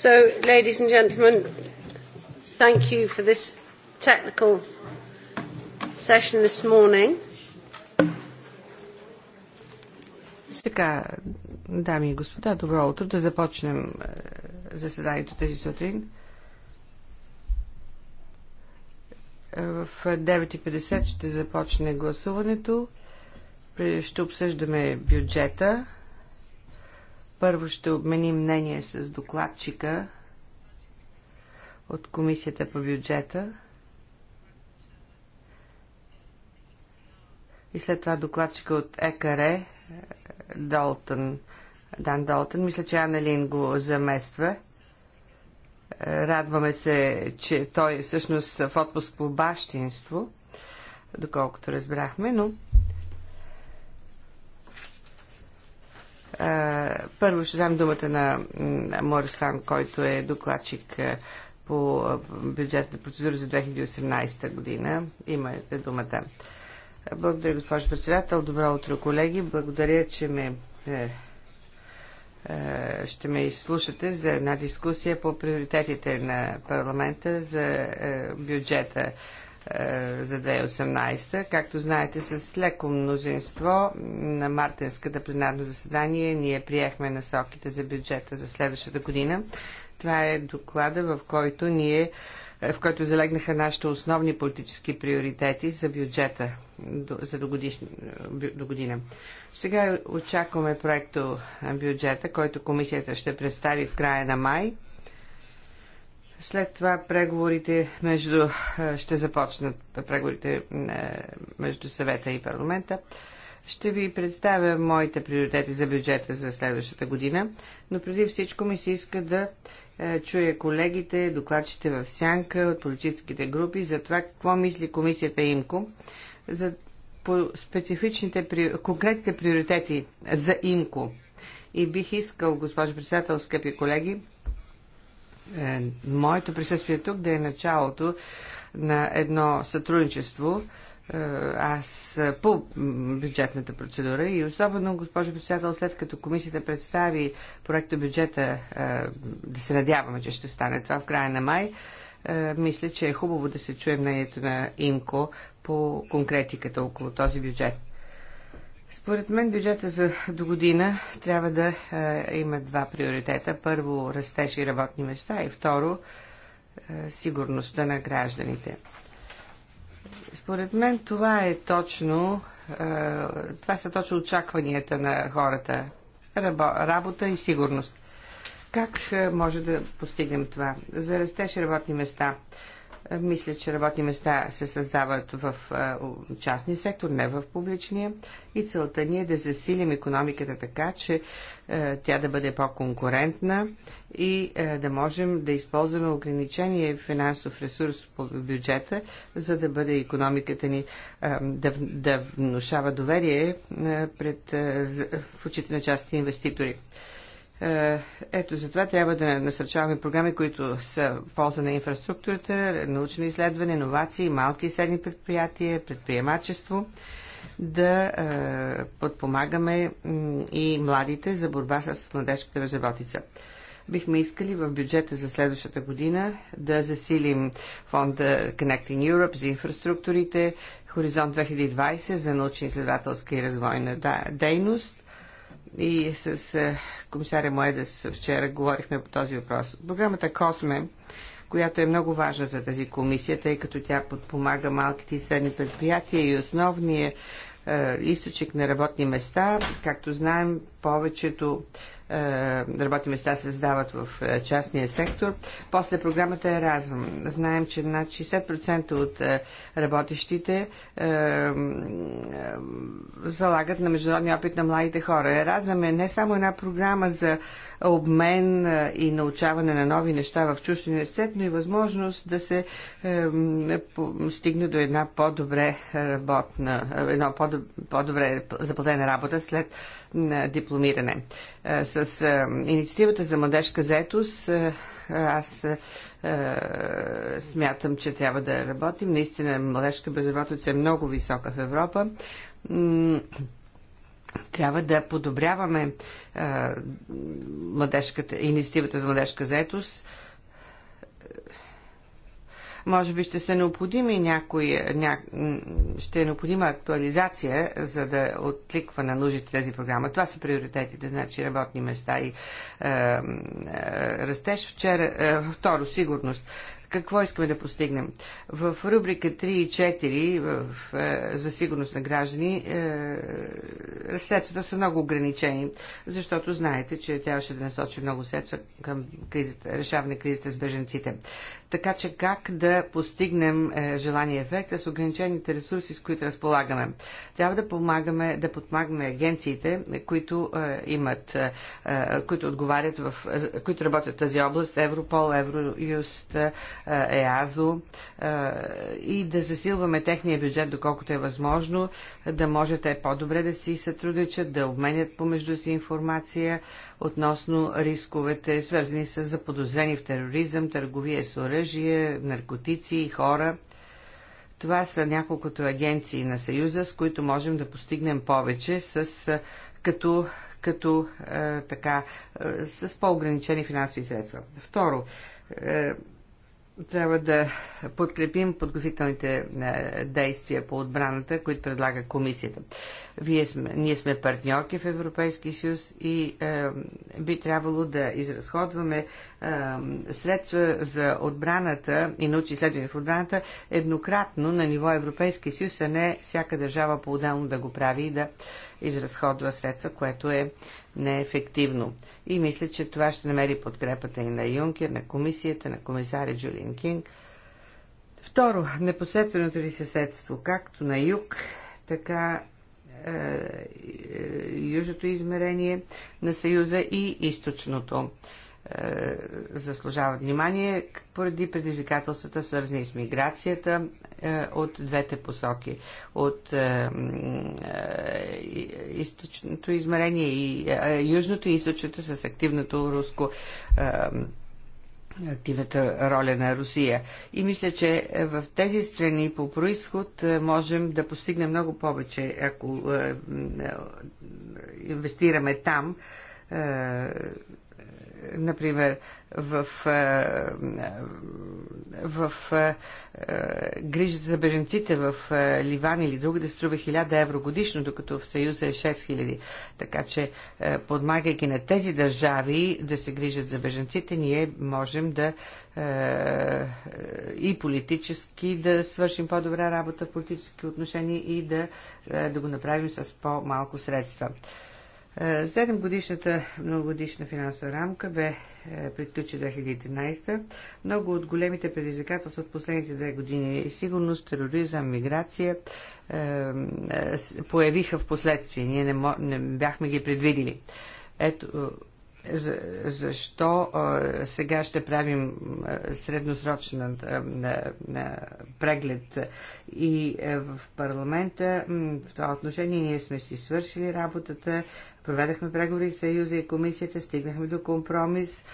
So, ladies and gentlemen, thank you for this technical session this morning. Сега, дами и господа, добро утро. Да започнем е, заседанието тези сутрин. Е, в 9.50 ще започне гласуването. Ще обсъждаме бюджета. Първо ще обменим мнение с докладчика от Комисията по бюджета. И след това докладчика от ЕКАРЕ, Долтън, Дан Долтън. Мисля, че Аналин го замества. Е, радваме се, че той всъщност е в отпуск по бащинство, доколкото разбрахме, но Първо ще дам думата на Морсан, който е докладчик по бюджетна процедура за 2018 година. Имате думата. Благодаря, госпожо председател. Добро утро, колеги. Благодаря, че ме е, е, ще ме изслушате за една дискусия по приоритетите на парламента за е, бюджета е, за 2018. Както знаете, с леко мнозинство на мартинската пленарно заседание ние приехме насоките за бюджета за следващата година. Това е доклада, в който ние е, в който залегнаха нашите основни политически приоритети за бюджета за до, годиш... до година. Сега очакваме проекто е, бюджета, който комисията ще представи в края на май. След това преговорите между, е, ще започнат преговорите е, между съвета и парламента. Ще ви представя моите приоритети за бюджета за следващата година, но преди всичко ми се иска да е, чуя колегите, докладчите в сянка от политическите групи за това какво мисли комисията ИМКО за по специфичните, конкретните приоритети за ИМКО. И бих искал, госпожо председател, скъпи колеги, е, моето присъствие тук да е началото на едно сътрудничество е, аз е, по бюджетната процедура и особено, госпожо председател, след като комисията представи проекта бюджета, да се надяваме, че ще стане това в края на май, мисля, че е хубаво да се чуе мнението на ИМКО по конкретиката около този бюджет. Според мен бюджета за до година трябва да е, има два приоритета. Първо, растеж и работни места и второ, е, сигурността на гражданите. Според мен това е точно, е, това са точно очакванията на хората. Работа и сигурност. Как е, може да постигнем това? За растеж и работни места. Е, е, мисля, че работни места се създават в е, частния сектор, не в публичния. И целта ни е да засилим економиката така, че е, тя да бъде по-конкурентна и да можем да използваме ограничения финансов ресурс по бюджета, за да бъде економиката ни да, да внушава доверие пред, в очите на частните инвеститори. Е, ето за това трябва да насърчаваме програми, които са в полза на инфраструктурата, научно изследване, иновации, малки и средни предприятия, предприемачество да е, подпомагаме и младите за борба с младежката безработица. Бихме искали в бюджета за следващата година да засилим фонда Connecting Europe за инфраструктурите, Хоризонт 2020 за научно-изследователска и развойна дейност и с е, комисаря Моедес, вчера говорихме по този въпрос. Програмата Косме, която е много важна за тази комисия, тъй като тя подпомага малките и средни предприятия и основния е, източник на работни места. Както знаем, повечето е, работни места се създават в е, частния сектор. После програмата е разъм. Знаем, че над 60% от е, работещите залагат на международния опит на младите хора. Еразъм е не само една програма за обмен и научаване на нови неща в чужд университет, но и възможност да се е, стигне до една по-добре работна, едно по-добре заплатена работа след дипломиране. Е, с е, инициативата за младежка заетост е, аз смятам, че трябва да работим. Наистина младежка безработица е много висока в Европа трябва да подобряваме а, младежката, инициативата за младежка заетост. Може би ще са необходими някой ня... ще е необходима актуализация, за да откликва на нуждите тези програма. Това са приоритетите, значи работни места и е, е, растеж. Вчера, е, второ, сигурност. Какво искаме да постигнем? В рубрика 3 и 4 в, е, за сигурност на граждани е, средствата са много ограничени, защото знаете, че трябваше да насочи много средства към кризата, решаване кризата с беженците така че как да постигнем е, желания ефект с ограничените ресурси, с които разполагаме. Трябва да помагаме, да подпомагаме агенциите, които е, имат, е, които отговарят в, които работят в тази област, Европол, Евроюст, ЕАЗО и да засилваме техния бюджет, доколкото е възможно, да може те по-добре да си сътрудничат, да обменят помежду си информация, относно рисковете, свързани с заподозрени в тероризъм, търговия с оръжие, наркотици и хора. Това са няколкото агенции на Съюза, с които можем да постигнем повече, с, като, като е, така, е, с по-ограничени финансови средства. Второ, е, трябва да подкрепим подготвителните е, действия по отбраната, които предлага комисията. Вие сме, ние сме партньорки в Европейския съюз и е, би трябвало да изразходваме е, средства за отбраната и научни изследвания в отбраната еднократно на ниво Европейския съюз, а не всяка държава по-отделно да го прави и да изразходва средства, което е неефективно. И мисля, че това ще намери подкрепата и на Юнкер, на комисията, на комисаря Джулин Кинг. Второ, непосредственото ли съседство, както на юг, така е, е, южното измерение на Съюза и източното е, заслужават внимание поради предизвикателствата, свързани с миграцията е, от двете посоки. От е, е, източното измерение и южното и източното с активното руско активната роля на Русия. И мисля, че е, в тези страни по происход е, можем да постигнем много повече, ако е, инвестираме там например, в, е, в, е, в е, грижата за беженците в Ливан или друга да струва 1000 евро годишно, докато в Съюза е 6000. Така че, подмагайки на тези държави да се грижат за беженците, ние можем да и политически да свършим по-добра работа в политически отношения и да, да го направим с по-малко средства. Е, седемгодишната многогодишна финансова рамка бе е, приключи 2013. Много от големите предизвикателства от последните две години сигурност, тероризъм, миграция е, появиха в последствие. Ние не, мо... не бяхме ги предвидили. Ето защо сега ще правим средносрочен преглед и в парламента в това отношение ние сме си свършили работата, Проведахме преговори с Съюза и комисията, стигнахме до компромис.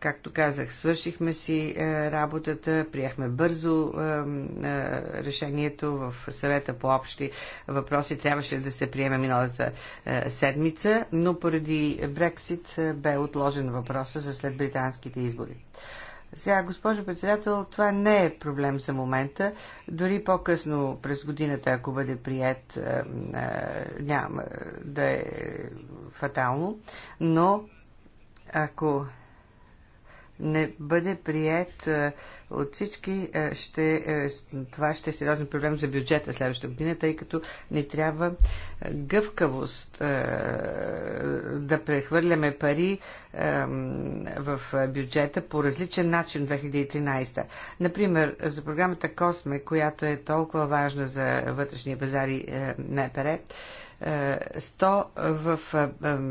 Както казах, свършихме си е, работата, приехме бързо е, е, решението в съвета по общи въпроси. Трябваше да се приеме миналата е, седмица, но поради Брексит е, бе отложен въпроса за след британските избори. Сега, госпожо председател, това не е проблем за момента. Дори по-късно през годината, ако бъде прият, е, е, няма да е фатално. Но ако не бъде прият е, от всички, е, ще, е, това ще е сериозен проблем за бюджета следващата година, тъй като не трябва гъвкавост да прехвърляме пари в бюджета по различен начин 2013. Например, за програмата Косме, която е толкова важна за вътрешния пазар и МПР, 100 в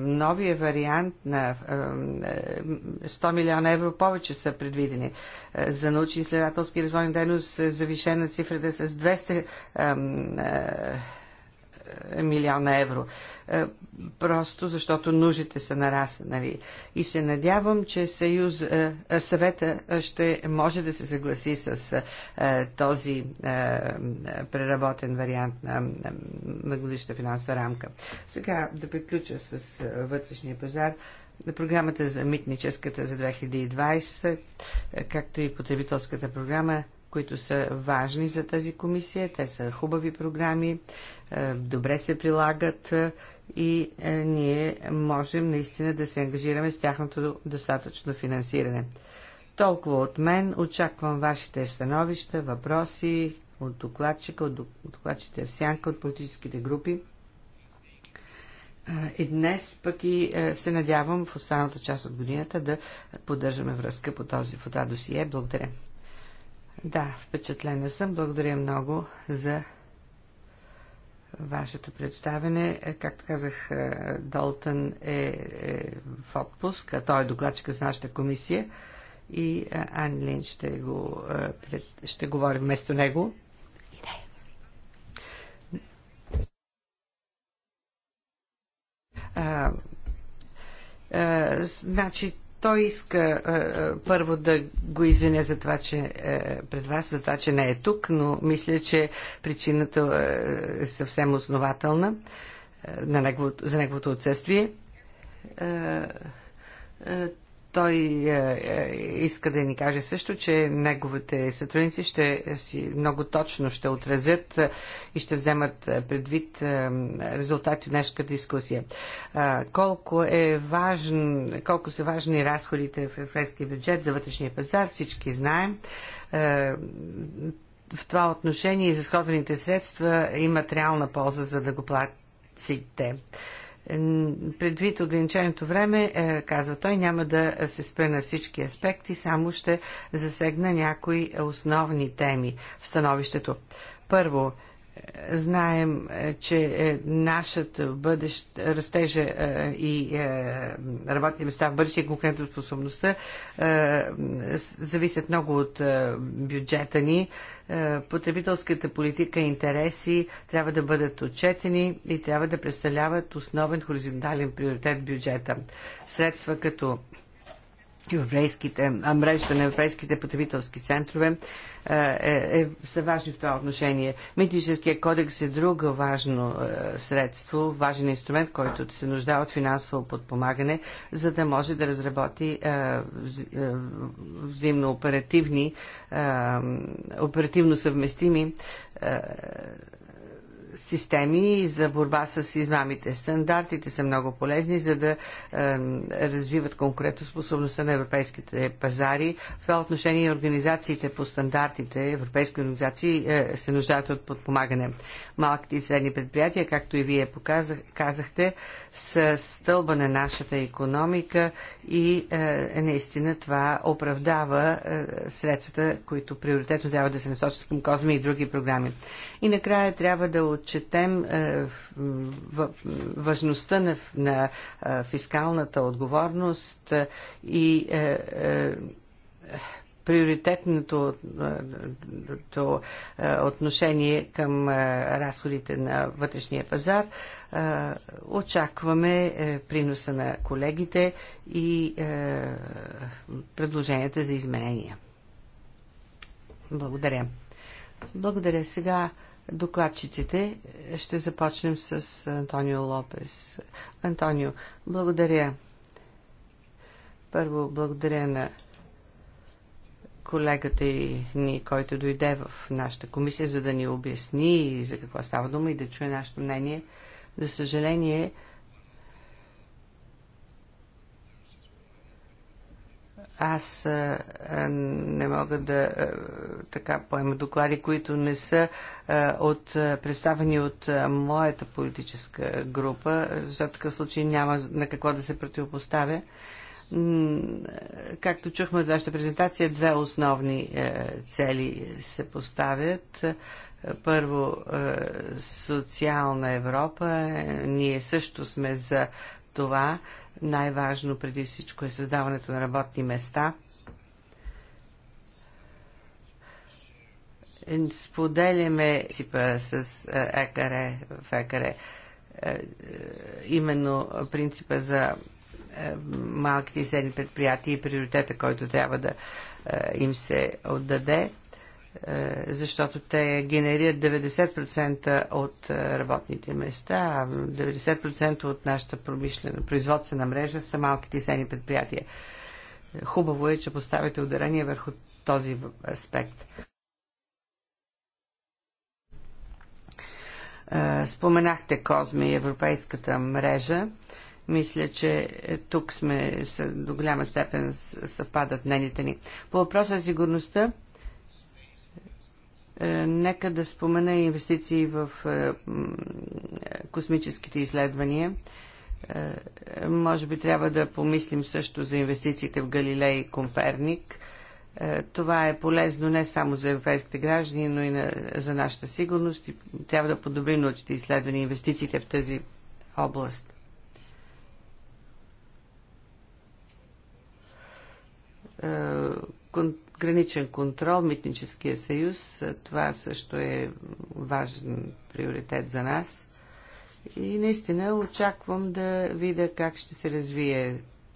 новия вариант на 100 милиона евро повече са предвидени. За научно-изследователски развойни дейност завишена цифрата е с 200 е, милиона евро. Е, просто защото нуждите са нараснали. И се надявам, че съюз, е, съвета ще може да се съгласи с този преработен вариант на многогодишната финансова рамка. Сега да приключа с вътрешния пазар на програмата за митническата за 2020, както и потребителската програма, които са важни за тази комисия. Те са хубави програми. Е, добре се прилагат е, и е, ние можем наистина да се ангажираме с тяхното достатъчно финансиране. Толкова от мен. Очаквам вашите становища, въпроси от докладчика, от докладчите в сянка, от политическите групи. И днес пък и се надявам в останалата част от годината да поддържаме връзка по този фотодосие. Благодаря. Да, впечатлена съм. Благодаря много за Вашето представене, е, както казах, е, Долтън е, е в отпуск, а той е докладчика с нашата комисия и Анлин ще, го, ще говори вместо него. А, а, значи, той иска а, е, е, първо да го извиня за това, че а, е, пред вас, за това, че не е тук, но мисля, че причината е, е съвсем основателна а, на неговото, за неговото отсъствие. А, той е, е, иска да ни каже също, че неговите сътрудници ще си много точно ще отразят е, и ще вземат е, предвид е, резултати от днешната дискусия. Колко е важен, колко са важни разходите в европейския бюджет за вътрешния пазар, всички знаем в това отношение изразходваните средства имат реална полза за да го платите. Предвид ограниченото време, е, казва той, няма да се спре на всички аспекти, само ще засегна някои основни теми в становището. Първо, Знаем, е, че е, нашата бъдещ, растежа е, и работни места в бъдеще и конкурентоспособността зависят много от бюджета ни. Потребителската политика и интереси трябва да бъдат отчетени и трябва да представляват основен хоризонтален приоритет в бюджета. Средства като европейските, мрежата на европейските потребителски центрове, е, е, е, са важни в това отношение. Митническия кодекс е друго важно е, средство, важен инструмент, който се нуждае от финансово подпомагане, за да може да разработи е, е, взаимно оперативни, е, оперативно съвместими е, системи за борба с измамите. Стандартите са много полезни, за да е, развиват конкурентоспособността на европейските пазари. В това отношение организациите по стандартите, европейски организации, е, се нуждаят от подпомагане. Малките и средни предприятия, както и вие показах, казахте, са стълба на нашата економика и е, е наистина това оправдава е, средствата, които приоритетно трябва да се насочат към Козми и други програми. И накрая трябва да отчетем е, важността на, на е, фискалната отговорност е, и приоритетното отношение към разходите на вътрешния пазар. Очакваме приноса на колегите и предложенията за изменения. Благодаря. Благодаря. Сега докладчиците. Ще започнем с Антонио Лопес. Антонио, благодаря. Първо, благодаря на колегата и ни, който дойде в нашата комисия, за да ни обясни за какво става дума и да чуе нашето мнение. За съжаление, Аз а, не мога да а, така поема доклади, които не са а, от, представени от а, моята политическа група, защото такъв случай няма на какво да се противопоставя. Както чухме от вашата презентация, две основни цели се поставят. Първо, социална Европа. Ние също сме за това най-важно преди всичко е създаването на работни места. Споделяме сипа с е, ЕКАРЕ в ЕКАРЕ е, е, именно принципа за малките и средни предприятия и приоритета, който трябва да им се отдаде. Е, защото те генерират 90% от е, работните места, 90% от нашата промишлена производствена мрежа са малките сени предприятия. Е, хубаво е, че поставяте ударение върху този аспект. Споменахте Козме и Европейската мрежа. Мисля, че тук сме до голяма степен съвпадат мнените ни. По въпроса за сигурността, е, нека да спомена инвестиции в е, космическите изследвания. Е, може би трябва да помислим също за инвестициите в Галилей и Комперник. Това е полезно не само за европейските граждани, но и на, за нашата сигурност и трябва да подобрим научните изследвания и инвестициите в тази област. Кон граничен контрол, митническия съюз, това също е важен приоритет за нас. И наистина очаквам да видя как ще се развие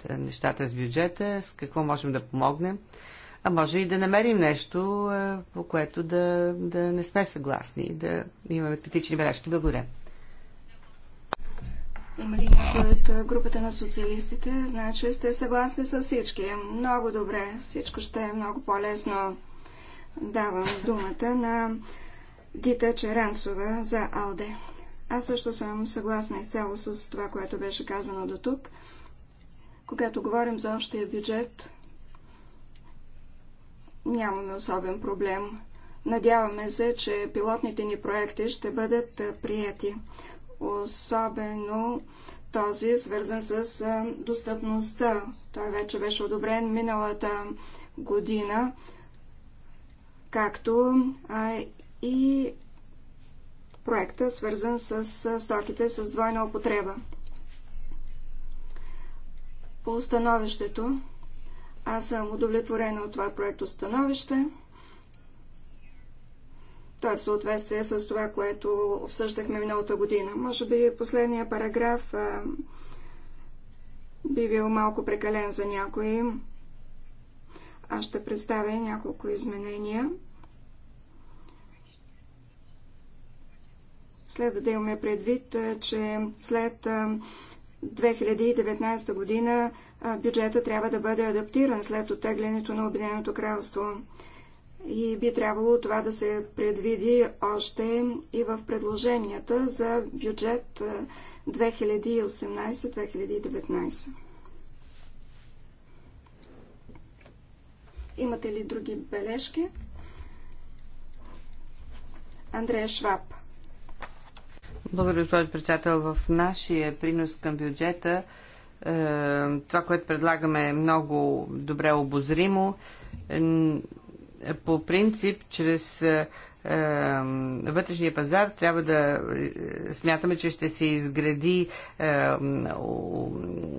нещата с бюджета, с какво можем да помогнем, а може и да намерим нещо, по което да, да не сме съгласни, да имаме критични бележки. Благодаря. Има ли от групата на социалистите? Значи сте съгласни с всички. Много добре. Всичко ще е много по-лесно. Давам думата на Дита Черанцова за Алде. Аз също съм съгласна изцяло с това, което беше казано до тук. Когато говорим за общия бюджет, нямаме особен проблем. Надяваме се, че пилотните ни проекти ще бъдат прияти особено този свързан с достъпността. Той вече беше одобрен миналата година, както и проекта, свързан с стоките с двойна употреба. По установището аз съм удовлетворена от това проекто становище. Той е в съответствие с това, което обсъждахме миналата година. Може би последния параграф а, би бил малко прекален за някои. Аз ще представя няколко изменения. Следва да имаме предвид, че след 2019 година бюджета трябва да бъде адаптиран след оттеглянето на Обединеното кралство и би трябвало това да се предвиди още и в предложенията за бюджет 2018-2019. Имате ли други бележки? Андрея Шваб. Благодаря, господин председател. В нашия принос към бюджета е, това, което предлагаме е много добре обозримо по принцип, чрез е, е, вътрешния пазар трябва да е, смятаме, че ще се изгради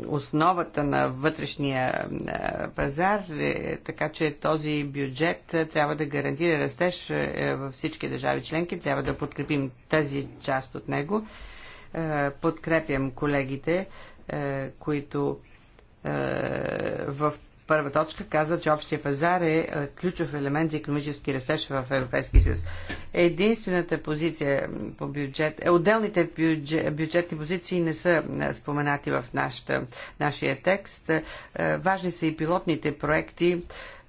основата на вътрешния пазар, така че този бюджет трябва да гарантира растеж във всички държави членки. Трябва да подкрепим тази част от него. Подкрепям колегите, които в първа точка казва, че общия пазар е, е ключов елемент за економически растеж в Европейския съюз. Единствената позиция по бюджет, е, отделните бюджет, бюджетни позиции не са е, споменати в нашата, нашия текст. Важни са и пилотните проекти.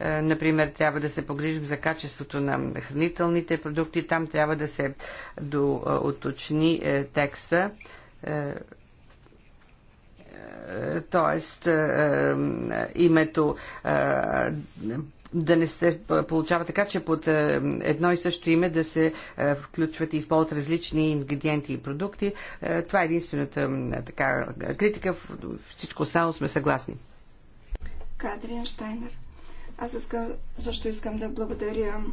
Например, трябва да се погрижим за качеството на хранителните продукти. Там трябва да се до, уточни текста Тоест, е, е, името е, да не се получава така, че под едно и също име да се включват и използват различни ингредиенти и продукти. Това е единствената така критика. Всичко останало сме съгласни. Кадрия Штайнер. Аз искам, също искам да благодаря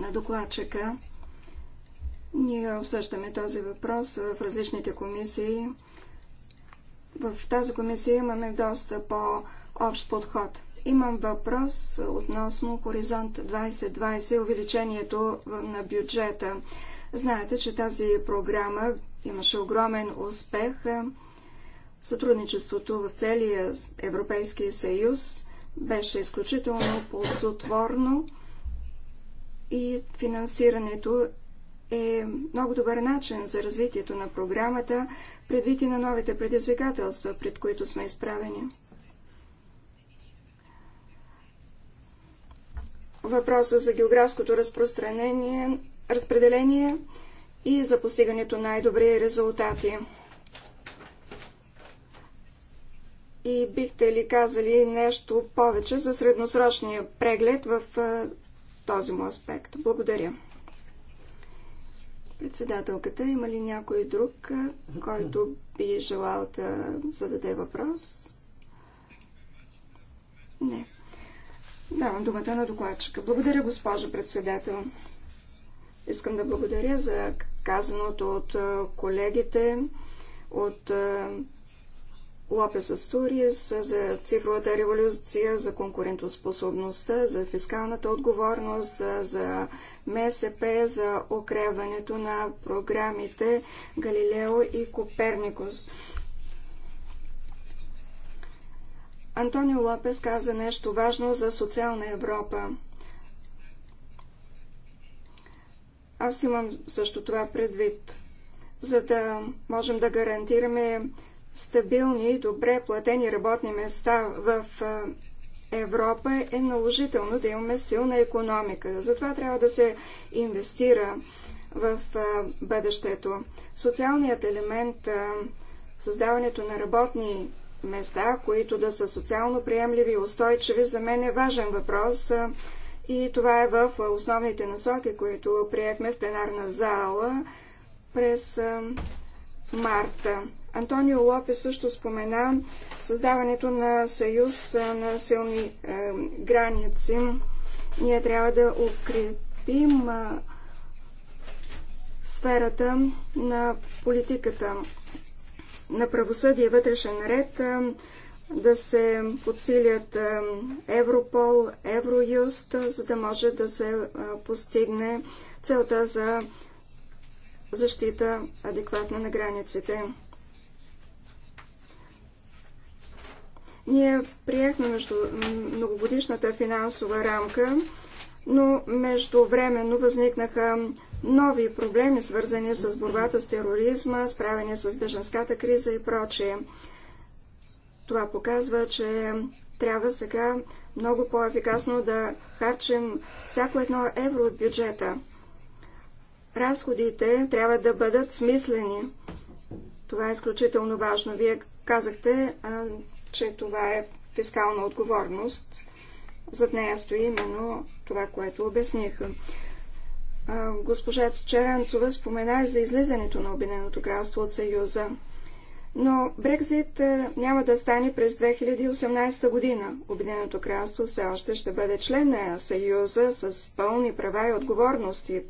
на докладчика. Ние обсъждаме този въпрос в различните комисии. В тази комисия имаме доста по-общ подход. Имам въпрос относно Хоризонт 2020, увеличението на бюджета. Знаете, че тази програма имаше огромен успех. Сътрудничеството в целия Европейски съюз беше изключително плодотворно и финансирането е много добър начин за развитието на програмата, предвид и на новите предизвикателства, пред които сме изправени. Въпроса за географското разпространение, разпределение и за постигането най-добри резултати. И бихте ли казали нещо повече за средносрочния преглед в този му аспект? Благодаря. Председателката, има ли някой друг, който би желал да зададе въпрос? Не. Давам думата на докладчика. Благодаря, госпожо председател. Искам да благодаря за казаното от колегите, от Лопес Астуриес за цифровата революция, за конкурентоспособността, за фискалната отговорност, за МСП, за укрепването на програмите Галилео и Коперникус. Антонио Лопес каза нещо важно за социална Европа. Аз имам също това предвид. За да можем да гарантираме стабилни и добре платени работни места в Европа е наложително да имаме силна економика. Затова трябва да се инвестира в бъдещето. Социалният елемент, създаването на работни места, които да са социално приемливи и устойчиви, за мен е важен въпрос. И това е в основните насоки, които приехме в пленарна зала през марта. Антонио Лопес също спомена създаването на съюз на силни граници. Ние трябва да укрепим сферата на политиката на правосъдие вътрешен ред, да се подсилят Европол, Евроюст, за да може да се постигне целта за защита адекватна на границите. Ние приехме между многогодишната финансова рамка, но междувременно възникнаха нови проблеми, свързани с борбата с тероризма, справяне с беженската криза и прочее. Това показва, че трябва сега много по-ефикасно да харчим всяко едно евро от бюджета. Разходите трябва да бъдат смислени. Това е изключително важно. Вие казахте, че това е фискална отговорност. Зад нея стои именно това, което обясних. Госпожа Черанцова спомена и за излизането на Обединеното кралство от Съюза. Но Брекзит няма да стане през 2018 година. Обединеното кралство все още ще бъде член на Съюза с пълни права и отговорности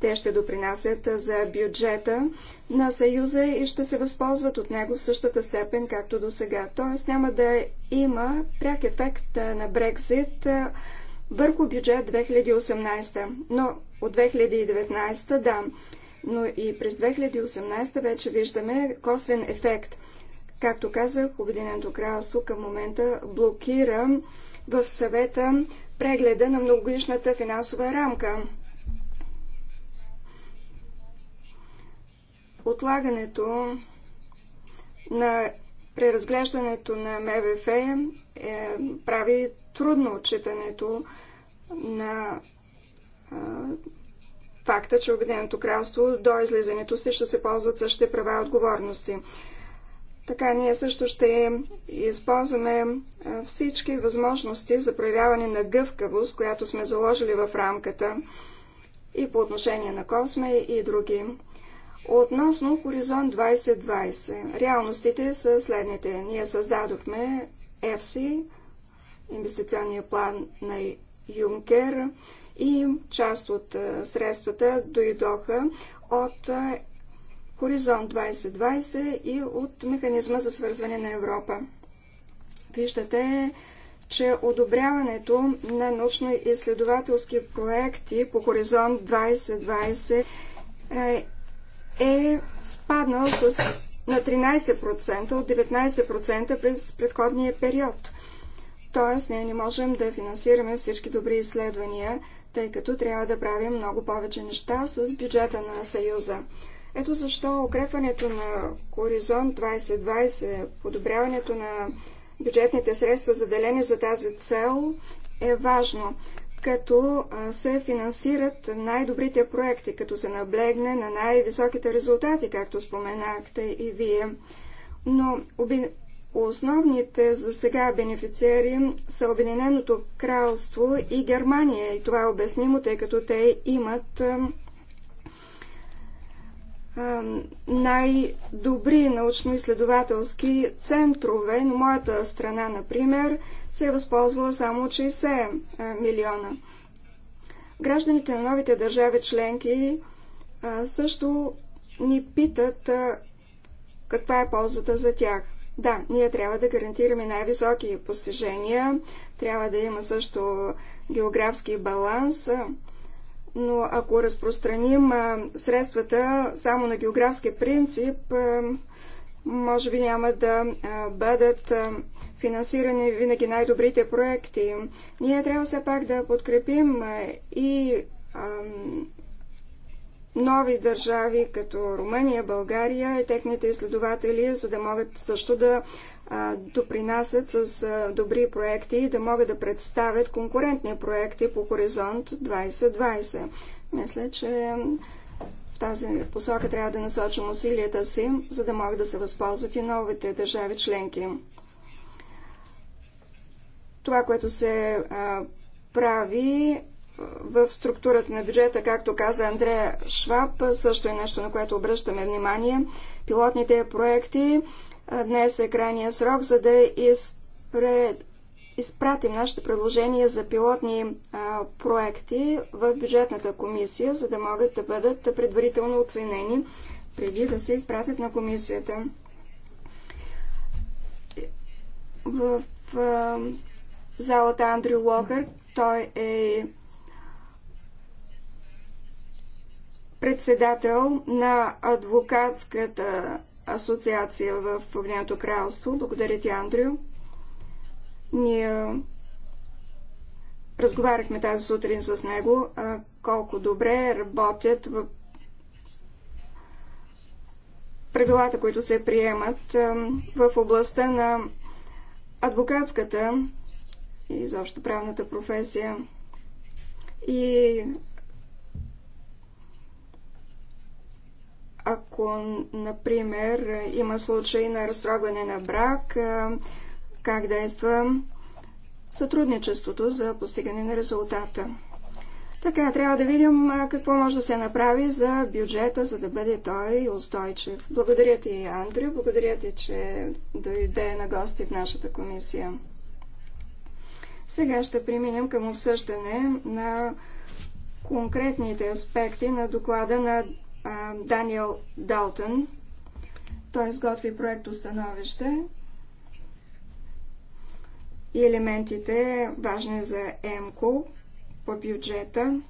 те ще допринасят за бюджета на Съюза и ще се възползват от него в същата степен, както до сега. Тоест няма да има пряк ефект на Брекзит върху бюджет 2018, но от 2019 да. Но и през 2018 вече виждаме косвен ефект. Както казах, Обединеното кралство към момента блокира в съвета прегледа на многогодишната финансова рамка. Отлагането на преразглеждането на МВФ е, е прави трудно отчитането на е, факта, че Обединеното кралство до излизането си ще се ползват същите права и отговорности. Така ние също ще използваме всички възможности за проявяване на гъвкавост, която сме заложили в рамката и по отношение на Косме и други. Относно Хоризонт 2020, реалностите са следните. Ние създадохме EFSI, инвестиционния план на Юнкер и част от средствата дойдоха от Хоризонт 2020 и от Механизма за свързване на Европа. Виждате, че одобряването на научно-изследователски проекти по Хоризонт 2020 е е спаднал с, на 13% от 19% през предходния период. Тоест, ние не можем да финансираме всички добри изследвания, тъй като трябва да правим много повече неща с бюджета на Съюза. Ето защо укрепването на Хоризонт 2020, подобряването на бюджетните средства, заделени за тази цел, е важно като се финансират най-добрите проекти, като се наблегне на най-високите резултати, както споменахте и вие. Но основните за сега бенефициери са Обединеното кралство и Германия. И това е обяснимо, тъй като те имат най-добри научно-изследователски центрове, но моята страна, например, се е възползвала само от 60 е, милиона. Гражданите на новите държави членки е, също ни питат е, каква е ползата за тях. Да, ние трябва да гарантираме най-високи постижения, трябва да има също географски баланс, но ако разпространим средствата само на географски принцип, може би няма да бъдат финансирани винаги най-добрите проекти. Ние трябва все пак да подкрепим и нови държави, като Румъния, България и техните изследователи, за да могат също да допринасят с добри проекти и да могат да представят конкурентни проекти по Хоризонт 2020. Мисля, че в тази посока трябва да насочим усилията си, за да могат да се възползват и новите държави членки. Това, което се а, прави в структурата на бюджета, както каза Андрея Шваб, също е нещо, на което обръщаме внимание. Пилотните проекти днес е крайния срок, за да изпред изпратим нашите предложения за пилотни а, проекти в бюджетната комисия, за да могат да бъдат предварително оценени преди да се изпратят на комисията. В а, залата Андрю Локър, той е председател на адвокатската асоциация в Огненото кралство. Благодаря ти, Андрю. Ние разговаряхме тази сутрин с него, колко добре работят в правилата, които се приемат в областта на адвокатската и изобщо правната професия. И ако, например, има случай на разтрогване на брак как действа сътрудничеството за постигане на резултата. Така, трябва да видим какво може да се направи за бюджета, за да бъде той устойчив. Благодаря ти, Андрю, благодаря ти, че дойде на гости в нашата комисия. Сега ще преминем към обсъждане на конкретните аспекти на доклада на а, Даниел Далтън. Той изготви проект становище и елементите важни за ЕМКО по бюджета.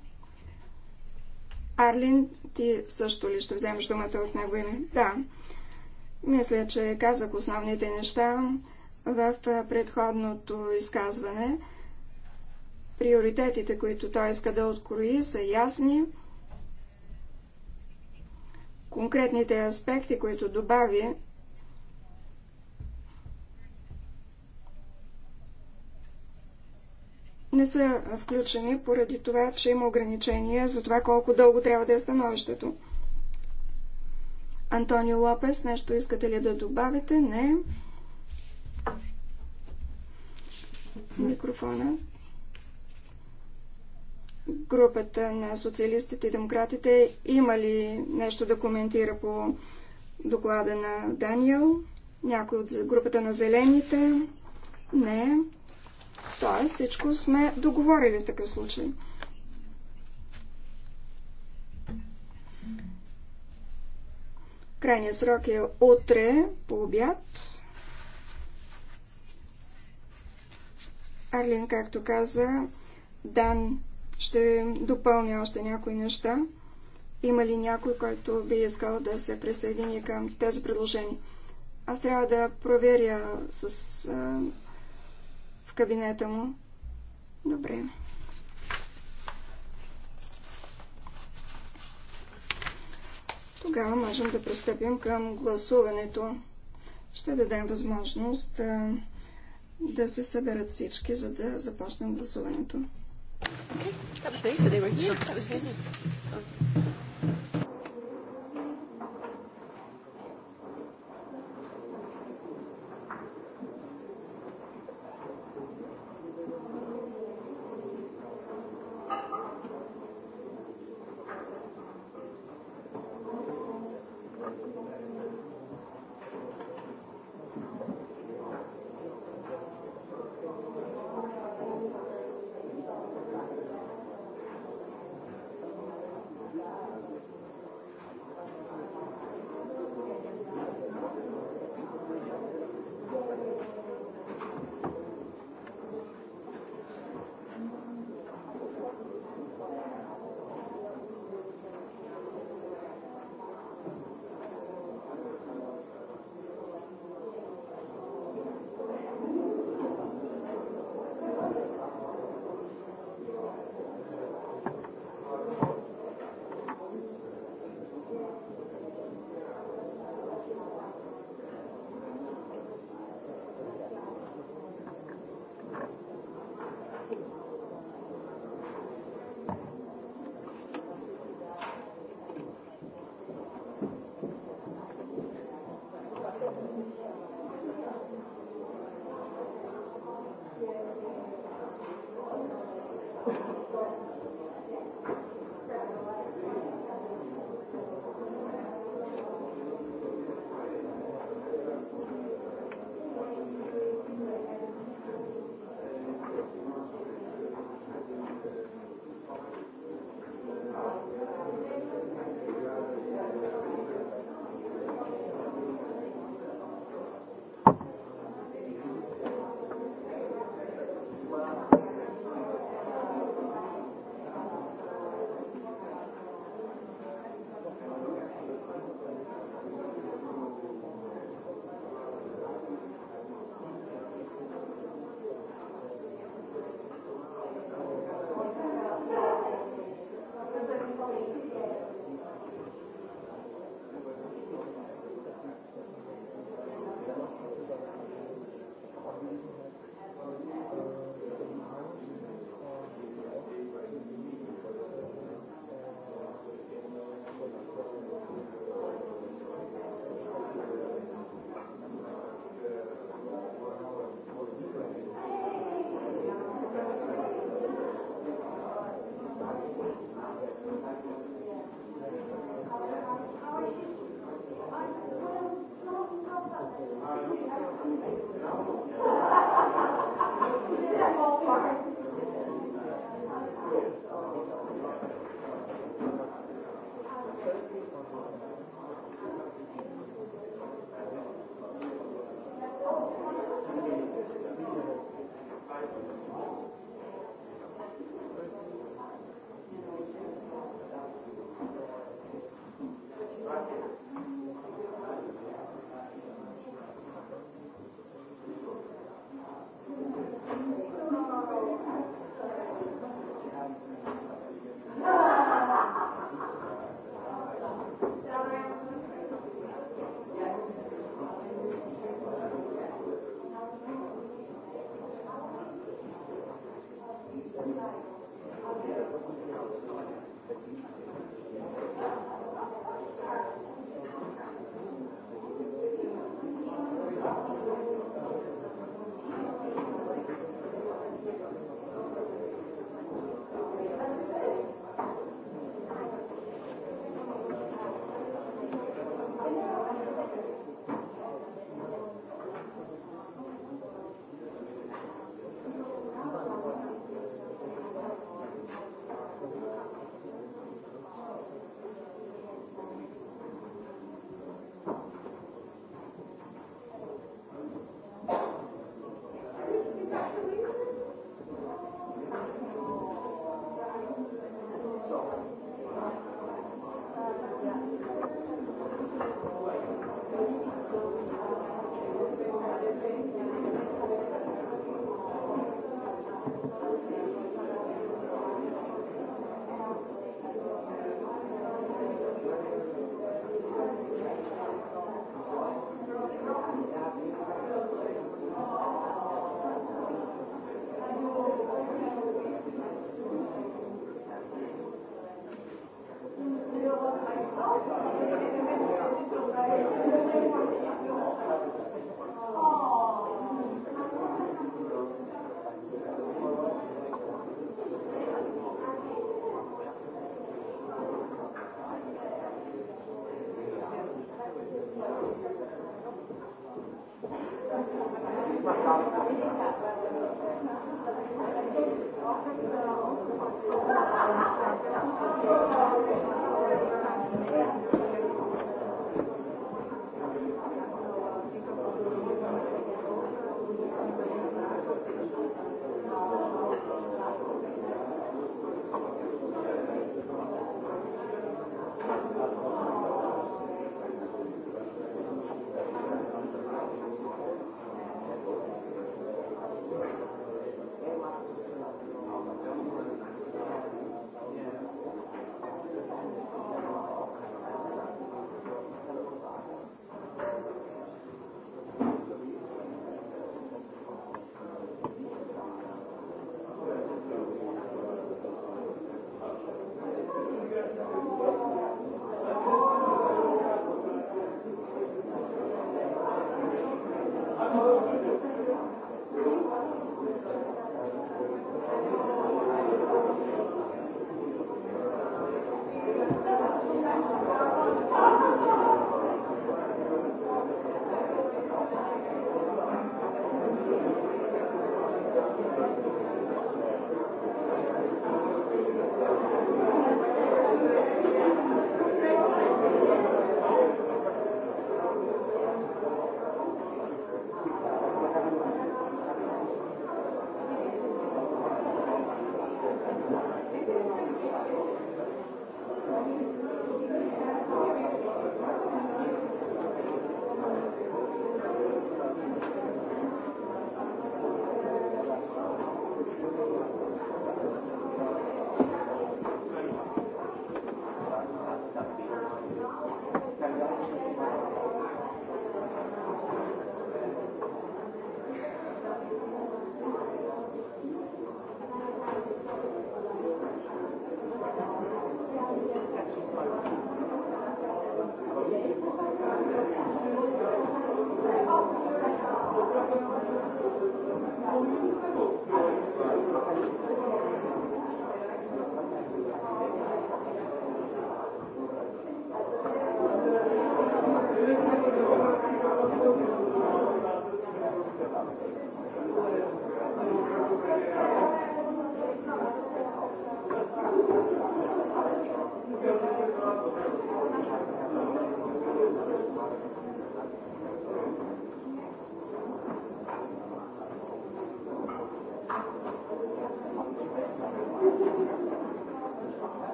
Арлин, ти също ли ще вземеш думата от него име? Да. Мисля, че казах основните неща в предходното изказване. Приоритетите, които той иска да открои, са ясни. Конкретните аспекти, които добави, не са включени поради това, че има ограничения за това колко дълго трябва да е становището. Антонио Лопес, нещо искате ли да добавите? Не. Микрофона. Групата на социалистите и демократите има ли нещо да коментира по доклада на Даниел? Някой от групата на зелените? Не. Тоест всичко сме договорили в такъв случай. Крайният срок е утре по обяд. Арлин, както каза, Дан ще допълня още някои неща. Има ли някой, който би искал да се присъедини към тези предложения? Аз трябва да проверя с кабинета му. Добре. Тогава можем да пристъпим към гласуването. Ще дадем възможност да се съберат всички, за да започнем гласуването. Okay. That was nice they were here. That was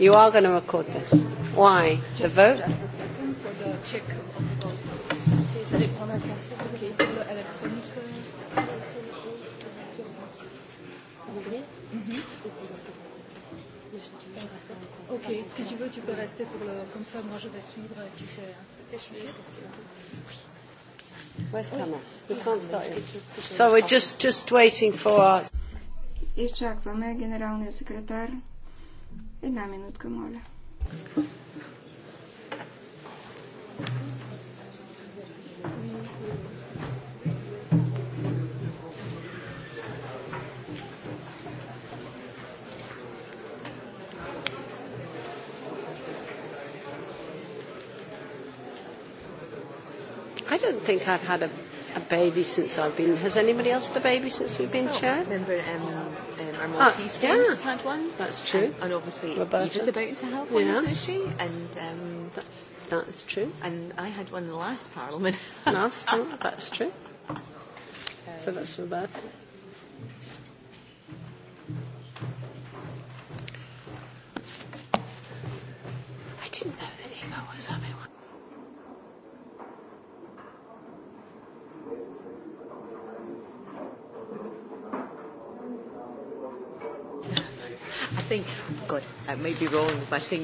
You are going to record this. Why? To vote? Just a second for the check of the vote. Ok, si tu veux, tu peux rester pour le. Comme ça, moi, je vais suivre tu fais. So we're just just waiting for. Изчакваме генералния секретар. Една минутка, моля. I don't think I've had a, a baby since I've been. Has anybody else had a baby since we've been oh, chair? Member um, our Maltese ah, friend has had one. That's true. And, and obviously, Roberta. Eva's about to have one, yeah. isn't she? And um, that, that's true. And I had one in the last Parliament. last Parliament, that's true. So that's Roberta. rolling by I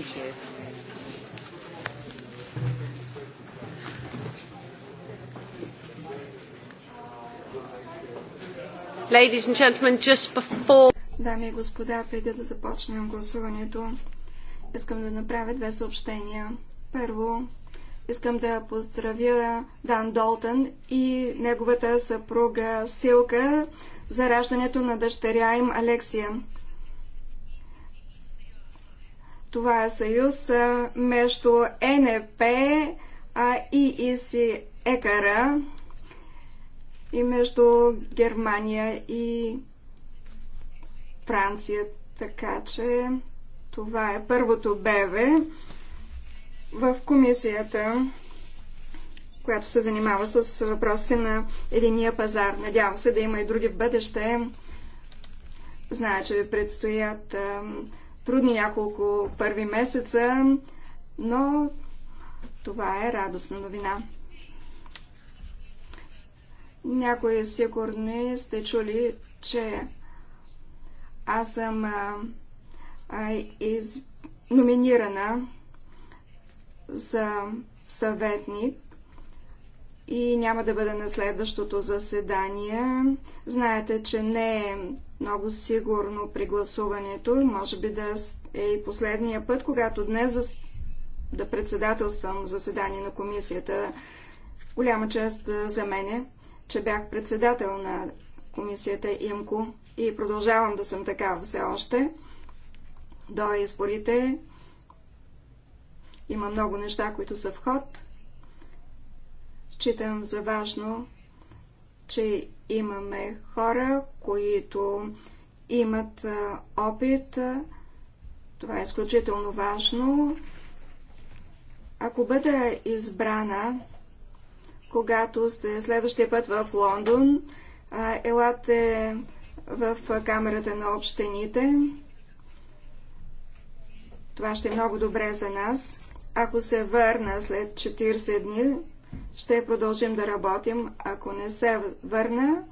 Ladies and gentlemen, just before... Дами и господа, преди да започнем гласуването, искам да направя две съобщения. Първо, искам да поздравя Дан Долтън и неговата съпруга Силка за раждането на дъщеря им Алексия. Това е съюз между НП и ИСИ ЕКАРА и между Германия и Франция. Така че това е първото БВ в комисията, която се занимава с въпросите на единия пазар. Надявам се да има и други в бъдеще. Зная, че ви предстоят трудни няколко първи месеца, но това е радостна новина. Някои сигурни сте чули, че аз съм а, а, из, номинирана за съветник и няма да бъде на следващото заседание. Знаете, че не е много сигурно при гласуването. Може би да е и последния път, когато днес да председателствам заседание на комисията. Голяма чест за мене, че бях председател на комисията ИМКО и продължавам да съм такава все още. До изборите има много неща, които са в ход. Читам за важно, че Имаме хора, които имат опит. Това е изключително важно. Ако бъда избрана, когато сте следващия път в Лондон, елате в камерата на общените. Това ще е много добре за нас. Ако се върна след 40 дни, ще продължим да работим. Ако не се върна,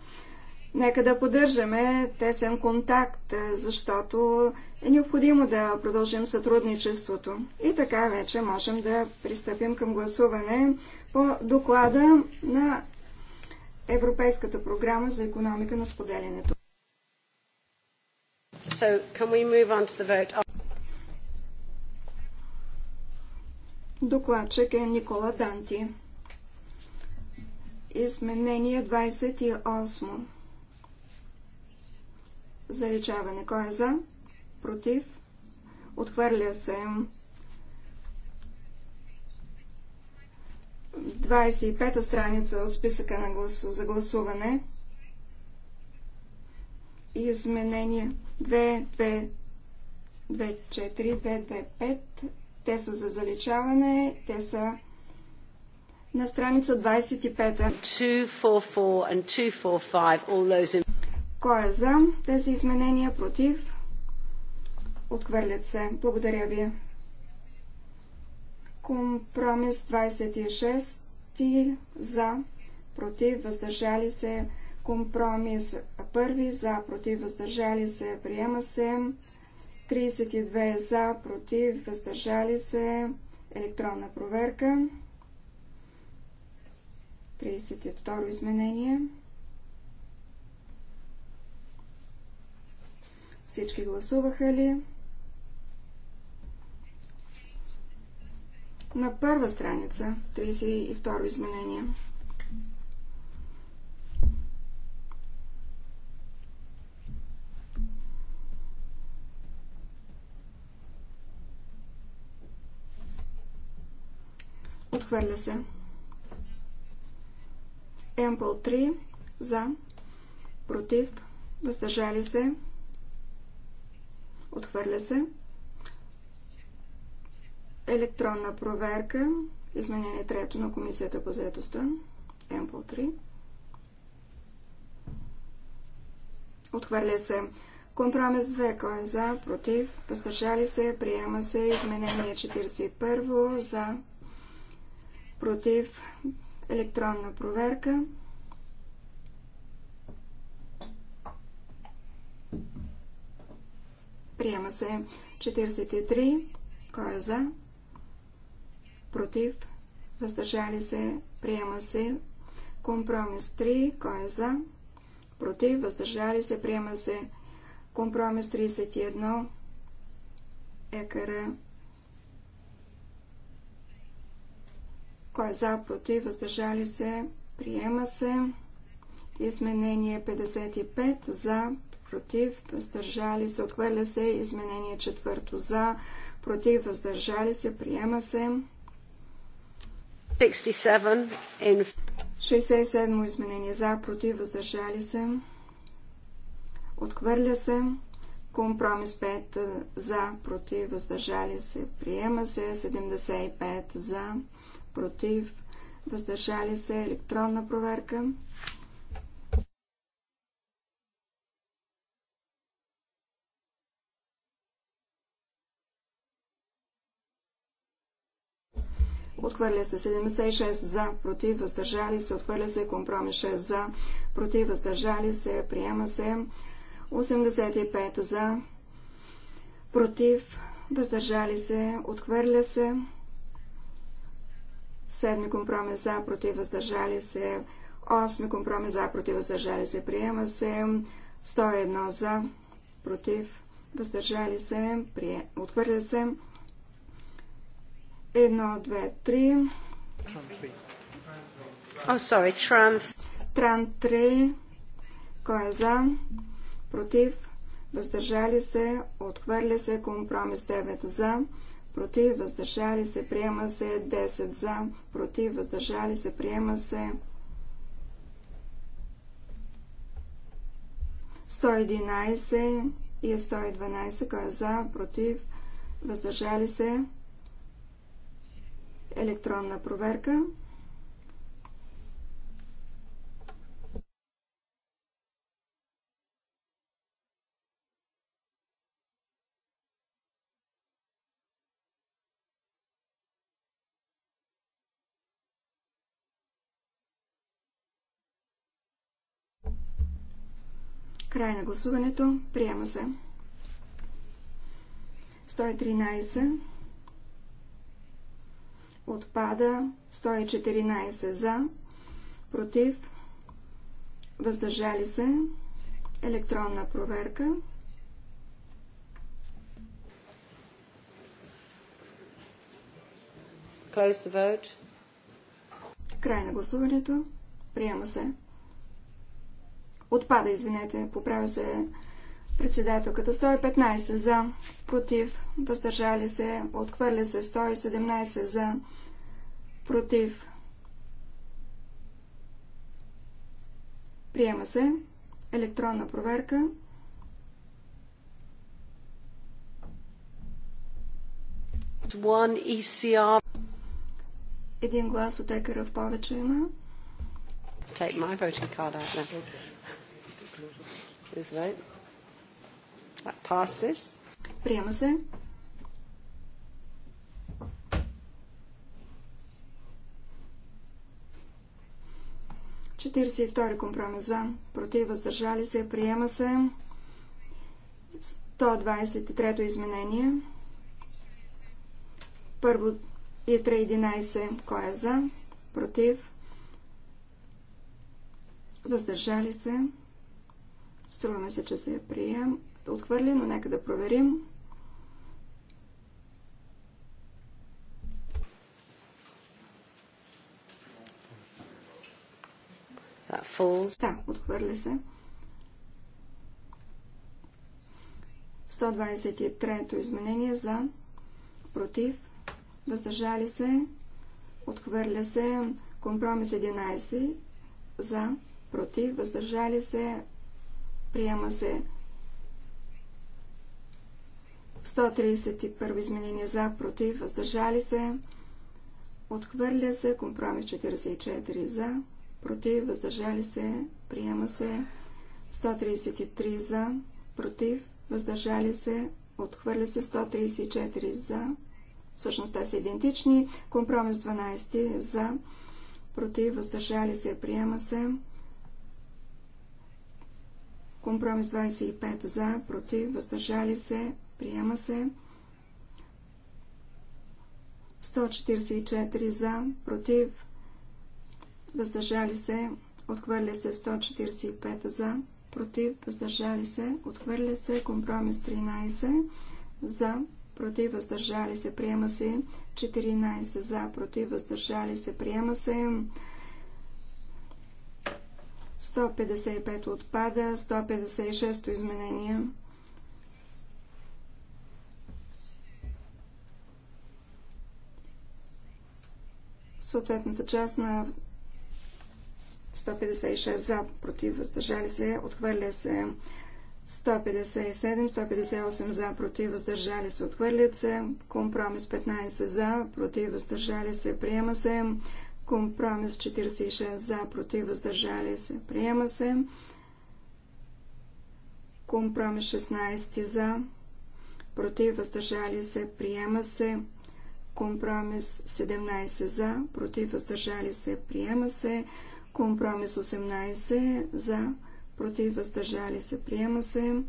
нека да поддържаме тесен контакт, защото е необходимо да продължим сътрудничеството. И така вече можем да пристъпим към гласуване по доклада на Европейската програма за економика на споделянето. So, can we move on to the vote? Докладчик е Никола Данти. Изменение 28. Заличаване. Кой е за? Против? Отхвърля се. 25-та страница от списъка на гласу, за гласуване. Изменение 2, 2, 2, 4, 2, 2, 5. Те са за заличаване, те са на страница 25. Кой е за тези изменения? Против? Отхвърлят се. Благодаря ви. Компромис 26 за, против, въздържали се. Компромис първи за, против, въздържали се. Приема се. 32 за, против, въздържали се. Електронна проверка. 32 изменение. Всички гласуваха ли? На първа страница, 32 изменение. Отхвърля се. Емпъл 3 за, против, въздържали се, отхвърля се. Електронна проверка, изменение трето на Комисията по заедостта, Емпъл 3. Отхвърля се. Компромис 2. Кой е за? Против? Въздържали се? Приема се. Изменение 41. За? Против? електронна проверка. Приема се 43. Кой е за? Против? Въздържали се? Приема се. Компромис 3. Кой е за? Против? Въздържали се? Приема се. Компромис 31. Екара Кой е за, против, въздържали се, приема се. Изменение 55 за, против, въздържали се, отхвърля се. Изменение 4 за, против, въздържали се, приема се. 67 in... 67 изменение за, против, въздържали се. Отхвърля се. Компромис 5 за, против, въздържали се. Приема се. 75 за, против, въздържали се, електронна проверка. Отхвърля се 76 за, против, въздържали се, отхвърля се компромис 6 за, против, въздържали се, приема се 85 за, против, въздържали се, отхвърля се Седми компромис за, против, въздържали се. Осми компромис за, против, въздържали се. Приема се. 101 за, против, въздържали се. Прие... Отхвърля се. Едно, 2, 3. Тран. Тран 3. Кой е за? Против. Въздържали се. Отхвърля се. Компромис 9 за против, въздържали се, приема се 10 за, против, въздържали се, приема се 111 и 112, кой е за, против, въздържали се, електронна проверка. Край на гласуването. Приема се. 113 отпада. 114 за. Против. Въздържали се. Електронна проверка. Край на гласуването. Приема се. Отпада, извинете, поправя се председателката. 115 за, против, въздържали се, отхвърля се 117 за, против. Приема се електронна проверка. E Един глас от екара в повече има. Take my voting card out then. Приема се. Четиридесет и втори компромис за. Против въздържали се. Приема се. 123-то изменение. Първо и 3, 11. Кой е за? Против? Въздържали се? Струваме се, че се я е прием. Отхвърли, но нека да проверим. Да, отхвърля се. 123-то изменение за, против, въздържали се, отхвърля се, компромис 11 за, против, въздържали се, Приема се 131 изменения за, против, въздържали се. Отхвърля се компромис 44 за, против, въздържали се. Приема се 133 за, против, въздържали се. Отхвърля се 134 за. Всъщност те са идентични. Компромис 12 за, против, въздържали се. Приема се. Компромис 25 за, против, въздържали се, приема се. 144 за, против, въздържали се, отхвърля се 145 за, против, въздържали се, отхвърля се, компромис 13 за, против, въздържали се, приема се, 14 за, против, въздържали се, приема се, 155 отпада, 156 изменение. Съответната част на 156 за, против, въздържали се, отхвърля се 157, 158 за, против, въздържали се, отхвърлят се, компромис 15 за, против, въздържали се, приема се, Компромис 46 за, против, въздържали се. Приема се. Компромис 16 за, против, въздържали се. Приема се. Компромис 17 за, против, въздържали се. Приема се. Компромис 18 за, против, въздържали се. Приема се.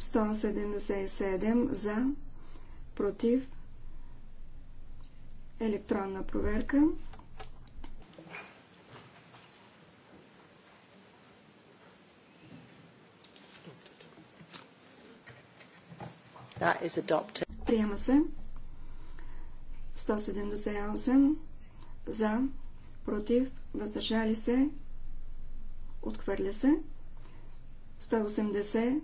177 за, против, електронна проверка. That is adopted. Приема се. 178 за, против, въздържали се, отхвърля се. 180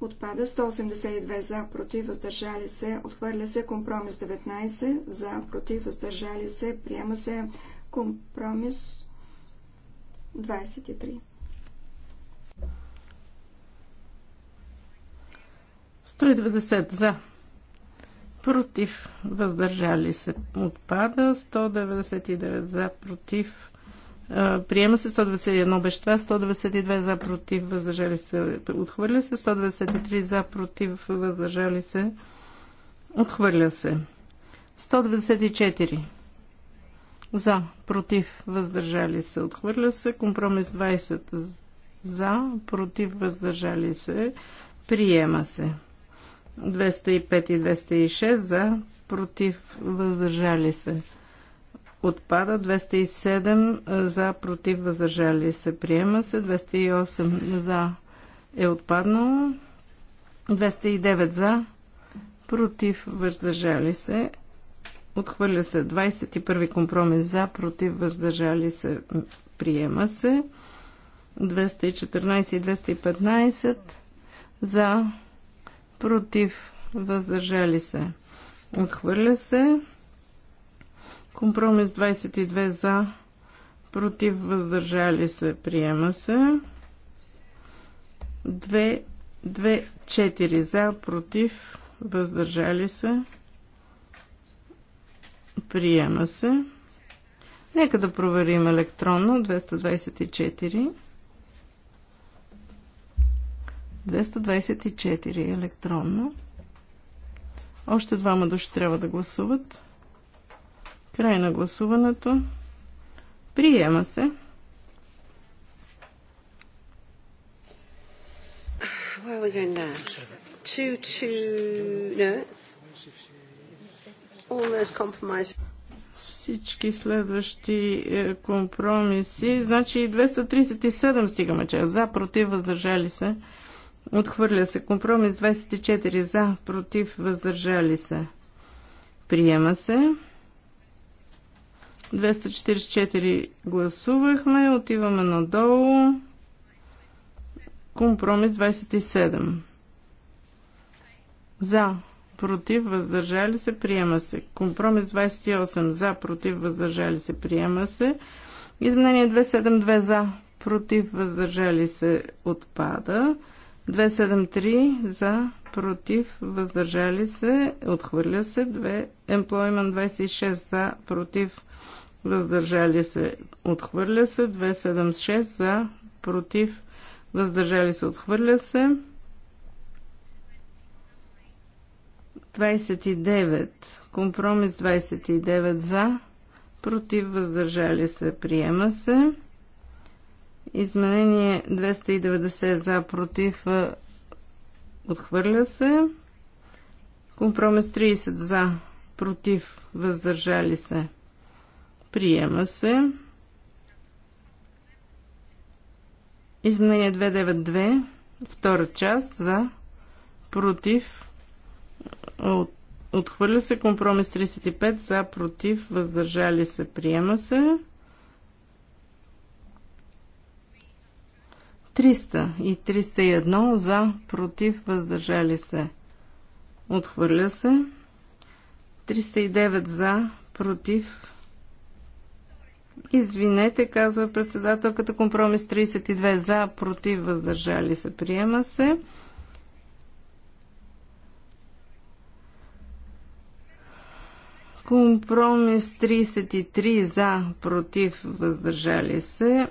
отпада, 182 за, против, въздържали се, отхвърля се, компромис 19 за, против, въздържали се, приема се, компромис 23. 190 за. Против. Въздържали се. Отпада. 199 за. Против. Приема се 191 обеща, 192 за против, въздържали се, отхвърля се, 193 за против, въздържали се, отхвърля се. 194 за против, въздържали се, отхвърля се, компромис 20 за против, въздържали се, приема се. 205 и 206 за, против, въздържали се. Отпада 207 за, против, въздържали се. Приема се 208 за е отпаднало. 209 за, против, въздържали се. Отхвърля се 21 компромис за, против, въздържали се. Приема се. 214 и 215 за, против, въздържали се, отхвърля се. Компромис 22 за, против, въздържали се, приема се. 2, 4 за, против, въздържали се, приема се. Нека да проверим електронно 224. 224 електронно. Още двама души трябва да гласуват. Край на гласуването. Приема се. Where are we going now? Two, two, no. All those всички следващи е, компромиси. Значи 237 стигаме че. Е за, против, въздържали се. Отхвърля се. Компромис 24 за, против, въздържали се. Приема се. 244 гласувахме. Отиваме надолу. Компромис 27. За, против, въздържали се, приема се. Компромис 28. За, против, въздържали се, приема се. Изменение 272 за, против, въздържали се, отпада. 273 за, против, въздържали се, отхвърля се. 2, employment 26 за, против, въздържали се, отхвърля се. 276 за, против, въздържали се, отхвърля се. 29. Компромис 29 за, против въздържали се, приема се. Изменение 290 за против отхвърля се. Компромис 30 за против въздържали се. Приема се. Изменение 292 втора част за против от, отхвърля се компромис 35 за против въздържали се приема се 300 и 301 за, против, въздържали се. Отхвърля се. 309 за, против. Извинете, казва председателката. Компромис 32 за, против, въздържали се. Приема се. Компромис 33 за, против, въздържали се.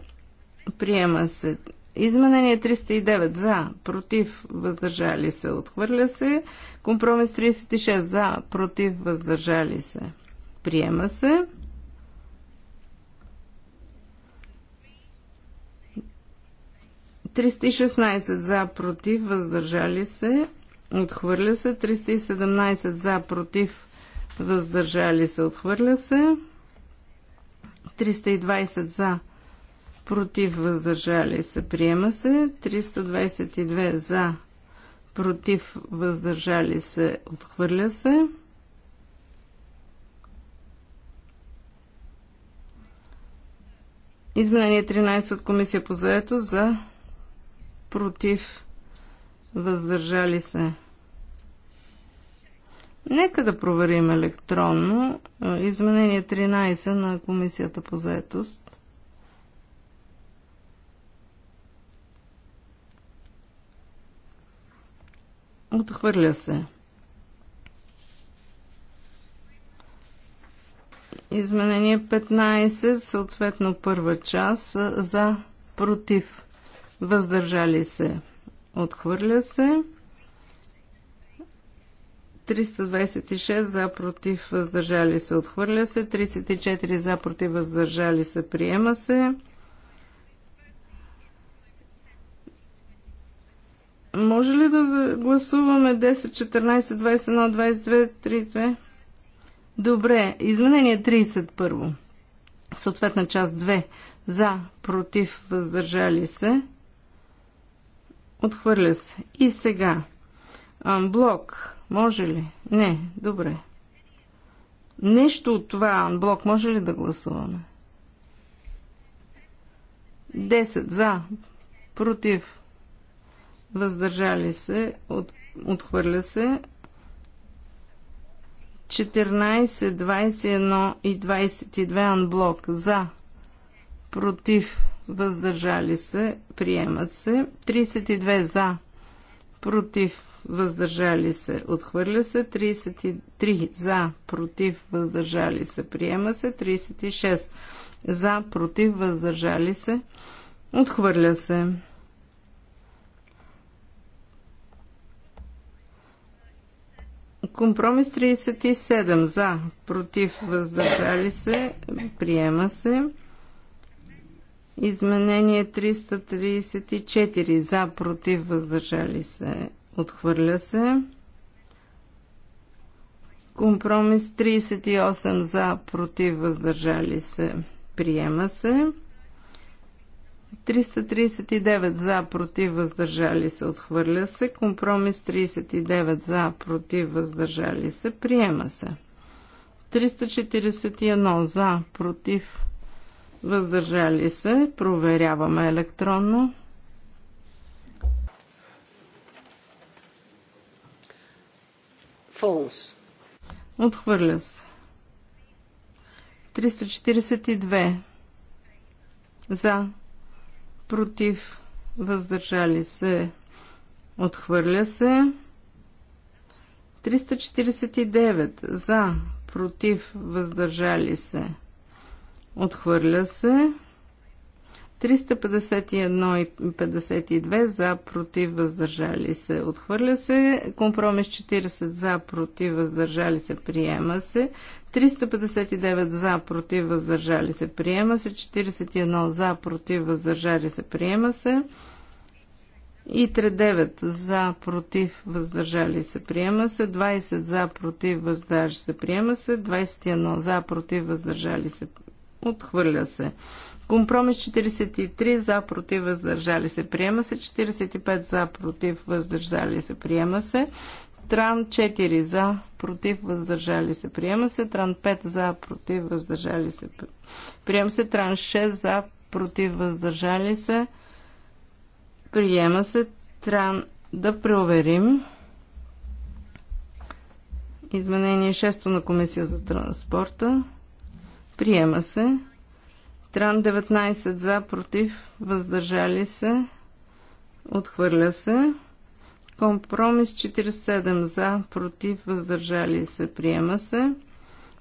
Приема се Изменение 309 за, против, въздържали се, отхвърля се. Компромис 36 за, против, въздържали се, приема се. Триста за, против, въздържали се, отхвърля се. 317 за, против, въздържали се, отхвърля се. 320 за, против, против въздържали се, приема се. 322 за, против въздържали се, отхвърля се. Изменение 13 от Комисия по заето за против въздържали се. Нека да проверим електронно изменение 13 на Комисията по заетост. Отхвърля се. Изменение 15, съответно първа част, за, против, въздържали се. Отхвърля се. 326 за против въздържали се отхвърля се, 34 за против въздържали се приема се. Може ли да гласуваме 10, 14, 21, 22, 32? Добре. Изменение 30 първо. Съответна част 2. За, против, въздържали се. Отхвърля се. И сега. Анблок. Може ли? Не. Добре. Нещо от това анблок може ли да гласуваме? 10 за, против, въздържали се, от, отхвърля се. 14, 21 и 22 анблок за, против, въздържали се, приемат се. 32 за, против, въздържали се, отхвърля се. 33 за, против, въздържали се, приема се. 36 за, против, въздържали се, отхвърля се. Компромис 37 за, против, въздържали се, приема се. Изменение 334 за, против, въздържали се, отхвърля се. Компромис 38 за, против, въздържали се, приема се. 339 за, против, въздържали се, отхвърля се. Компромис 39 за, против, въздържали се, приема се. 341 за, против, въздържали се. Проверяваме електронно. Фолс. Отхвърля се. 342 за, против, въздържали се, отхвърля се. 349 за, против, въздържали се, отхвърля се. 351 и 52 за, против, въздържали се, отхвърля се. Компромис 40 за, против, въздържали се, приема се. 359 за, против, въздържали се, приема се. 41 за, против, въздържали се, приема се. И 39 за, против, въздържали се, приема се. 20 за, против, въздържали се, приема се. 21 за, против, въздържали се, отхвърля се. Компромис 43 за против въздържали се приема се. 45 за против въздържали се приема се. Тран 4 за против въздържали се приема се. Тран 5 за против въздържали се приема се. Тран 6 за против въздържали се приема се. Тран да проверим. Изменение 6 на комисия за транспорта. Приема се. Тран 19 за, против, въздържали се, отхвърля се. Компромис 47 за, против, въздържали се, приема се.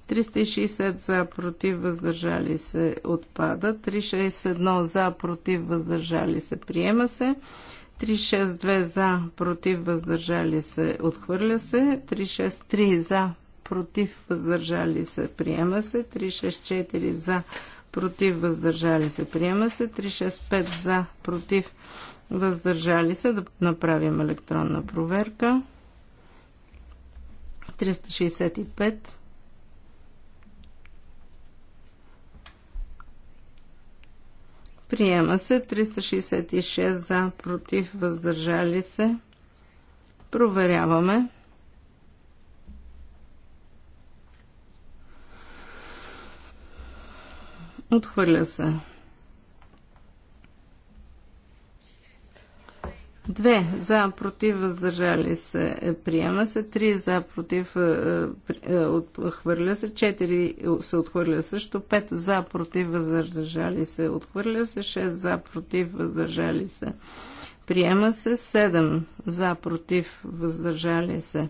360 за, против, въздържали се, отпада. 361 за, против, въздържали се, приема се. 362 за, против, въздържали се, отхвърля се. 363 за, против, въздържали се, приема се. 364 за, против, против, въздържали се, приема се. 365 за, против, въздържали се. Да направим електронна проверка. 365. Приема се 366 за, против, въздържали се. Проверяваме. Отхвърля се. Две за, против, въздържали се, е, приема се. Три за, против, е, е, отхвърля се. Четири се отхвърля също. Пет за, против, въздържали се, отхвърля се. Шест за, против, въздържали се, приема се. Седем за, против, въздържали се,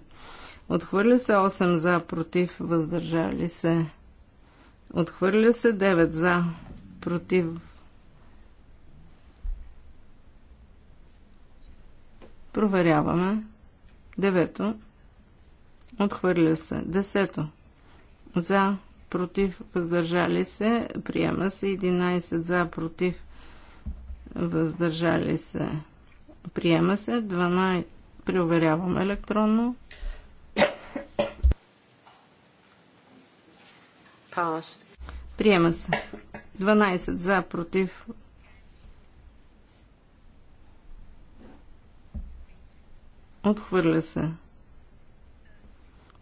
отхвърля се. Осем за, против, въздържали се, Отхвърля се 9 за. Против. Проверяваме. Девето. Отхвърля се. Десето. За. Против. Въздържали се. Приема се 11 за. Против. Въздържали се. Приема се 12. Проверявам електронно. Паст. Приема се. 12 за, против. Отхвърля се.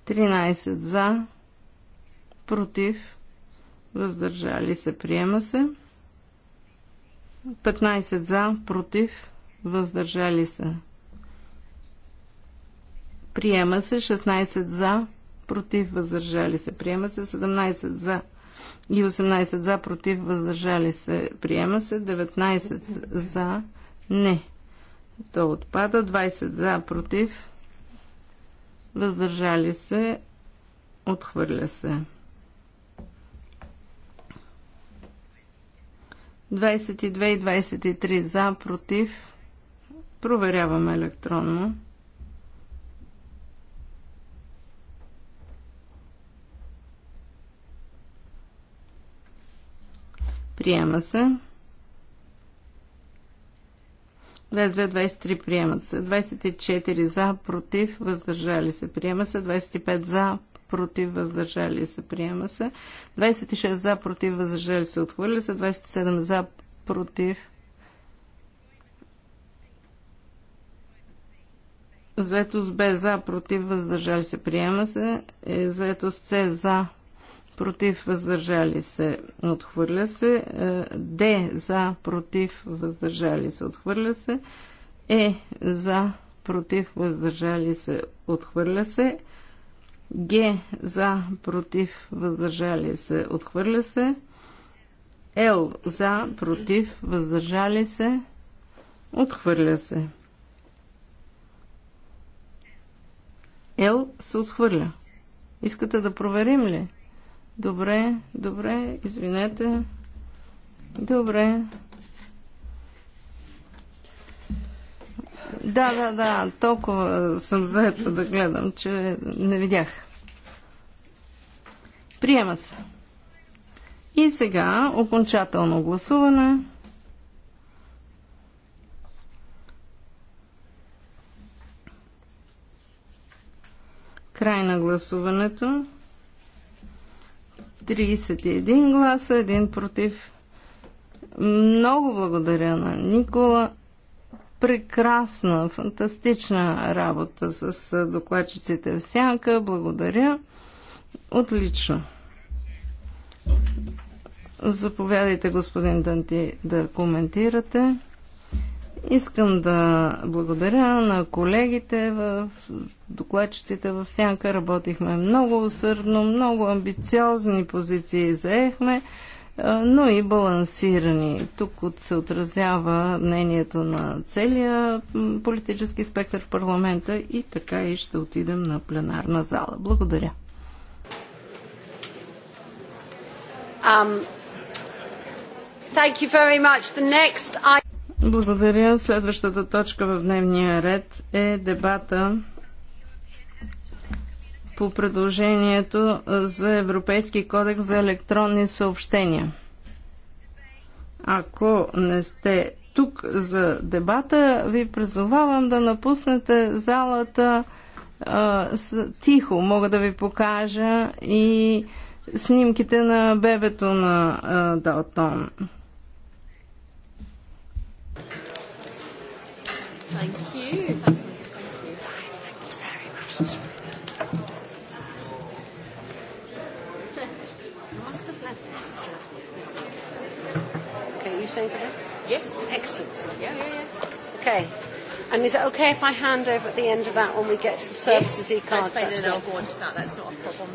13 за, против, въздържали се, приема се. 15 за, против, въздържали се. Приема се 16 за, против, въздържали се. Приема се 17 за, и 18 за, против, въздържали се, приема се, 19 за, не. То отпада, 20 за, против, въздържали се, отхвърля се. 22 и 23 за, против, проверяваме електронно. Приема се. 22-23 приемат се. 24 за, против, въздържали се. Приема се. 25 за, против, въздържали се. Приема се. 26 за, против, въздържали се. Отхвърля се. 27 за, против. Заето с Б за, против, въздържали се. Приема се. Е, Заето с С за, против, въздържали се, отхвърля се. Е, Д за, против, въздържали се, отхвърля се. Е за, против, въздържали се, отхвърля се. Г за, против, въздържали се, отхвърля се. Л за, против, въздържали се, отхвърля се. Л се отхвърля. Искате да проверим ли? Добре, добре, извинете. Добре. Да, да, да, толкова съм заета да гледам, че не видях. Приема се. И сега окончателно гласуване. Край на гласуването. 31 гласа, един против. Много благодаря на Никола. Прекрасна, фантастична работа с докладчиците в сянка. Благодаря. Отлично. Заповядайте, господин Данти, да коментирате. Искам да благодаря на колегите в докладчиците в Сянка. Работихме много усърдно, много амбициозни позиции заехме, но и балансирани. Тук се отразява мнението на целия политически спектър в парламента и така и ще отидем на пленарна зала. Благодаря. Um, thank you very much. The next I... Благодаря. Следващата точка в дневния ред е дебата по предложението за Европейски кодекс за електронни съобщения. Ако не сте тук за дебата, ви призовавам да напуснете залата а, тихо. Мога да ви покажа и снимките на бебето на а, Далтон. Thank you. Thank you. Thank you. very much, Okay, you staying for this? Yes. Excellent. Yeah, yeah, yeah. Okay. And is it okay if I hand over at the end of that when we get to the services yes, e-card? That's fine, and I'll go on to that. That's not a problem.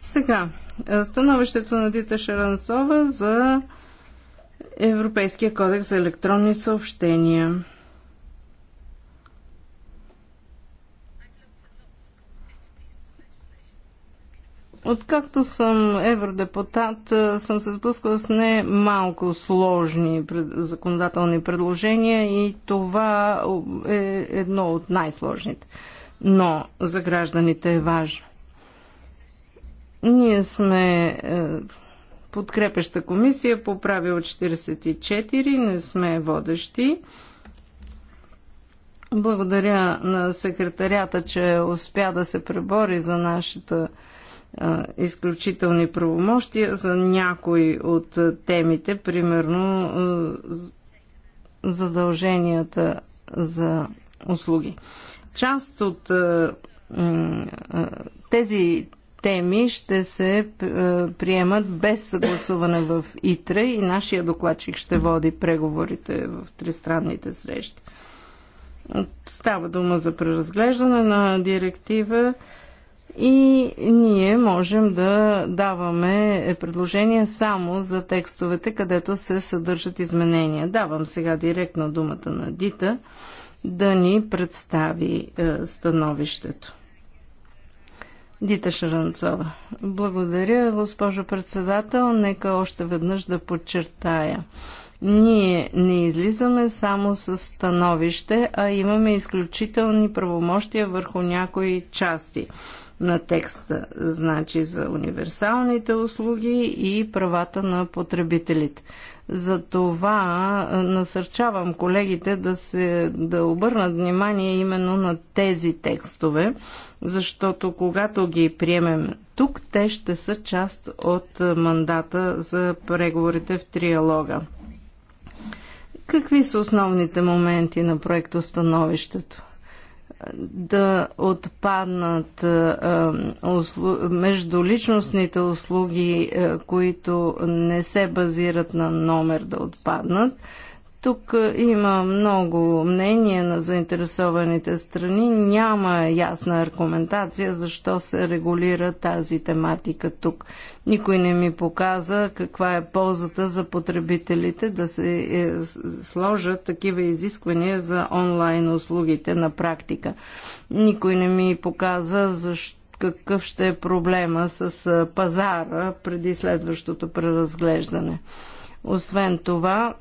Сега, е, становището на Дита Шаранцова за Европейския кодекс за електронни съобщения. съм евродепутат, съм се сблъскала с не малко сложни законодателни предложения и това е едно от най-сложните. Но за гражданите е важно. Ние сме е, подкрепеща комисия по правило 44, не сме водещи. Благодаря на секретарята, че успя да се пребори за нашата изключителни правомощия за някои от темите, примерно задълженията за услуги. Част от тези теми ще се приемат без съгласуване в ИТРА и нашия докладчик ще води преговорите в тристранните срещи. Става дума за преразглеждане на директива и ние можем да даваме предложения само за текстовете, където се съдържат изменения. Давам сега директно думата на Дита да ни представи е, становището. Дита Шаранцова. Благодаря, госпожо председател. Нека още веднъж да подчертая. Ние не излизаме само с становище, а имаме изключителни правомощия върху някои части на текста, значи за универсалните услуги и правата на потребителите. Затова насърчавам колегите да, се, да обърнат внимание именно на тези текстове, защото когато ги приемем тук, те ще са част от мандата за преговорите в триалога. Какви са основните моменти на проектостановището? да отпаднат е, е, услу... междуличностните услуги, е, които не се базират на номер да отпаднат, тук е, има много мнение на заинтересованите страни. Няма ясна аргументация защо се регулира тази тематика тук. Никой не ми показа каква е ползата за потребителите да се е, сложат такива изисквания за онлайн услугите на практика. Никой не ми показа защо какъв ще е проблема с е, пазара преди следващото преразглеждане. Освен това,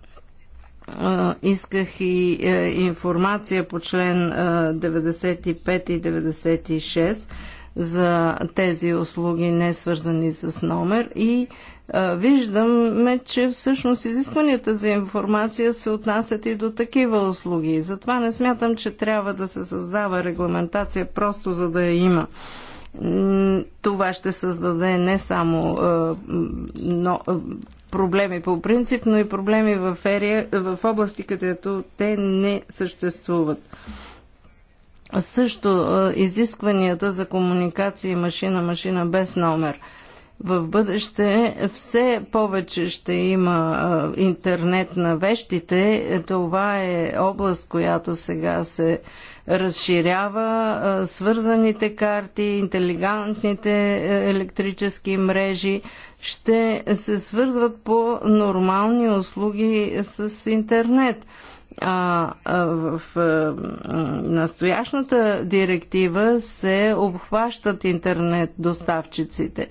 исках и е, информация по член 95 е, и 96 за тези услуги, не свързани с номер и е, виждаме, че всъщност изискванията за информация се отнасят и до такива услуги. Затова не смятам, че трябва да се създава регламентация просто за да я има. Това ще създаде не само но, проблеми по принцип, но и проблеми в, ерия, в области, където те не съществуват. Също изискванията за комуникация машина-машина без номер – в бъдеще все повече ще има интернет на вещите. Това е област, която сега се разширява свързаните карти, интелигантните е, електрически мрежи, ще се свързват по нормални услуги с интернет. А, в е, настоящата директива се обхващат интернет доставчиците.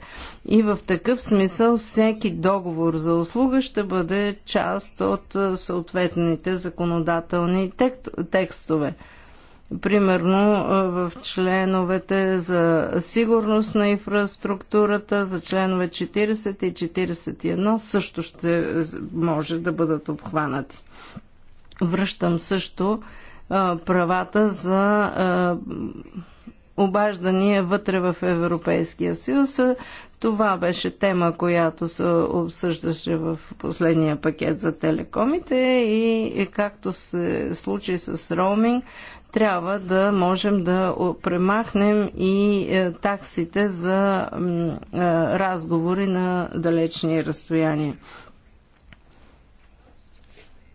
И в такъв смисъл всеки договор за услуга ще бъде част от е, съответните законодателни текстове. Примерно в членовете за сигурност на инфраструктурата, за членове 40 и 41 също ще може да бъдат обхванати. Връщам също правата за обаждания вътре в Европейския съюз. Това беше тема, която се обсъждаше в последния пакет за телекомите и както се случи с роуминг, трябва да можем да премахнем и е, таксите за е, разговори на далечни разстояния.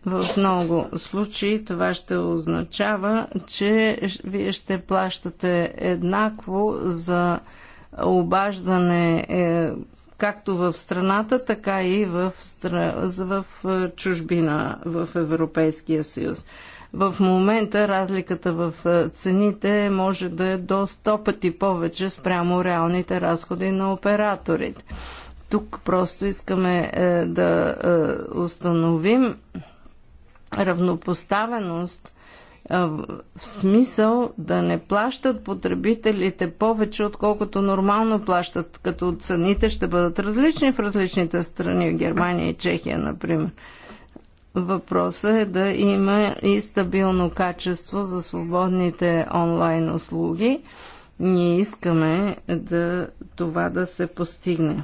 В много случаи това ще означава, че вие ще плащате еднакво за обаждане е, както в страната, така и в, в чужбина в Европейския съюз. В момента разликата в е, цените може да е до 100 пъти повече спрямо реалните разходи на операторите. Тук просто искаме е, да е, установим равнопоставеност е, в смисъл да не плащат потребителите повече, отколкото нормално плащат, като цените ще бъдат различни в различните страни, в Германия и Чехия, например. Въпросът е да има и стабилно качество за свободните онлайн услуги. Ние искаме да това да се постигне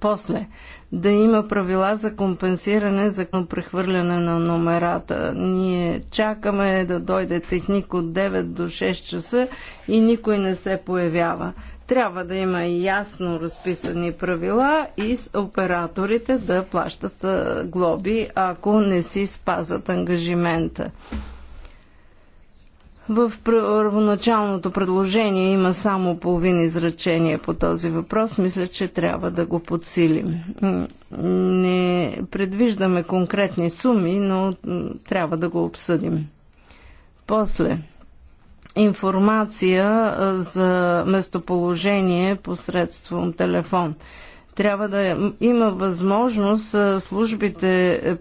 после. Да има правила за компенсиране, за прехвърляне на номерата. Ние чакаме да дойде техник от 9 до 6 часа и никой не се появява. Трябва да има ясно разписани правила и с операторите да плащат глоби, ако не си спазат ангажимента. В първоначалното предложение има само половин изречение по този въпрос. Мисля, че трябва да го подсилим. Не предвиждаме конкретни суми, но трябва да го обсъдим. После информация за местоположение посредством телефон. Трябва да има възможност службите е,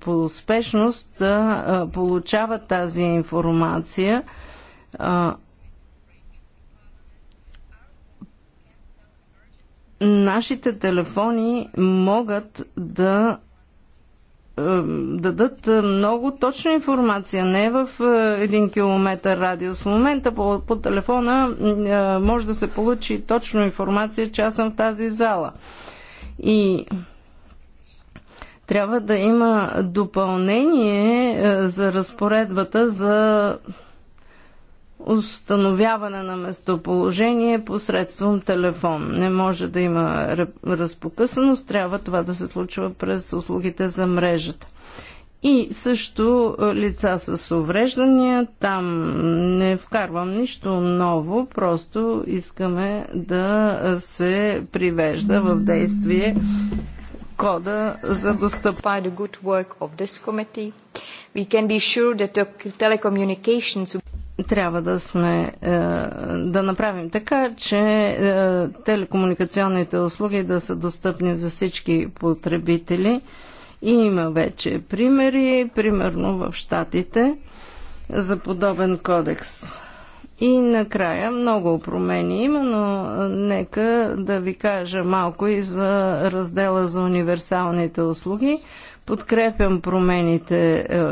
по успешност да получават тази информация. Нашите телефони могат да дадат много точна информация, не в един километър радиус. В момента по, по телефона може да се получи точно информация, че аз съм в тази зала. И трябва да има допълнение е, за разпоредбата за установяване на местоположение посредством телефон. Не може да има разпокъсаност, трябва това да се случва през услугите за мрежата. И също е, лица с увреждания, там не вкарвам нищо ново, просто искаме да се привежда в действие кода за telecommunications Трябва да сме е, да направим така, че е, телекомуникационните услуги да са достъпни за всички потребители. И има вече примери, примерно в Штатите за подобен кодекс. И накрая много промени има, но нека да ви кажа малко и за раздела за универсалните услуги. Подкрепям промените, е,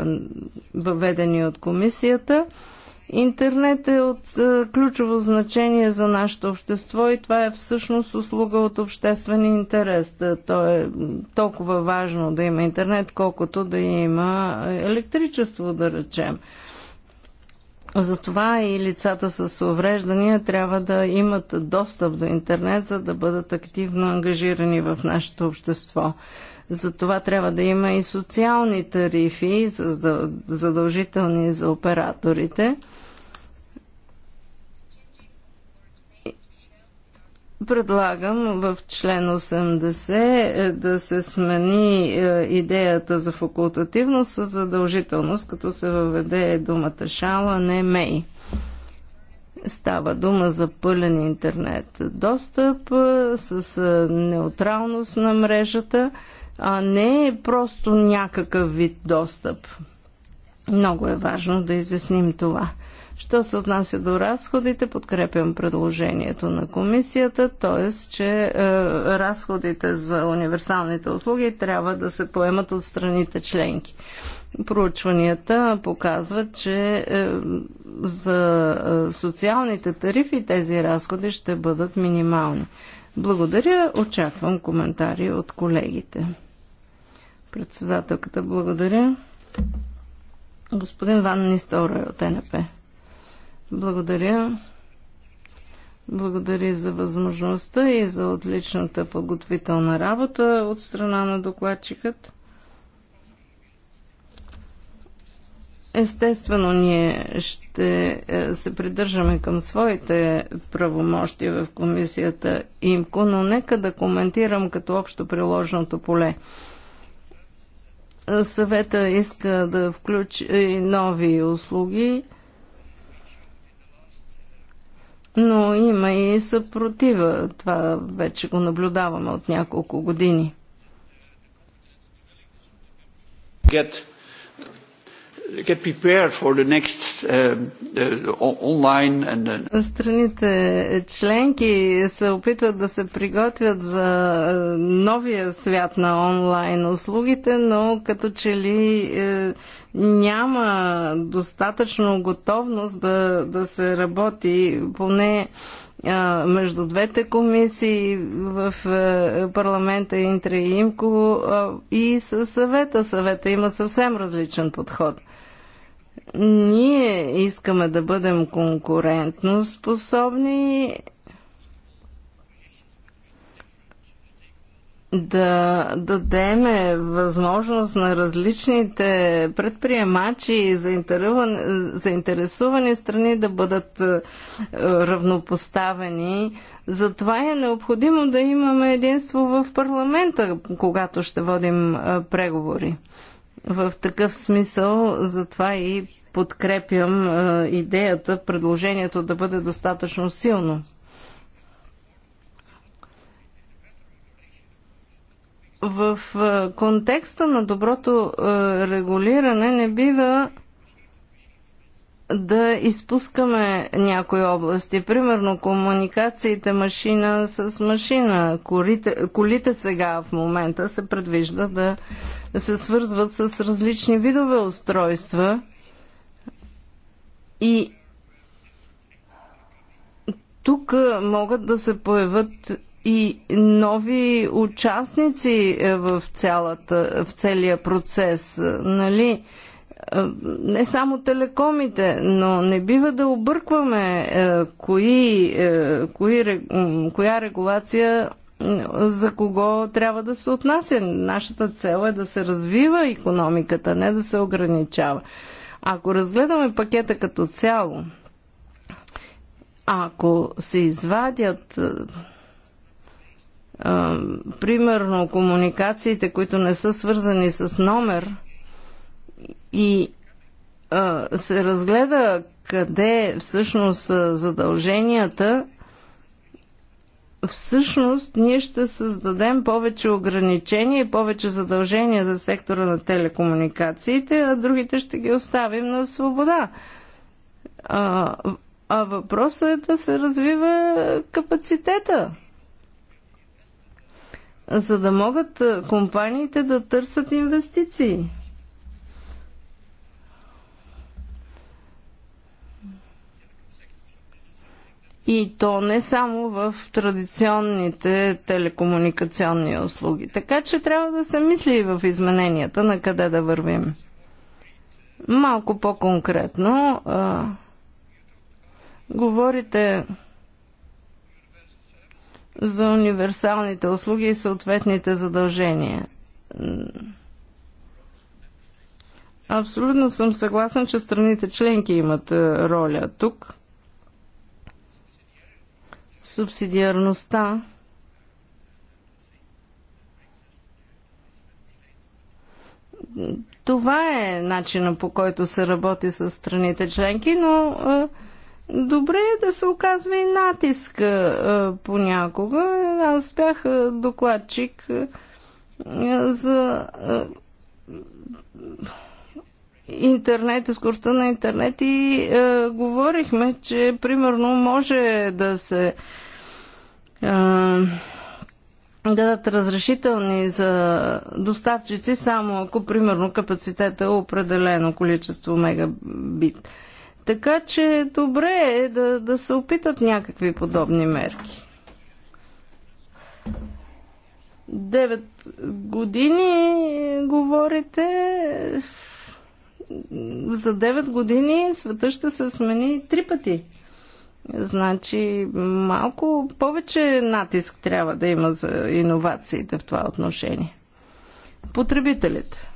въведени от комисията. Интернет е от е, ключово значение за нашето общество и това е всъщност услуга от обществен интерес. Е, то е толкова важно да има интернет, колкото да има електричество, да речем. Затова и лицата с увреждания трябва да имат достъп до интернет, за да бъдат активно ангажирани в нашето общество. Затова трябва да има и социални тарифи, задължителни за операторите Предлагам в член 80 е, да се смени е, идеята за факултативност с задължителност, като се въведе думата шала, не мей. Става дума за пълен интернет достъп е, с неутралност на мрежата, а не просто някакъв вид достъп. Много е важно да изясним това. Що се отнася до разходите, подкрепям предложението на комисията, т.е. че е, разходите за универсалните услуги трябва да се поемат от страните членки. Проучванията показват, че е, за е, социалните тарифи тези разходи ще бъдат минимални. Благодаря, очаквам коментари от колегите. Председателката, благодаря. Господин Ван е от НП. Благодаря. Благодаря за възможността и за отличната подготвителна работа от страна на докладчикът. Естествено, ние ще е, се придържаме към своите правомощия в комисията ИМКО, но нека да коментирам като общо приложното поле. Съвета иска да включи нови услуги но има и съпротива. Това вече го наблюдаваме от няколко години. Get get prepared for the next uh, uh, online and then... Страните членки се опитват да се приготвят за е, новия свят на онлайн услугите, но като че ли е, няма достатъчно готовност да, да се работи поне е, между двете комисии в е, парламента Интра и Имко и със съвета. Съвета има съвсем различен подход. Ние искаме да бъдем конкурентно способни да дадеме възможност на различните предприемачи и заинтересувани страни да бъдат е, равнопоставени. Затова е необходимо да имаме единство в парламента, когато ще водим е, преговори. В такъв смисъл, затова и подкрепям е, идеята, предложението да бъде достатъчно силно. В е, контекста на доброто е, регулиране не бива да изпускаме някои области. Примерно комуникациите машина с машина. Колите, колите сега в момента се предвижда да се свързват с различни видове устройства и тук могат да се появят и нови участници е, в, цялата, в целия процес. Нали? Е, не само телекомите, но не бива да объркваме е, кои, е, кои, коя регулация за кого трябва да се отнася. Нашата цел е да се развива економиката, не да се ограничава. Ако разгледаме пакета като цяло, ако се извадят примерно комуникациите, които не са свързани с номер, и а, се разгледа къде всъщност са задълженията, всъщност ние ще създадем повече ограничения и повече задължения за сектора на телекомуникациите, а другите ще ги оставим на свобода. А, а въпросът е да се развива капацитета, за да могат компаниите да търсят инвестиции. И то не само в традиционните телекомуникационни услуги. Така че трябва да се мисли и в измененията на къде да вървим. Малко по-конкретно, говорите за универсалните услуги и съответните задължения. Абсолютно съм съгласна, че страните членки имат роля тук – Субсидиарността Това е начина по който се работи с страните членки, но е, Добре е да се оказва и натиск е, понякога. Аз бях е, докладчик е, за е, интернет, скоростта на интернет и е, говорихме, че примерно може да се е, дадат разрешителни за доставчици само ако примерно капацитета е определено количество мегабит. Така че добре е да, да се опитат някакви подобни мерки. Девет години е, говорите за 9 години света ще се смени три пъти. Значи малко повече натиск трябва да има за иновациите в това отношение. Потребителите.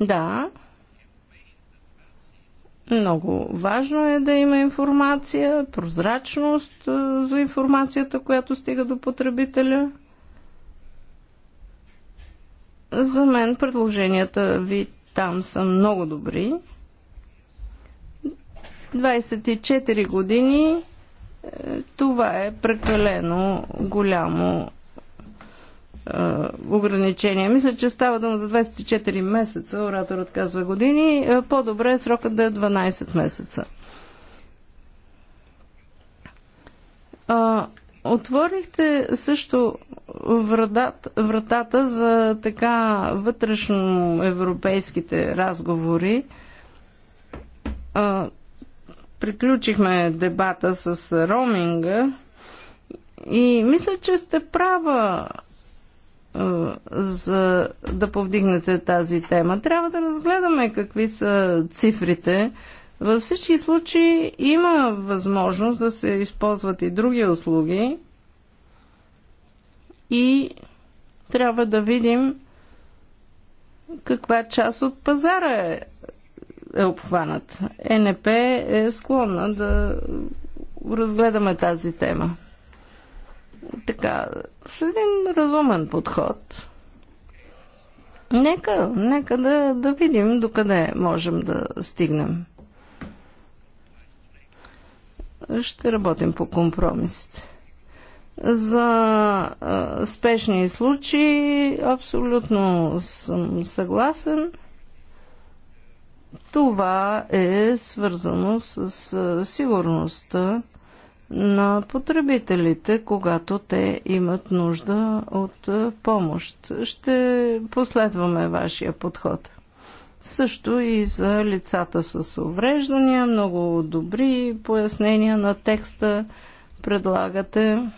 Да. Много важно е да има информация, прозрачност е, за информацията, която стига до потребителя. За мен предложенията ви там са много добри. 24 години е, това е прекалено голямо е, ограничение. Мисля, че става дума за 24 месеца, ораторът казва години. Е, по-добре е срокът да е 12 месеца. Отворихте също вратата, вратата за така вътрешно европейските разговори. А, приключихме дебата с Роминга, и мисля, че сте права а, за да повдигнете тази тема. Трябва да разгледаме какви са цифрите. А, във всички случаи има възможност да се използват и други услуги и трябва да видим каква част от пазара е, е обхванат. Е НП е склонна да разгледаме тази тема. Така, с един разумен подход. Нека, нека да, да видим докъде можем да стигнем ще работим по компромисите. За а, спешни случаи абсолютно съм съгласен. Това е свързано с а, сигурността на потребителите, когато те имат нужда от а, помощ. Ще последваме вашия подход също и за лицата с увреждания. Много добри пояснения на текста предлагате.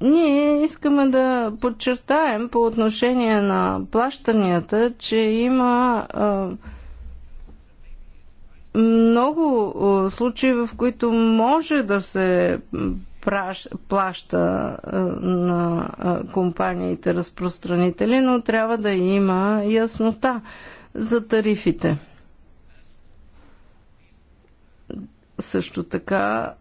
Ние искаме да подчертаем по отношение на плащанията, че има много случаи, в които може да се плаща е, на е, компаниите разпространители, но трябва да има яснота за тарифите. Също така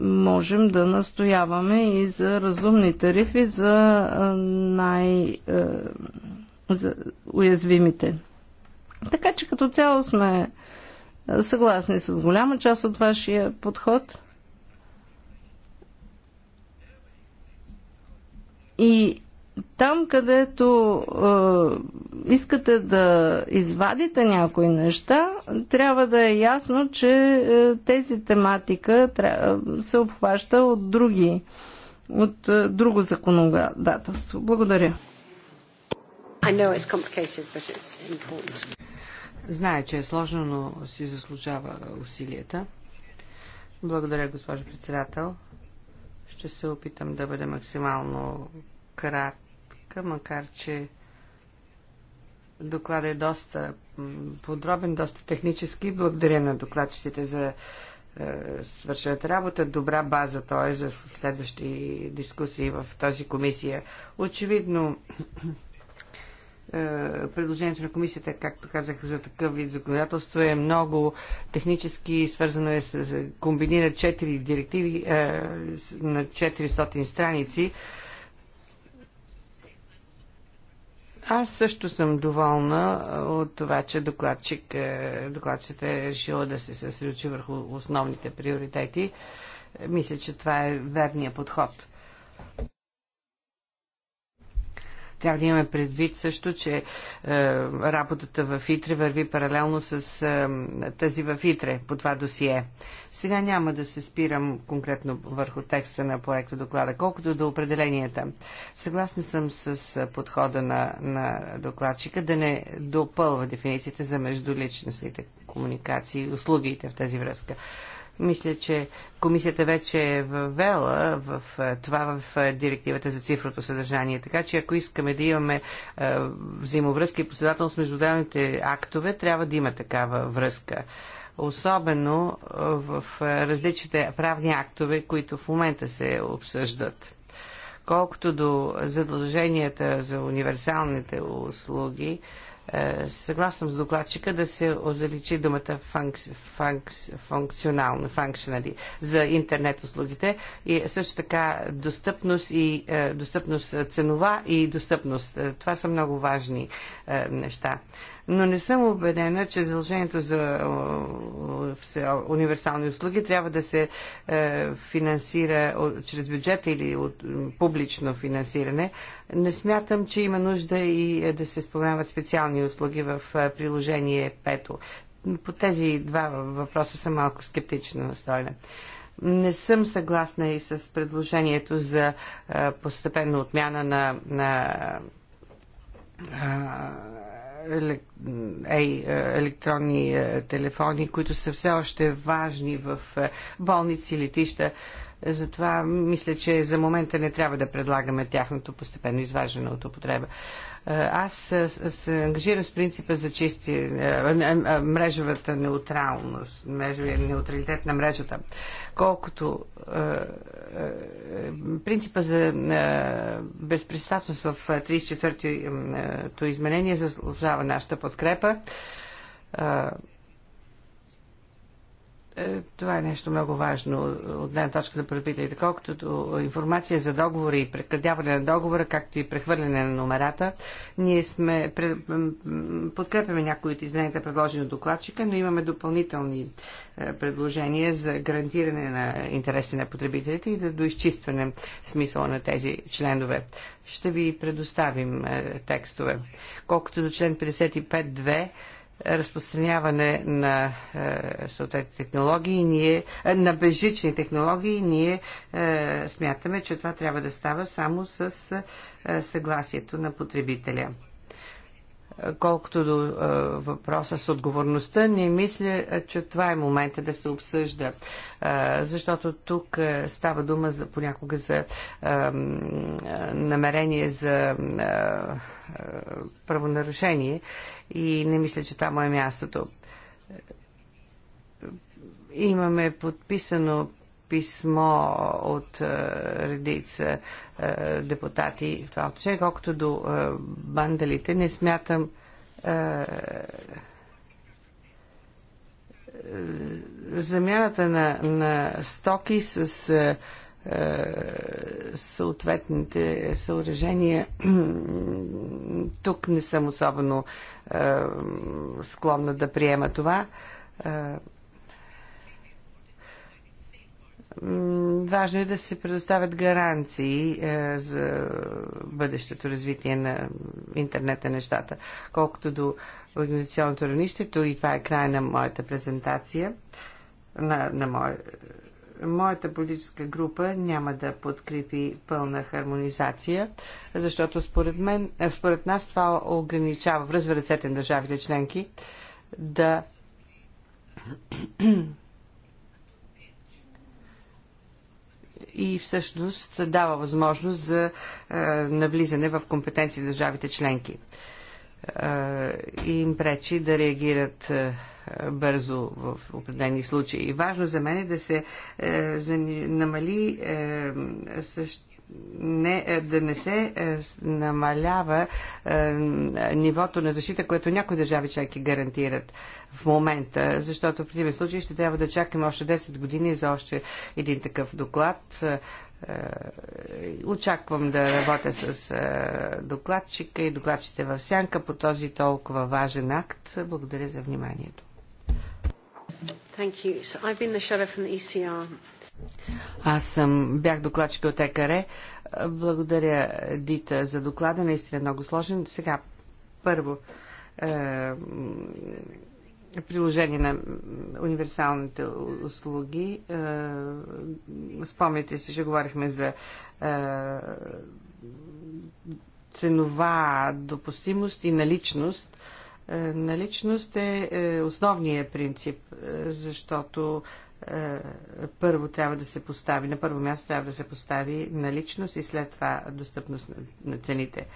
можем да настояваме и за разумни тарифи за е, най- за уязвимите. Така че като цяло сме Съгласни с голяма част от вашия подход. И там, където е, искате да извадите някои неща, трябва да е ясно, че е, тези тематика трябва, се обхваща от други, от е, друго законодателство. Благодаря. I know it's complicated, but it's important. Знае, че е сложно, но си заслужава усилията. Благодаря, госпожо председател. Ще се опитам да бъда максимално кратка, макар че докладът е доста подробен, доста технически. Благодаря на докладчиците за е, свършената работа, добра база той е за следващи дискусии в тази комисия. Очевидно е, предложението на комисията, както казах, за такъв вид законодателство е много технически, свързано е с комбинира 4 директиви е, на 400 страници. Аз също съм доволна е, от това, че докладчик, е, докладчицата е решила да се съсредочи върху основните приоритети. Мисля, че това е верният подход. Трябва да имаме предвид също, че е, работата в ИТРЕ върви паралелно с е, тази в ИТРЕ по това досие. Сега няма да се спирам конкретно върху текста на проекта доклада, колкото до определенията. Съгласна съм с е, подхода на, на докладчика да не допълва дефиницията за междуличностните комуникации и услугите в тази връзка. Мисля, че комисията вече е въвела в е, това в е, директивата за цифрото съдържание. Така че ако искаме да имаме е, взаимовръзки и последователност между отделните актове, трябва да има такава връзка особено в различните правни актове, които в момента се обсъждат. Колкото до задълженията за универсалните услуги, е, Съгласна с докладчика да се озаличи думата функс, функс, функционално, functionally, за интернет услугите и също така достъпност и е, достъпност ценова и достъпност. Е, това са много важни неща но не съм убедена, че задължението за е, е, универсални услуги трябва да се е, финансира чрез бюджета или от публично финансиране. Не смятам, че има нужда и да се споменават специални услуги в приложение 5. По тези два въпроса съм малко скептично настроена. Не съм съгласна и с предложението за постепенна отмяна на, на е, електронни е, телефони, които са все още важни в е, болници, летища. Затова мисля, че за момента не трябва да предлагаме тяхното постепенно изваждане от употреба. Аз се ангажирам с принципа за чисти мрежовата неутралност, мрежовия неутралитет на мрежата. Колкото е, е, принципа за е, безпристрастност в 34-то изменение заслужава нашата подкрепа е, това е нещо много важно от една точка на потребителите. Колкото до информация за договори и прекратяване на договора, както и прехвърляне на номерата, ние сме, подкрепяме някои от измененията, предложени от докладчика, но имаме допълнителни е, предложения за гарантиране на интереси на потребителите и да доизчистване смисъла на тези членове. Ще ви предоставим е, текстове. Колкото до член 55.2, разпространяване на е, съответните технологии, ние, е, на безжични технологии, ние е, смятаме, че това трябва да става само с е, съгласието на потребителя. Колкото до е, въпроса с отговорността, не мисля, е, че това е момента да се обсъжда, е, защото тук е, става дума за, понякога за е, намерение за. Е, е, правонарушение и не мисля, че там е мястото. Имаме подписано писмо от е, редица е, депутати в това отношение. Колкото до е, бандалите, не смятам е, е, замяната на, на стоки с е, съответните съоръжения. Тук не съм особено е, склонна да приема това. Е, важно е да се предоставят гаранции за бъдещето развитие на интернета нещата. Колкото до организационното равнище, и това е край на моята презентация, на, на моя моята политическа група няма да подкрепи пълна хармонизация, защото според, мен, е, според нас това ограничава, връзва ръцете на държавите членки да и всъщност дава възможност за е, навлизане в компетенции държавите членки. Е, и им пречи да реагират е, бързо в определени случаи. Важно за мен е да се е, за, намали е, също не, е, да не се намалява е, нивото на защита, което някои държави чайки гарантират в момента, защото в противен случай ще трябва да чакаме още 10 години за още един такъв доклад. Е, очаквам да работя с е, докладчика и докладчите в сянка по този толкова важен акт. Благодаря за вниманието. Thank you. So I've been the shadow from the ECR. Аз съм, бях докладчик от ЕКАРЕ. Благодаря, Дита, за доклада. Наистина е много сложен. Сега, първо, е, приложение на универсалните услуги. Е, спомняте си, че говорихме за е, ценова допустимост и наличност е, наличност е, е основният принцип, е, защото първо трябва да се постави, на първо място трябва да се постави наличност и след това достъпност на цените.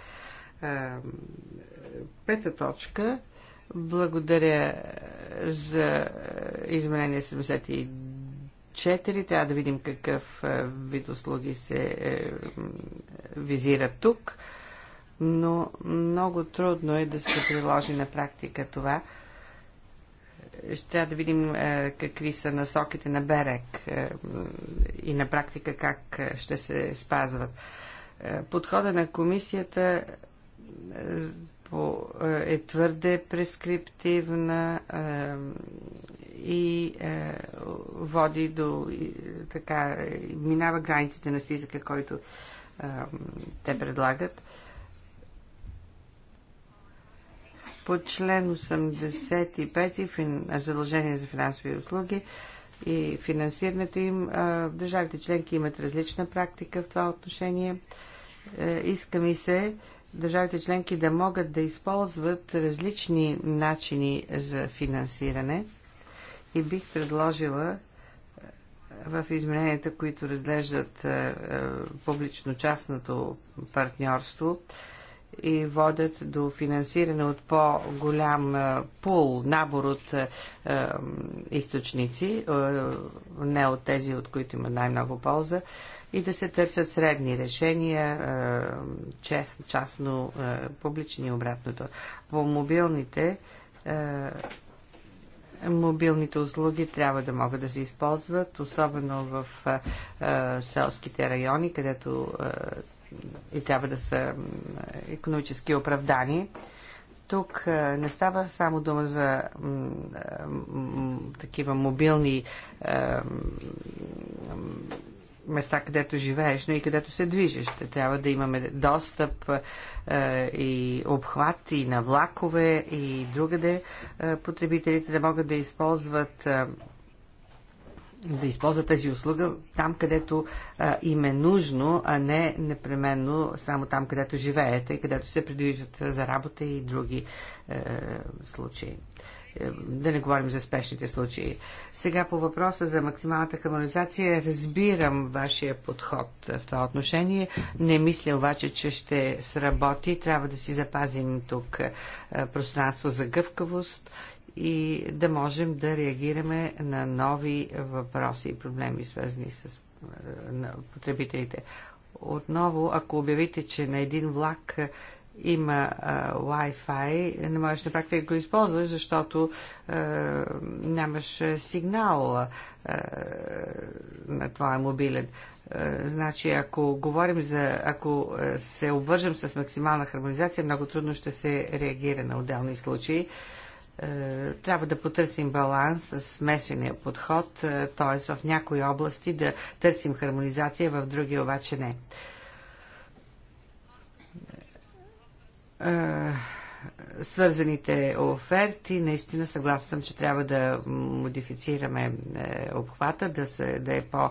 Пета точка. Благодаря за изменение 74, Трябва да видим какъв вид услуги се визира тук но много трудно е да се приложи на практика това. Ще трябва да видим е, какви са насоките на Берек е, и на практика как е, ще се спазват. Е, подхода на комисията е, е, е твърде прескриптивна и води до така, минава границите на списъка, който те предлагат. по член 85 задължение за финансови услуги и финансирането им. Държавите членки имат различна практика в това отношение. Е, иска ми се държавите членки да могат да използват различни начини за финансиране и бих предложила е, в измененията, които разглеждат е, публично-частното партньорство, и водят до финансиране от по-голям пул, набор от е, източници, е, не от тези, от които има най-много полза, и да се търсят средни решения, е, чест, частно, е, публични и обратното. По мобилните е, мобилните услуги трябва да могат да се използват, особено в е, селските райони, където е, и трябва да са економически оправдани. Тук не става само дума за такива мобилни места, където живееш, но и където се движиш. Трябва да имаме достъп и обхват и на влакове и другаде потребителите да могат да използват да използват тази услуга там, където а, им е нужно, а не непременно само там, където живеете и където се придвижат за работа и други е, случаи. Е, да не говорим за спешните случаи. Сега по въпроса за максималната хармонизация разбирам вашия подход в това отношение. Не мисля обаче, че ще сработи. Трябва да си запазим тук е, пространство за гъвкавост и да можем да реагираме на нови въпроси и проблеми, свързани с е, потребителите. Отново, ако обявите, че на един влак има а, е, Wi-Fi, не можеш на практика да го използваш, защото а, е, нямаш сигнал а, на твоя мобилен. А, значи, ако говорим за, ако се обвържем с максимална хармонизация, много трудно ще се реагира на отделни случаи. А, е, трябва да потърсим баланс с смесения подход, е, т.е. в някои области да търсим хармонизация, в други обаче не. Е, свързаните оферти, наистина съгласен съм, че трябва да модифицираме обхвата, да, се, да е по-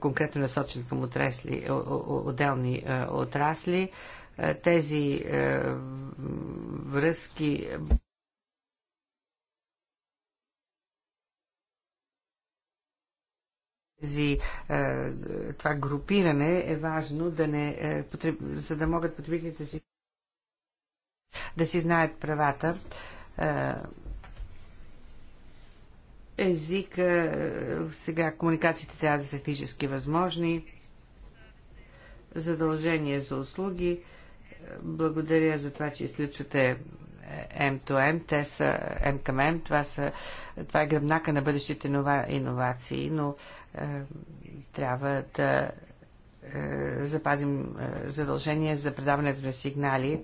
конкретно насочен към отрасли, отделни отрасли. Тези връзки тези, е, това групиране е важно, да не, е, за да могат потребителите си да си знаят правата. Е, езика, сега комуникациите трябва да са физически възможни, задължение за услуги. Благодаря за това, че изключвате M2M, те са M към M, това, са, това е гръбнака на бъдещите нова, иновации, но е, трябва да е, запазим е, задължение за предаването на сигнали,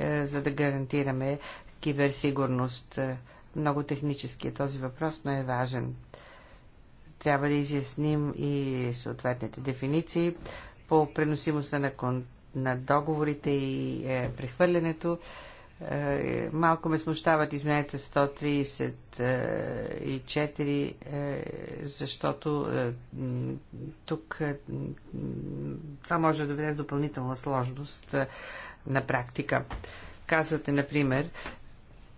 за да гарантираме киберсигурност. Много технически е този въпрос, но е важен. Трябва да изясним и съответните дефиниции по преносимостта на, кон... на договорите и е, прехвърлянето. Е, е, малко ме смущават измените 134, защото е, тук е, това може да доведе допълнителна сложност на практика. Казвате, например,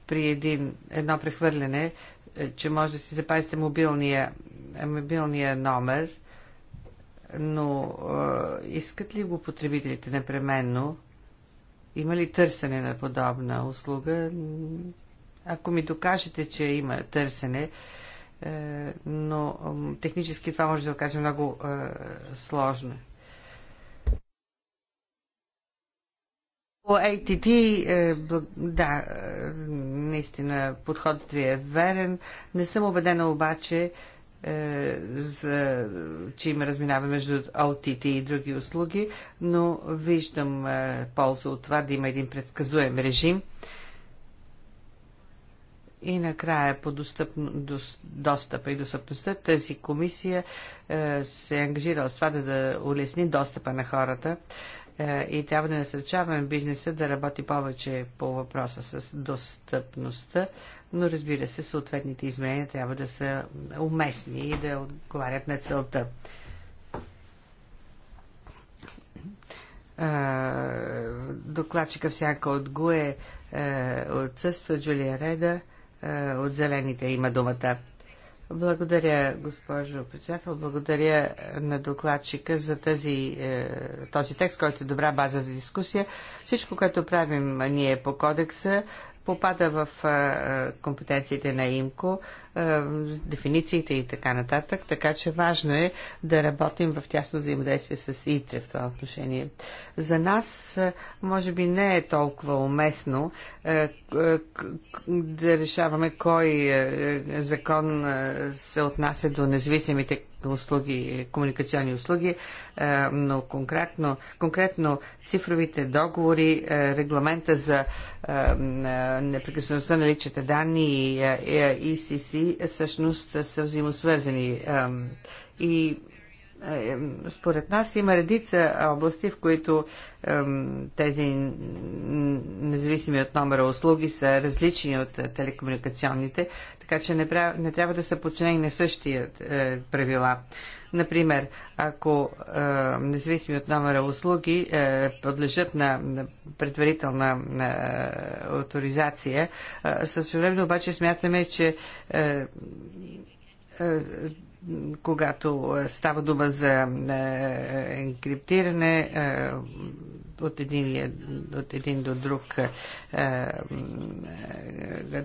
при един, едно прехвърляне, че може да си запазите мобилния, мобилния номер, но искат ли го потребителите непременно? Има ли търсене на подобна услуга? Ако ми докажете, че има търсене, е, но технически това може да окаже много е, сложно. По ATT, е, да, наистина подходът ви е верен. Не съм убедена обаче, е, за, че има разминава между аутите и други услуги, но виждам е, полза от това да има един предсказуем режим. И накрая по достъпно, до, достъпа и достъпността тази комисия е, се е ангажирала с това да, да улесни достъпа на хората е, и трябва да насърчаваме бизнеса да работи повече по въпроса с достъпността, но разбира се, съответните изменения трябва да са уместни и да отговарят на целта. Докладчика всяка от ГУЕ отсъства Джулия Реда, от Зелените има думата. Благодаря, госпожо председател. Благодаря на докладчика за тази, е, този текст, който е добра база за дискусия. Всичко, което правим ние по кодекса, попада в компетенциите на ИМКО, дефинициите и така нататък, така че важно е да работим в тясно взаимодействие с ИТРЕ в това отношение. За нас, може би, не е толкова уместно да решаваме кой закон се отнася до независимите услуги, комуникационни услуги, е, но конкретно, конкретно цифровите договори, е, регламента за е, неприкосновеността на личните данни и ECC всъщност са взаимосвързани и е, според нас има редица области, в които тези независими от номера услуги са различни от е, телекомуникационните, така че не, трябва да са подчинени на същия е, правила. Например, ако независими от номера услуги подлежат на, предварителна авторизация, е, същевременно обаче смятаме, че когато е, става дума за е, енкриптиране е, от един, от един до друг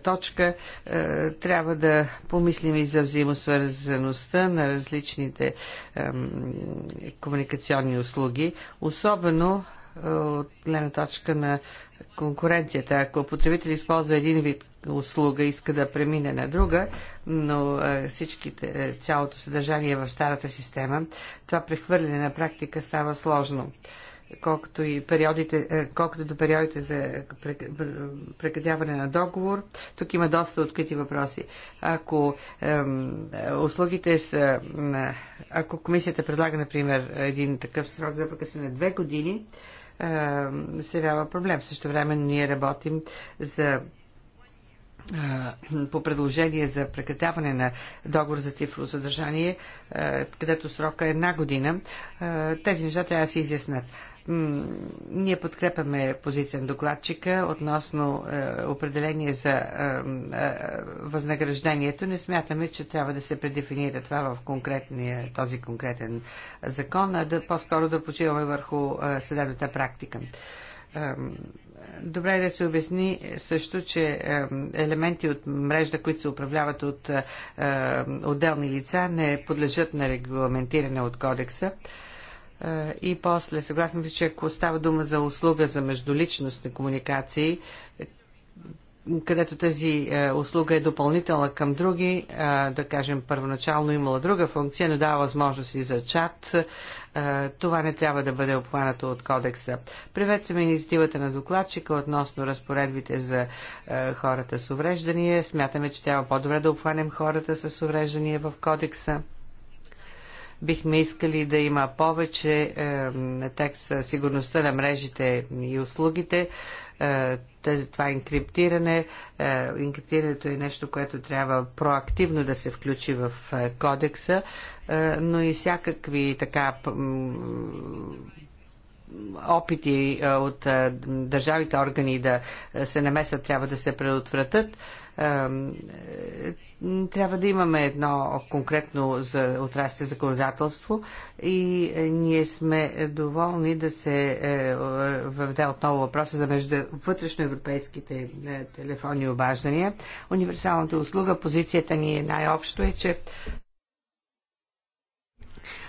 точка, трябва да помислим и за взаимосвързаността на различните комуникационни услуги, особено от гледна точка на конкуренцията. Ако потребител използва един вид услуга иска да премине на друга, но е, всичките, е, цялото съдържание е в старата система, това прехвърляне на практика става сложно. Колкото, и периодите, колкото до периодите за прекратяване на договор, тук има доста открити въпроси. Ако ем, услугите са. Ако комисията предлага, например, един такъв срок за прекъсване на две години, се явява проблем. също време ние работим за по предложение за прекратяване на договор за цифрово съдържание, където срока е една година, тези неща трябва да се изяснат. Ние подкрепяме позиция на докладчика относно определение за възнаграждението. Не смятаме, че трябва да се предефинира това в конкретния, този конкретен закон, а да, по-скоро да почиваме върху съдебната практика. Добре е да се обясни също, че е, елементи от мрежда, които се управляват от е, отделни лица, не подлежат на регламентиране от кодекса. И после, съгласен ви, че ако става дума за услуга за междуличностни комуникации, където тази услуга е допълнителна към други, да кажем, първоначално имала друга функция, но дава възможност и за чат, е, това не трябва да бъде обхванато от кодекса. Приветстваме инициативата на докладчика относно разпоредбите за е, хората с увреждания. Смятаме, че трябва по-добре да обхванем хората с увреждания в кодекса бихме искали да има повече е, текст за сигурността на мрежите и услугите. Е, тези, това инкриптиране. е, инкриптирането е нещо, което трябва проактивно да се включи в е, кодекса, е, но и всякакви така опити е, от е, държавите органи да се намесат трябва да се предотвратят. Трябва да имаме едно конкретно за отрасте законодателство и ние сме доволни да се въведе отново въпроса за между вътрешноевропейските телефонни обаждания. Универсалната услуга, позицията ни е най-общо е, че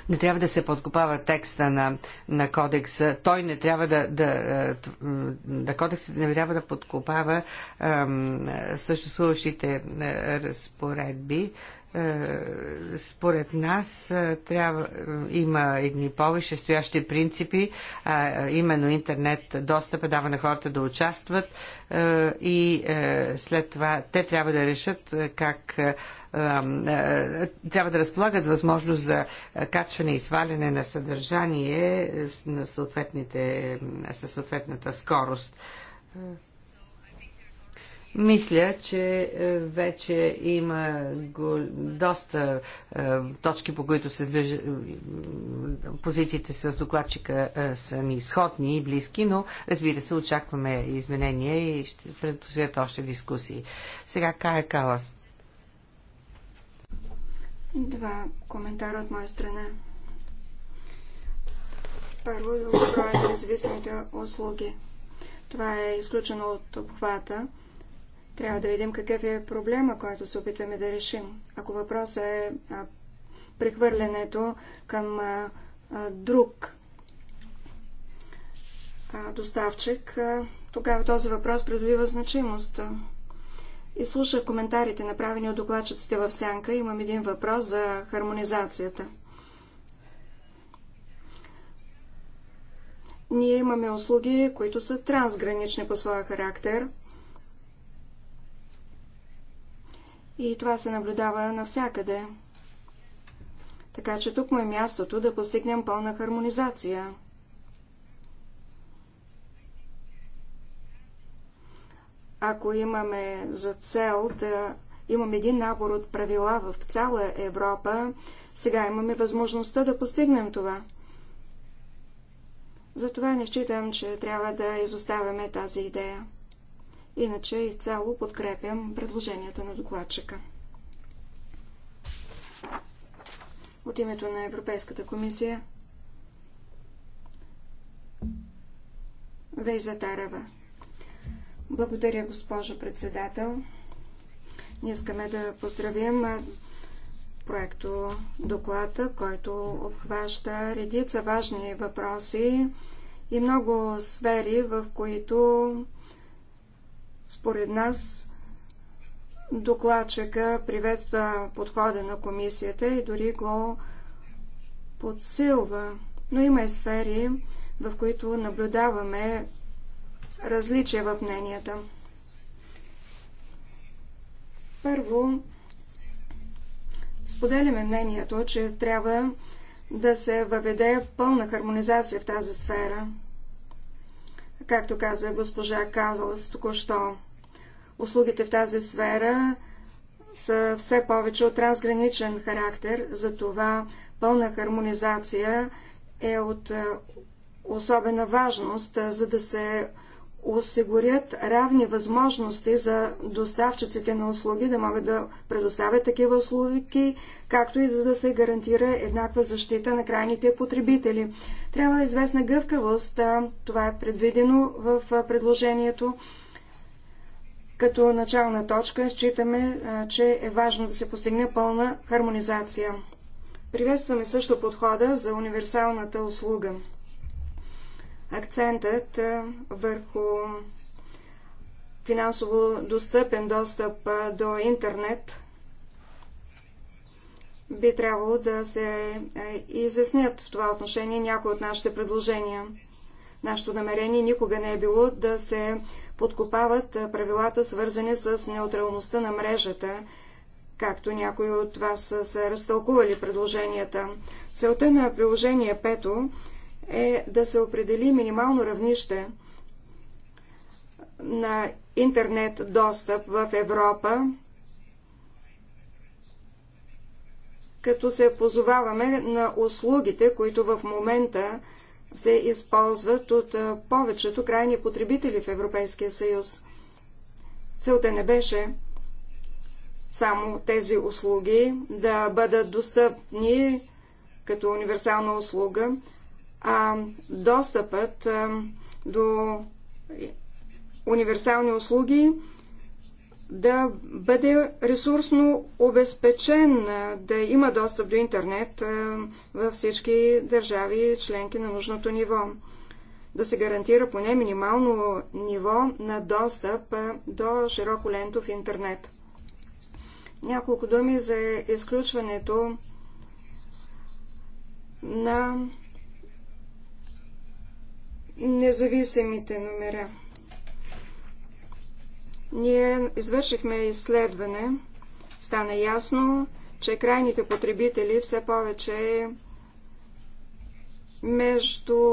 не трябва да се подкопава текста на, на кодекса. Той не трябва да, да, е, да кодексът не трябва да подкопава съществуващите е, разпоредби е, според нас трябва, има едни повече стоящи принципи, а именно интернет достъпа дава на хората да участват и след това те трябва да решат как е, трябва да разполагат с възможност за е, качване и сваляне на съдържание е, на съответните, със съответната скорост. Мисля, че вече има доста точки, по които се сближа, позициите с докладчика са ни сходни и близки, но разбира се, очакваме изменения и ще предстоят още дискусии. Сега Кая Калас. Два коментара от моя страна. Първо, броя на е независимите услуги. Това е изключено от обхвата. Трябва да видим какъв е проблема, който се опитваме да решим. Ако въпросът е прехвърлянето към а, а, друг а, доставчик, а, тогава този въпрос придобива значимост и слушах коментарите, направени от докладчиците в Сянка. Имам един въпрос за хармонизацията. Ние имаме услуги, които са трансгранични по своя характер. И това се наблюдава навсякъде. Така че тук му е мястото да постигнем пълна хармонизация. ако имаме за цел да имаме един набор от правила в цяла Европа, сега имаме възможността да постигнем това. Затова не считам, че трябва да изоставяме тази идея. Иначе изцяло подкрепям предложенията на докладчика. От името на Европейската комисия Вейза Тарева. Благодаря, госпожо председател. Ние искаме да поздравим проекто доклада, който обхваща редица важни въпроси и много сфери, в които според нас докладчика приветства подхода на комисията и дори го подсилва. Но има и сфери, в които наблюдаваме различия в мненията. Първо, споделяме мнението, че трябва да се въведе пълна хармонизация в тази сфера. Както каза госпожа Казалс току-що, услугите в тази сфера са все повече от трансграничен характер, затова пълна хармонизация е от е, особена важност, е, за да се осигурят равни възможности за доставчиците на услуги да могат да предоставят такива услуги, както и за да се гарантира еднаква защита на крайните потребители. Трябва известна гъвкавост, това е предвидено в предложението. Като начална точка считаме, че е важно да се постигне пълна хармонизация. Приветстваме също подхода за универсалната услуга акцентът върху финансово достъпен достъп до интернет би трябвало да се изяснят в това отношение някои от нашите предложения. Нашето намерение никога не е било да се подкопават правилата, свързани с неутралността на мрежата, както някои от вас са разтълкували предложенията. Целта на приложение 5 е да се определи минимално равнище на интернет достъп в Европа, като се позоваваме на услугите, които в момента се използват от повечето крайни потребители в Европейския съюз. Целта не беше само тези услуги да бъдат достъпни като универсална услуга, а достъпът а, до универсални услуги да бъде ресурсно обезпечен, да има достъп до интернет във всички държави членки на нужното ниво. Да се гарантира поне минимално ниво на достъп до широко лентов интернет. Няколко думи за изключването на независимите номера. Ние извършихме изследване. Стана ясно, че крайните потребители все повече между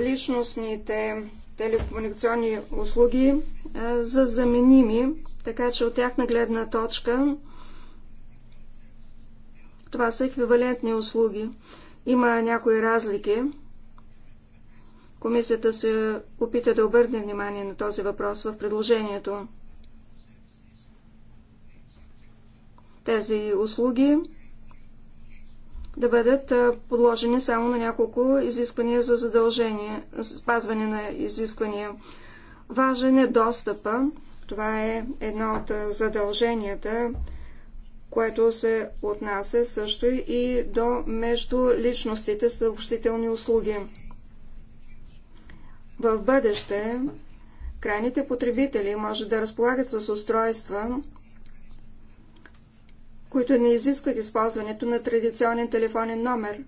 личностните телекомуникационни услуги за заменими, така че от тяхна гледна точка това са еквивалентни услуги. Има някои разлики, Комисията се опита да обърне внимание на този въпрос в предложението. Тези услуги да бъдат подложени само на няколко изисквания за задължение, спазване на изисквания. Важен е достъпа. Това е едно от задълженията, което се отнася също и до между личностите съобщителни услуги. В бъдеще крайните потребители може да разполагат с устройства, които не изискват използването на традиционен телефонен номер,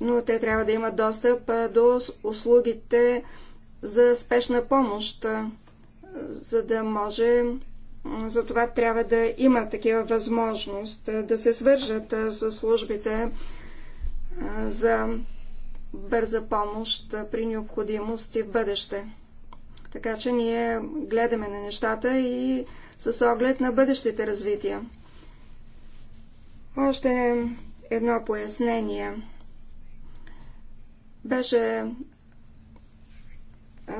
но те трябва да имат достъп до услугите за спешна помощ, за да може за това трябва да има такива възможност да се свържат с службите за бърза помощ при необходимост и в бъдеще. Така че ние гледаме на нещата и с оглед на бъдещите развития. Още едно пояснение. Беше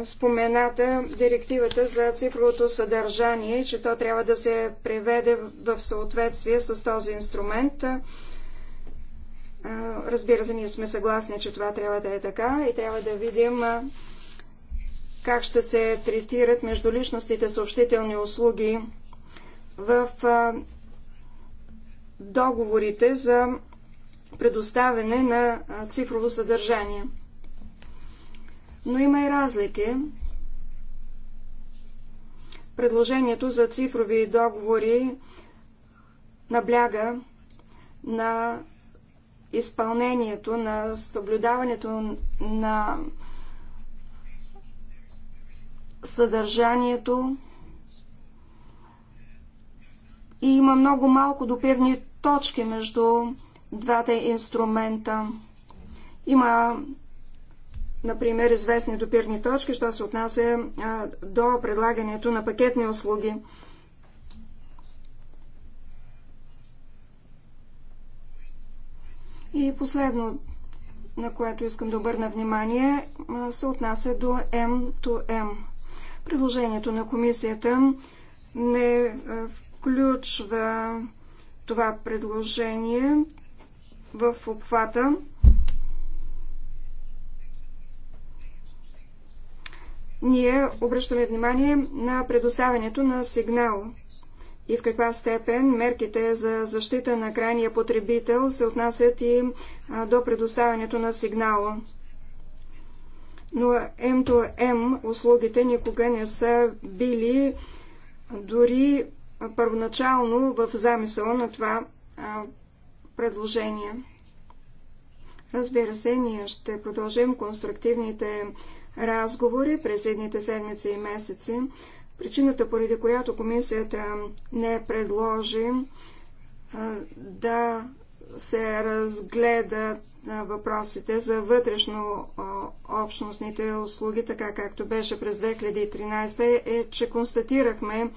спомената директивата за цифровото съдържание, че то трябва да се преведе в съответствие с този инструмент. Разбира се, ние сме съгласни, че това трябва да е така и трябва да видим как ще се третират междуличностните съобщителни услуги в договорите за предоставяне на цифрово съдържание. Но има и разлики. Предложението за цифрови договори набляга на изпълнението, на съблюдаването на съдържанието и има много малко допирни точки между двата инструмента. Има, например, известни допирни точки, що се отнася до предлагането на пакетни услуги. И последно, на което искам да обърна внимание, се отнася до M2M. Приложението на комисията не включва това предложение в обхвата ние обръщаме внимание на предоставянето на сигнал и в каква степен мерките за защита на крайния потребител се отнасят и до предоставянето на сигнала. Но M2M услугите никога не са били дори първоначално в замисъл на това предложение. Разбира се, ние ще продължим конструктивните разговори през едните седмици и месеци. Причината, поради която комисията не предложи да се разгледат въпросите за вътрешно общностните услуги, така както беше през 2013, е, че констатирахме,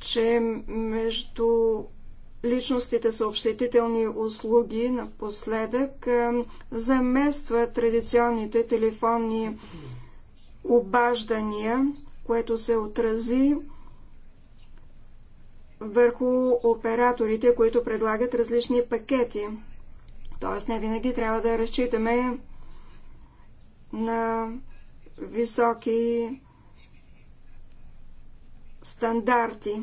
че между личностите съобщителни услуги напоследък замества традиционните телефонни обаждания което се отрази върху операторите, които предлагат различни пакети. Тоест не винаги трябва да разчитаме на високи стандарти.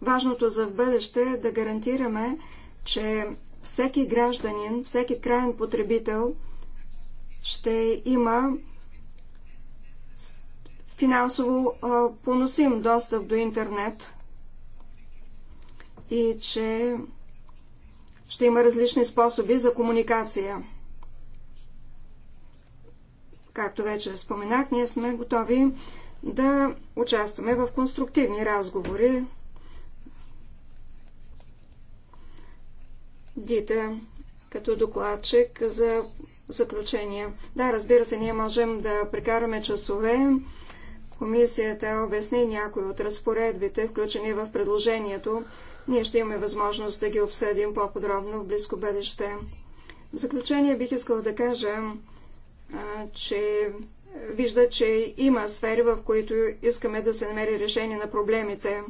Важното за в бъдеще е да гарантираме, че всеки гражданин, всеки крайен потребител ще има финансово поносим достъп до интернет и че ще има различни способи за комуникация. Както вече споменах, ние сме готови да участваме в конструктивни разговори. Дите, като докладчик за заключение. Да, разбира се, ние можем да прекараме часове Комисията обясни някои от разпоредбите, включени в предложението. Ние ще имаме възможност да ги обсъдим по-подробно в близко бъдеще. В заключение бих искал да кажа, че вижда, че има сфери, в които искаме да се намери решение на проблемите.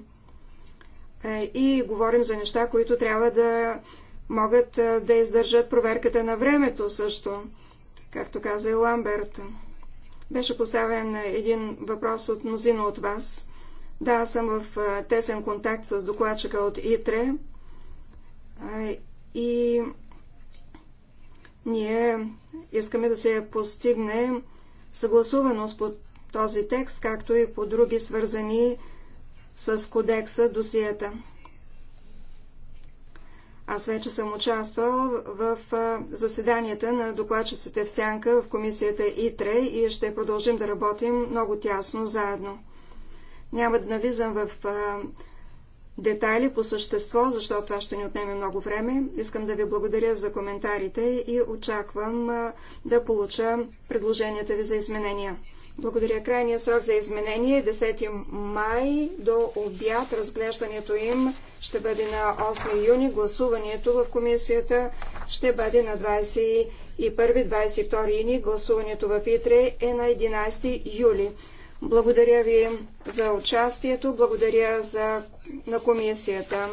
И говорим за неща, които трябва да могат да издържат проверката на времето също, както каза и Ламберт. Беше поставен един въпрос от мнозина от вас. Да, аз съм в тесен контакт с докладчика от ИТРЕ и ние искаме да се постигне съгласуваност по този текст, както и по други свързани с кодекса досиета. Аз вече съм участвал в заседанията на докладчиците в Сянка в комисията ИТРЕ и ще продължим да работим много тясно заедно. Няма да навлизам в детайли по същество, защото това ще ни отнеме много време. Искам да ви благодаря за коментарите и очаквам да получа предложенията ви за изменения. Благодаря. Крайния срок за изменение е 10 май до обяд. Разглеждането им ще бъде на 8 юни, гласуването в комисията ще бъде на 21-22 юни, гласуването в ИТРЕ е на 11 юли. Благодаря ви за участието, благодаря за, на комисията.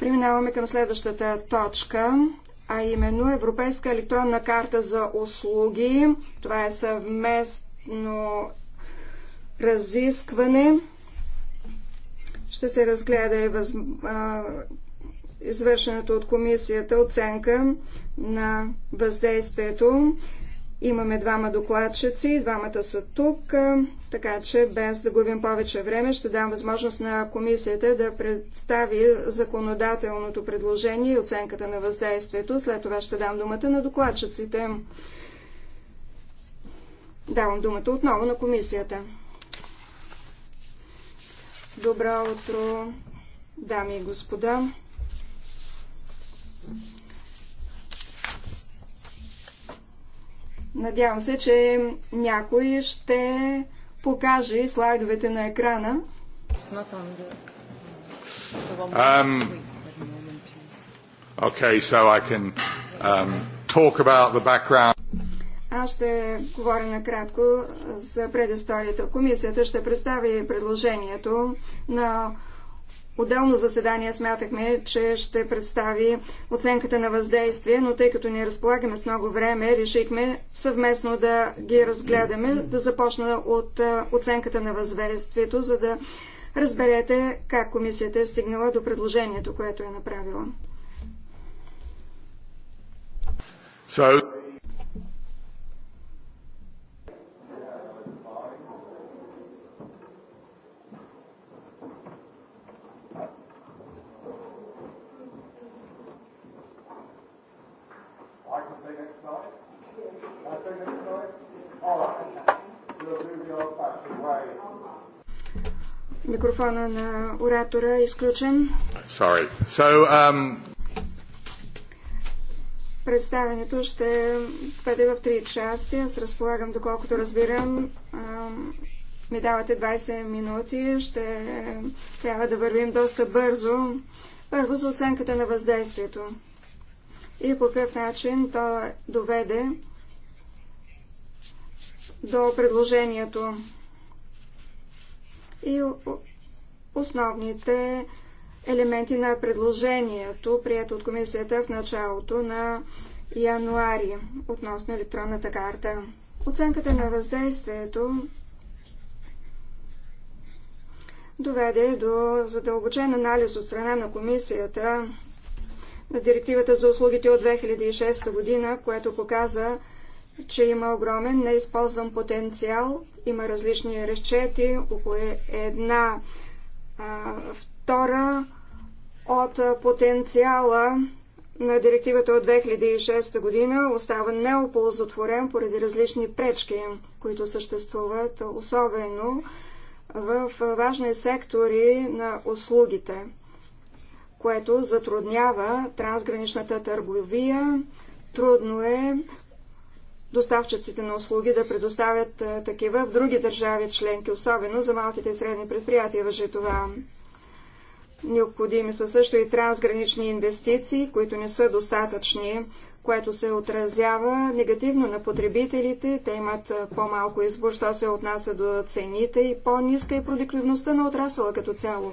Преминаваме към следващата точка, а именно Европейска електронна карта за услуги. Това е съвместно разискване ще се разгледа и въз... а, извършената от комисията оценка на въздействието. Имаме двама докладчици, двамата са тук, така че без да губим повече време ще дам възможност на комисията да представи законодателното предложение и оценката на въздействието. След това ще дам думата на докладчиците. Давам думата отново на комисията. Добро утро, дами и господа. Надявам се, че някой ще покаже слайдовете на екрана. Um, okay, so I can um, talk about the background. Аз ще говоря накратко за предисторията. Комисията ще представи предложението на отделно заседание. Смятахме, че ще представи оценката на въздействие, но тъй като не разполагаме с много време, решихме съвместно да ги разгледаме, да започна от оценката на въздействието, за да разберете как комисията е стигнала до предложението, което е направила. So, Микрофона на оратора е изключен. Sorry. So, um... Представенето ще бъде в три части. Аз разполагам, доколкото разбирам, ми давате 20 минути. Ще е, трябва да вървим доста бързо. Първо за оценката на въздействието и по какъв начин то доведе до предложението и основните елементи на предложението, прието от комисията в началото на януари относно електронната карта. Оценката на въздействието доведе до задълбочен анализ от страна на комисията на директивата за услугите от 2006 година, което показа, че има огромен неизползван потенциал, има различни разчети, около една а, втора от потенциала на директивата от 2006 година остава неоползотворен поради различни пречки, които съществуват, особено в важни сектори на услугите което затруднява трансграничната търговия. Трудно е доставчиците на услуги да предоставят такива в други държави членки, особено за малките и средни предприятия въжи това. Необходими са също и трансгранични инвестиции, които не са достатъчни, което се отразява негативно на потребителите. Те имат по-малко избор, що се отнася до цените и по-ниска е продуктивността на отрасъла като цяло.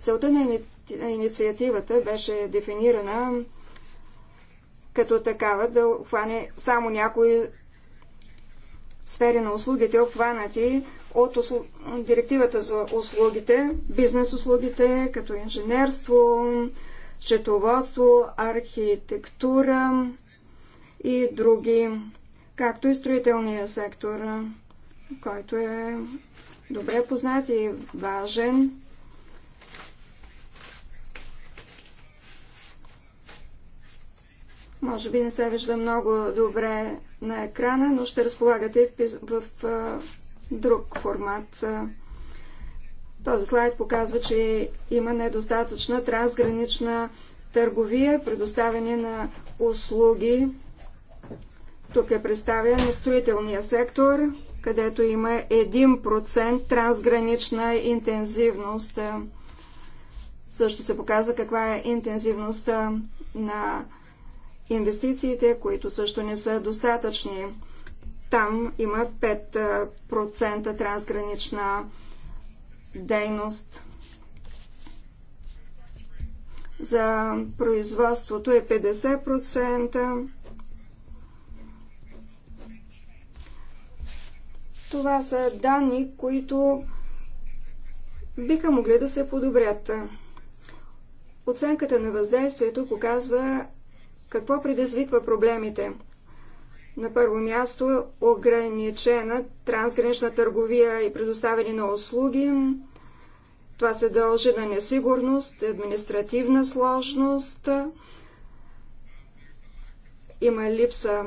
Целта на инициативата беше дефинирана като такава да обхване само някои сфери на услугите, обхванати от услу... директивата за услугите, бизнес услугите, като инженерство, счетоводство, архитектура и други, както и строителния сектор, който е добре познат и важен Може би не се вижда много добре на екрана, но ще разполагате в, в друг формат. Този слайд показва, че има недостатъчна трансгранична търговия, предоставяне на услуги. Тук е представен строителния сектор, където има 1% трансгранична интензивност. Също се показва каква е интензивността на инвестициите, които също не са достатъчни. Там има 5% трансгранична дейност. За производството е 50%. Това са данни, които биха могли да се подобрят. Оценката на въздействието показва какво предизвиква проблемите? На първо място ограничена трансгранична търговия и предоставяне на услуги. Това се дължи на несигурност, административна сложност. Има липса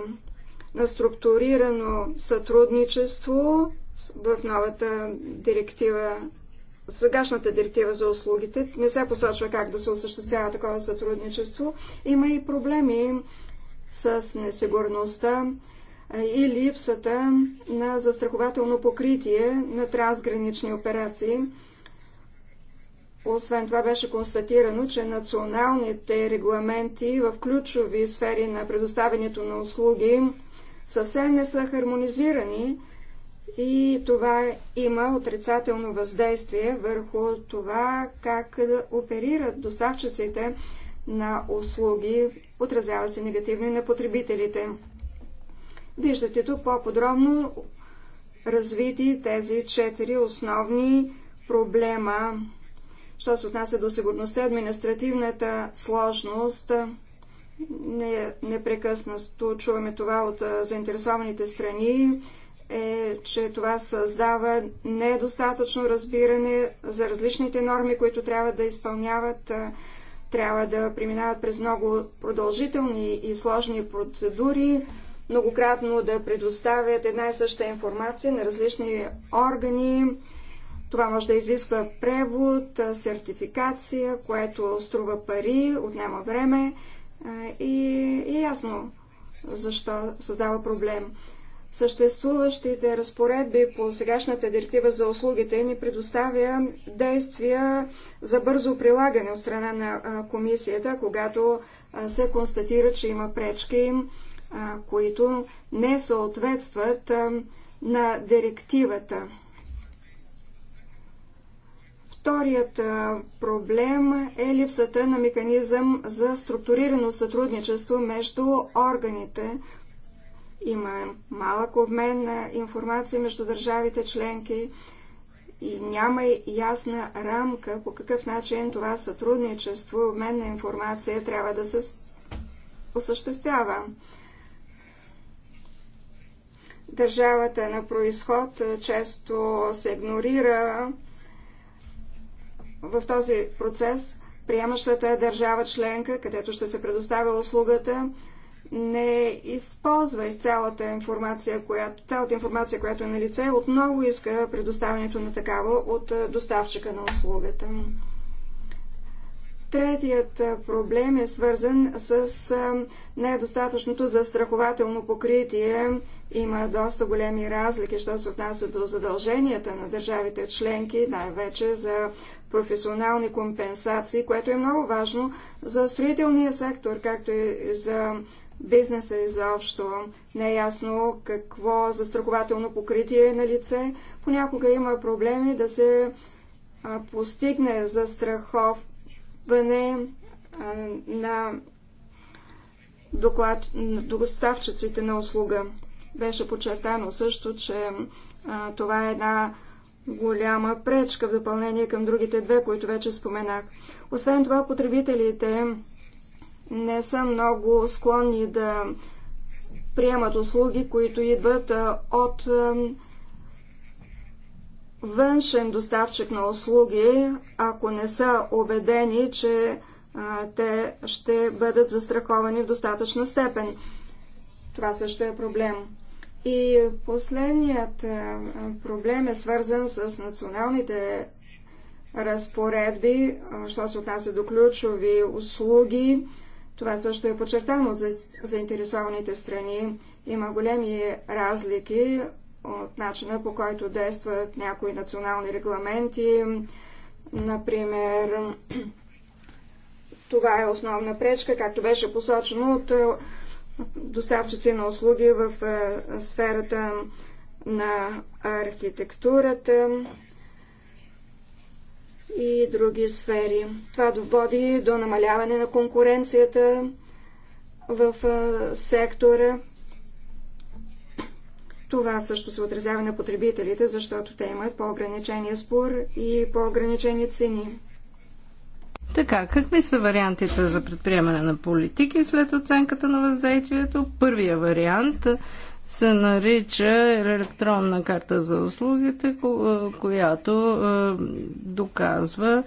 на структурирано сътрудничество в новата директива сегашната директива за услугите не се посочва как да се осъществява такова сътрудничество. Има и проблеми с несигурността и липсата на застрахователно покритие на трансгранични операции. Освен това беше констатирано, че националните регламенти в ключови сфери на предоставянето на услуги съвсем не са хармонизирани и това има отрицателно въздействие върху това как да оперират доставчиците на услуги, отразява се негативно на потребителите. Виждате тук по-подробно развити тези четири основни проблема. Що се отнася до сигурността, административната сложност, не, непрекъснато чуваме това от заинтересованите страни, е, че това създава недостатъчно разбиране за различните норми, които трябва да изпълняват, трябва да преминават през много продължителни и сложни процедури, многократно да предоставят една и съща информация на различни органи. Това може да изисква превод, сертификация, което струва пари, отнема време и е ясно защо създава проблем. Съществуващите разпоредби по сегашната директива за услугите ни предоставя действия за бързо прилагане от страна на комисията, когато се констатира, че има пречки, които не съответстват на директивата. Вторият проблем е липсата на механизъм за структурирано сътрудничество между органите има малък обмен на информация между държавите членки и няма ясна рамка по какъв начин това сътрудничество, обмен на информация трябва да се осъществява. Държавата на происход често се игнорира в този процес приемащата е държава членка, където ще се предоставя услугата, не използва цялата информация, която, цялата информация, която е на лице, отново иска предоставянето на такава от доставчика на услугата. Третият проблем е свързан с недостатъчното застрахователно покритие. Има доста големи разлики, що се отнася до задълженията на държавите членки, най-вече за професионални компенсации, което е много важно за строителния сектор, както и за бизнеса е изобщо. Не е ясно какво застрахователно покритие е на лице. Понякога има проблеми да се постигне застраховане на доклад, доставчиците на услуга. Беше подчертано също, че а, това е една голяма пречка в допълнение към другите две, които вече споменах. Освен това, потребителите не са много склонни да приемат услуги, които идват от външен доставчик на услуги, ако не са убедени, че те ще бъдат застраховани в достатъчна степен. Това също е проблем. И последният проблем е свързан с националните разпоредби, що се отнася до ключови услуги, това също е подчертано за, заинтересованите страни. Има големи разлики от начина по който действат някои национални регламенти. Например, това е основна пречка, както беше посочено от е, доставчици на услуги в е, сферата на архитектурата, и други сфери. Това доводи до намаляване на конкуренцията в сектора. Това също се отразява на потребителите, защото те имат по-ограничен спор и по-ограничени цени. Така, какви са вариантите за предприемане на политики след оценката на въздействието? Първия вариант се нарича електронна карта за услугите, е, която е, доказва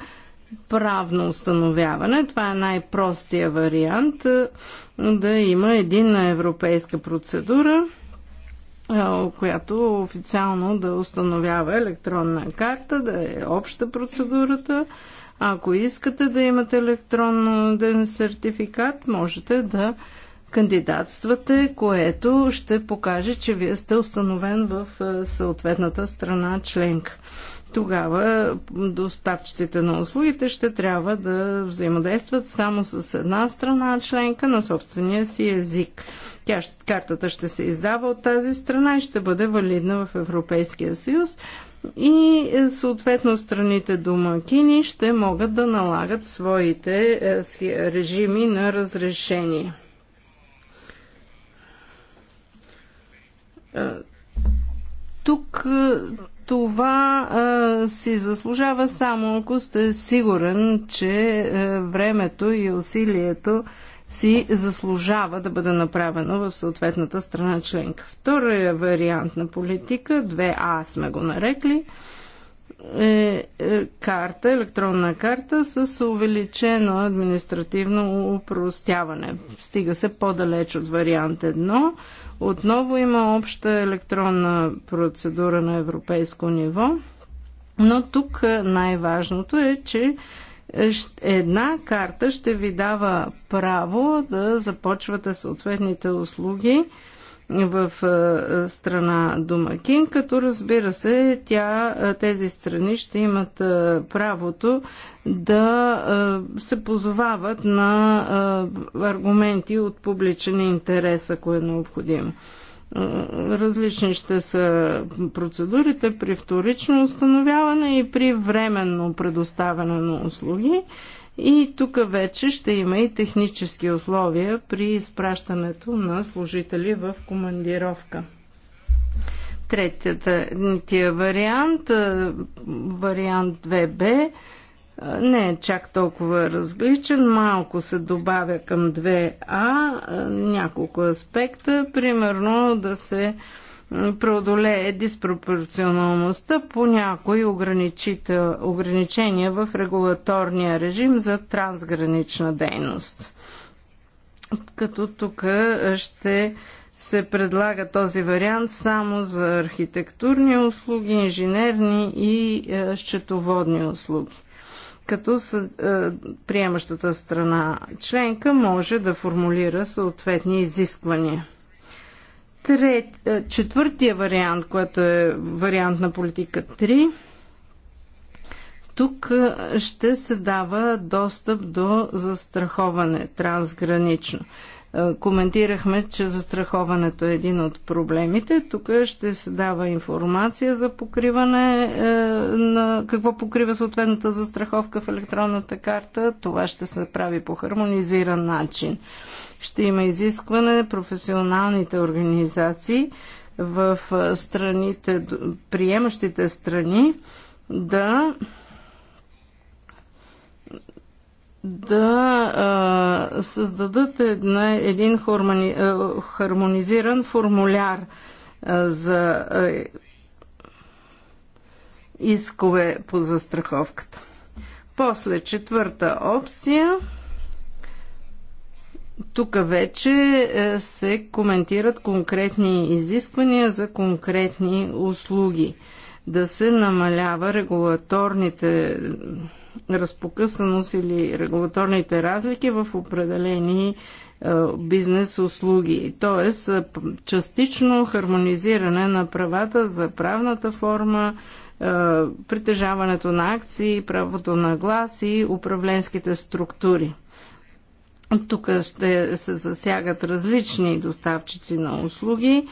правно установяване. Това е най-простия вариант е, да има единна европейска процедура, която официално да установява електронна карта, да е обща процедурата. Ако искате да имате електронен сертификат, можете да кандидатствате, което ще покаже, че вие сте установен в е, съответната страна членка. Тогава доставчиците на услугите ще трябва да взаимодействат само с една страна членка на собствения си език. Тя, картата ще се издава от тази страна и ще бъде валидна в Европейския съюз и е, съответно страните домакини ще могат да налагат своите е, режими на разрешение. Е, тук е, това а, е, си заслужава само ако сте сигурен, че а, времето и усилието си заслужава да бъде направено в съответната страна членка. Втория вариант на политика, 2А сме го нарекли, е, е карта, електронна карта с увеличено административно упростяване. Стига се по-далеч от вариант 1 отново има обща електронна процедура на европейско ниво, но тук е, най-важното е, че е, една карта ще ви дава право да започвате съответните услуги в е, страна домакин, като разбира се, тя, е, тези страни ще имат е, правото да се позовават на аргументи от публичен интерес, ако е необходимо. Различни ще са процедурите при вторично установяване и при временно предоставяне на услуги. И тук вече ще има и технически условия при изпращането на служители в командировка. Третия вариант, вариант 2б, не е чак толкова различен. Малко се добавя към 2А няколко аспекта. Примерно да се преодолее диспропорционалността по някои ограничения в регулаторния режим за трансгранична дейност. Като тук ще се предлага този вариант само за архитектурни услуги, инженерни и счетоводни услуги. Като приемащата страна членка може да формулира съответни изисквания. Трет, е, четвъртия вариант, който е вариант на политика 3, тук е, ще се дава достъп до застраховане трансгранично. Е, коментирахме, че застраховането е един от проблемите. Тук ще се дава информация за покриване е, на какво покрива съответната застраховка в електронната карта. Това ще се прави по хармонизиран начин. Ще има изискване професионалните организации в страните, приемащите страни да да а, създадат една, един хормони, а, хармонизиран формуляр а, за а, искове по застраховката. После четвърта опция. Тук вече е, се коментират конкретни изисквания за конкретни услуги. Да се намалява регулаторните разпокъсаност или регулаторните разлики в определени е, бизнес услуги. Тоест, е, частично хармонизиране на правата за правната форма, е, притежаването на акции, правото на глас и управленските структури. Тук ще се засягат различни доставчици на услуги,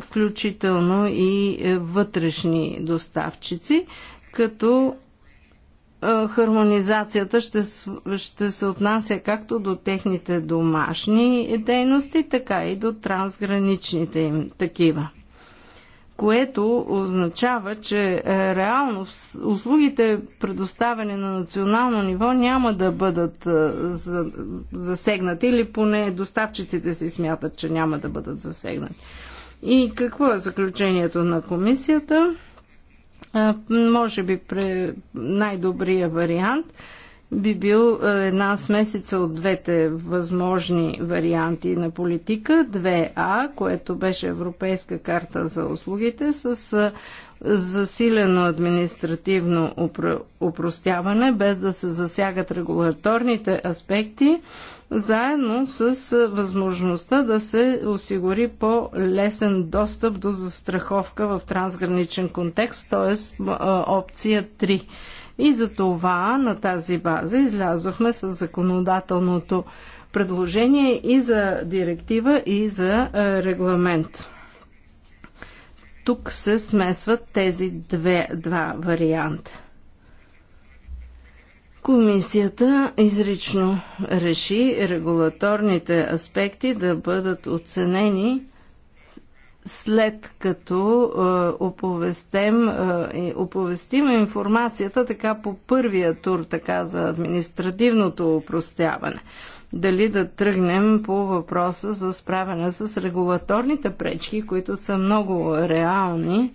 включително и вътрешни доставчици, като хармонизацията ще, ще се отнася както до техните домашни дейности, така и до трансграничните им такива. Което означава, че е, реално услугите, предоставени на национално ниво, няма да бъдат е, засегнати или поне доставчиците си смятат, че няма да бъдат засегнати. И какво е заключението на комисията? може би най-добрия вариант би бил една смесица от двете възможни варианти на политика. 2А, което беше Европейска карта за услугите с засилено административно упростяване, без да се засягат регулаторните аспекти заедно с възможността да се осигури по-лесен достъп до застраховка в трансграничен контекст, т.е. опция 3. И за това на тази база излязохме с законодателното предложение и за директива, и за регламент. Тук се смесват тези две, два варианта. Комисията изрично реши регулаторните аспекти да бъдат оценени след като е, оповестем, е, оповестим информацията така по първия тур, така за административното упростяване. Дали да тръгнем по въпроса за справяне с регулаторните пречки, които са много реални,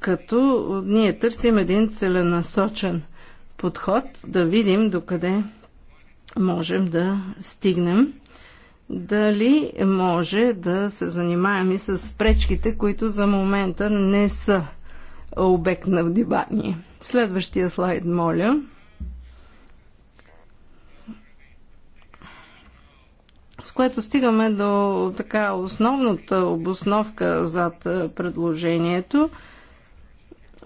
като ние търсим един целенасочен подход, да видим докъде можем да стигнем. Дали може да се занимаваме и с пречките, които за момента не са обект на внимание. Следващия слайд, моля. С което стигаме до така основната обосновка зад предложението –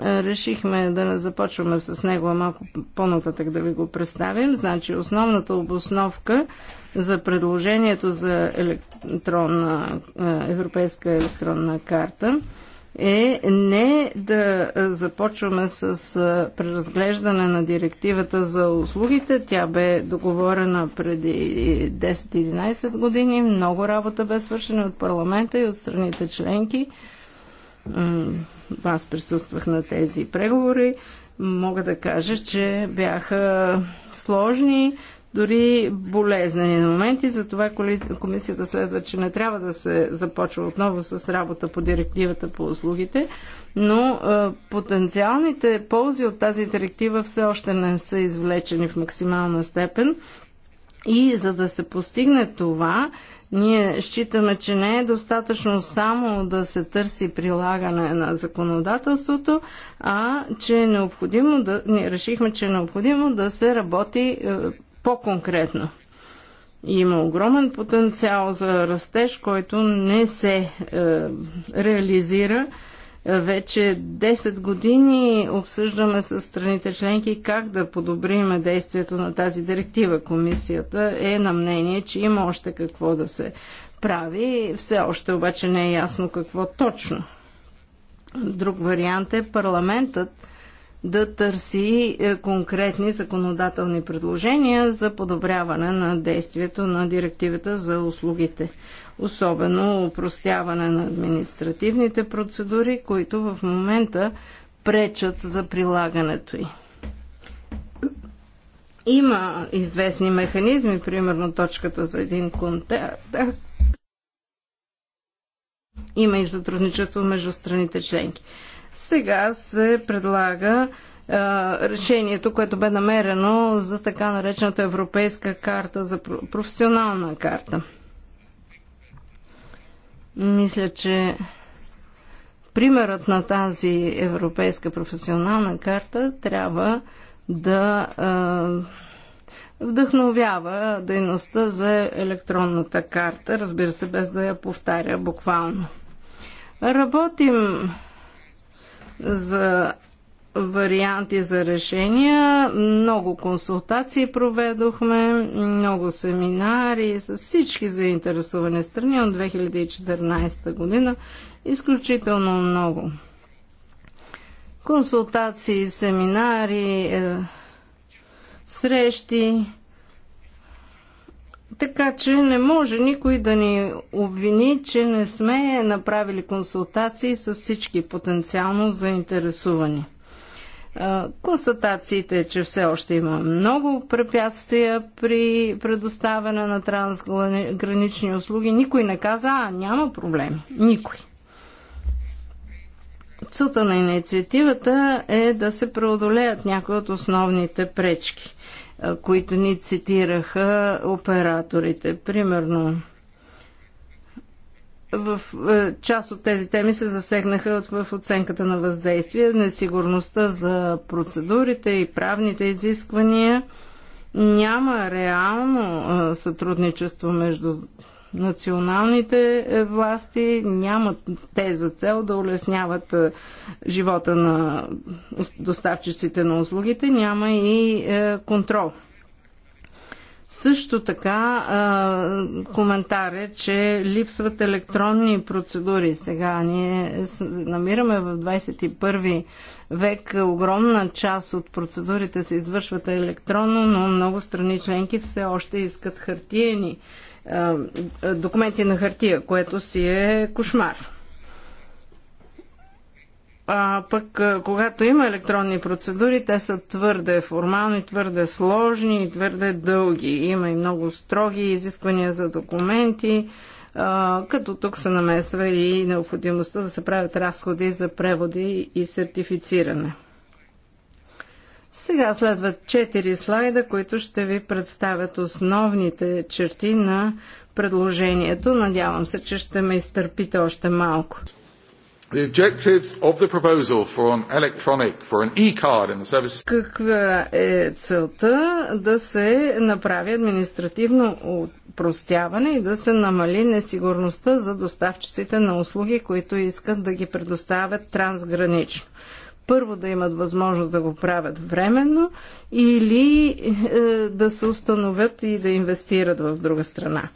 е, решихме да започваме с него, малко по-нататък да ви го представим. Значи основната обосновка за предложението за електронна, е, европейска електронна карта е не да започваме с е, преразглеждане на директивата за услугите. Тя бе договорена преди 10-11 години. Много работа бе свършена от парламента и от страните членки – аз присъствах на тези преговори. Мога да кажа, че бяха сложни, дори болезнени на моменти. Затова комисията следва, че не трябва да се започва отново с работа по директивата по услугите, но потенциалните ползи от тази директива все още не са извлечени в максимална степен. И за да се постигне това, ние считаме, че не е достатъчно само да се търси прилагане на законодателството, а че е необходимо да, ние решихме, че е необходимо да се работи е, по-конкретно. Има огромен потенциал за растеж, който не се е, реализира вече 10 години обсъждаме с страните членки как да подобрим действието на тази директива. Комисията е на мнение, че има още какво да се прави. Все още обаче не е ясно какво точно. Друг вариант е парламентът да търси е, конкретни законодателни предложения за подобряване на действието на директивата за услугите особено упростяване на административните процедури, които в момента пречат за прилагането й. Има известни механизми, примерно точката за един контакт. Има и сътрудничество между страните членки. Сега се предлага решението, което бе намерено за така наречената Европейска карта, за професионална карта – мисля, че примерът на тази европейска професионална карта трябва да е, вдъхновява дейността за електронната карта, разбира се, без да я повтаря буквално. Работим за варианти за решения, много консултации проведохме, много семинари с всички заинтересовани страни от 2014 година, изключително много. Консултации, семинари, е, срещи, така че не може никой да ни обвини, че не сме направили консултации с всички потенциално заинтересувани. Констатациите е, че все още има много препятствия при предоставяне на трансгранични услуги. Никой не каза, а няма проблеми. Никой. Целта на инициативата е да се преодолеят някои от основните пречки, които ни цитираха операторите. Примерно, в е, част от тези теми се засегнаха в оценката на въздействие, несигурността за процедурите и правните изисквания. Няма реално е, сътрудничество между националните е, власти, нямат те за цел да улесняват живота на доставчиците на услугите, няма и контрол. Също така коментар е, че липсват електронни процедури. Сега ние намираме в 21 век огромна част от процедурите се извършват електронно, но много страни членки все още искат хартиени документи на хартия, което си е кошмар. А пък, когато има електронни процедури, те са твърде формални, твърде сложни и твърде дълги. Има и много строги изисквания за документи, като тук се намесва и необходимостта да се правят разходи за преводи и сертифициране. Сега следват четири слайда, които ще ви представят основните черти на предложението. Надявам се, че ще ме изтърпите още малко. The objectives of the proposal for an electronic, for an e-card in the services... Каква е целта да се направи административно упростяване и да се намали несигурността за доставчиците на услуги, които искат да ги предоставят трансгранично? Първо да имат възможност да го правят временно или е, да се установят и да инвестират в друга страна.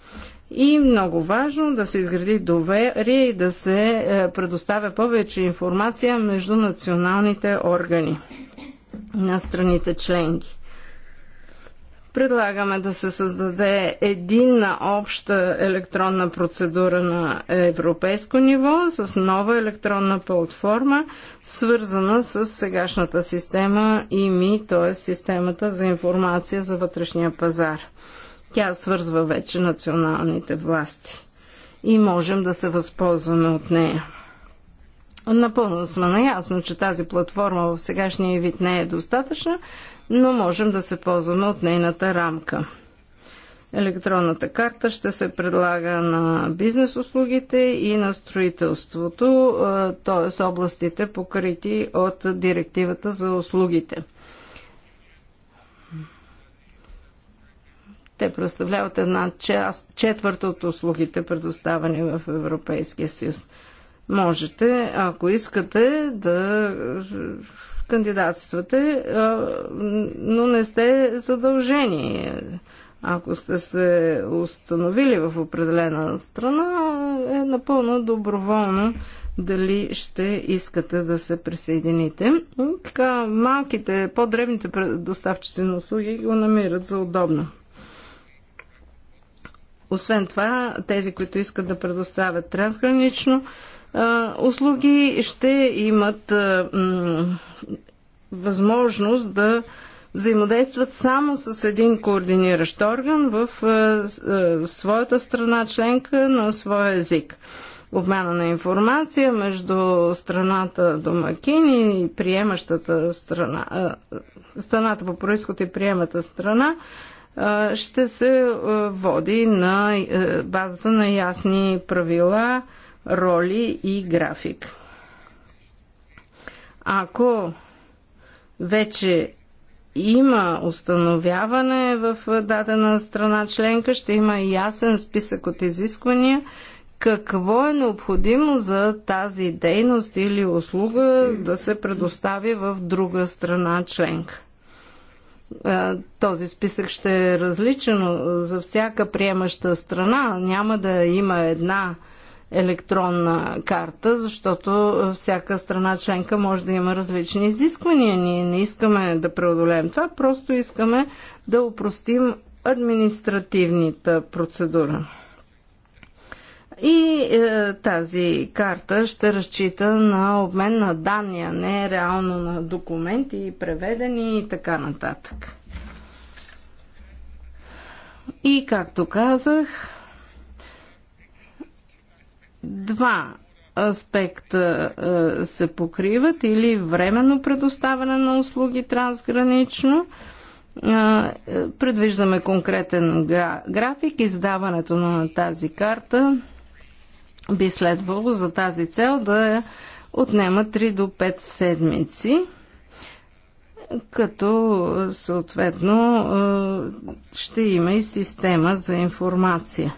И много важно да се изгради доверие и да се е, предоставя повече информация между националните органи на страните членки. Предлагаме да се създаде единна обща електронна процедура на европейско ниво с нова електронна платформа, свързана с сегашната система ИМИ, т.е. системата за информация за вътрешния пазар. Тя свързва вече националните власти и можем да се възползваме от нея. Напълно сме наясно, че тази платформа в сегашния вид не е достатъчна, но можем да се ползваме от нейната рамка. Електронната карта ще се предлага на бизнес услугите и на строителството, т.е. областите покрити от директивата за услугите. Те представляват една част, четвърта от услугите, предоставени в Европейския съюз. Можете, ако искате, да кандидатствате, но не сте задължени. Ако сте се установили в определена страна, е напълно доброволно дали ще искате да се присъедините. Така малките, по-древните доставчици на услуги го намират за удобно. Освен това, тези, които искат да предоставят трансгранично услуги, ще имат възможност да взаимодействат само с един координиращ орган в своята страна членка на своя език. Обмяна на информация между страната домакин и приемащата страна, страната по происход и приемата страна ще се води на базата на ясни правила, роли и график. Ако вече има установяване в дадена страна членка, ще има ясен списък от изисквания какво е необходимо за тази дейност или услуга да се предостави в друга страна членка. Е, този списък ще е различен за всяка приемаща страна. Няма да има една електронна карта, защото всяка страна членка може да има различни изисквания. Ние не искаме да преодолеем това, просто искаме да упростим административната процедура. И е, тази карта ще разчита на обмен на данни, а не реално на документи, преведени и така нататък. И както казах, два аспекта е, се покриват или временно предоставяне на услуги трансгранично. Е, е, предвиждаме конкретен график. Издаването на тази карта би следвало за тази цел да отнема 3 до 5 седмици, като съответно е, ще има и система за информация.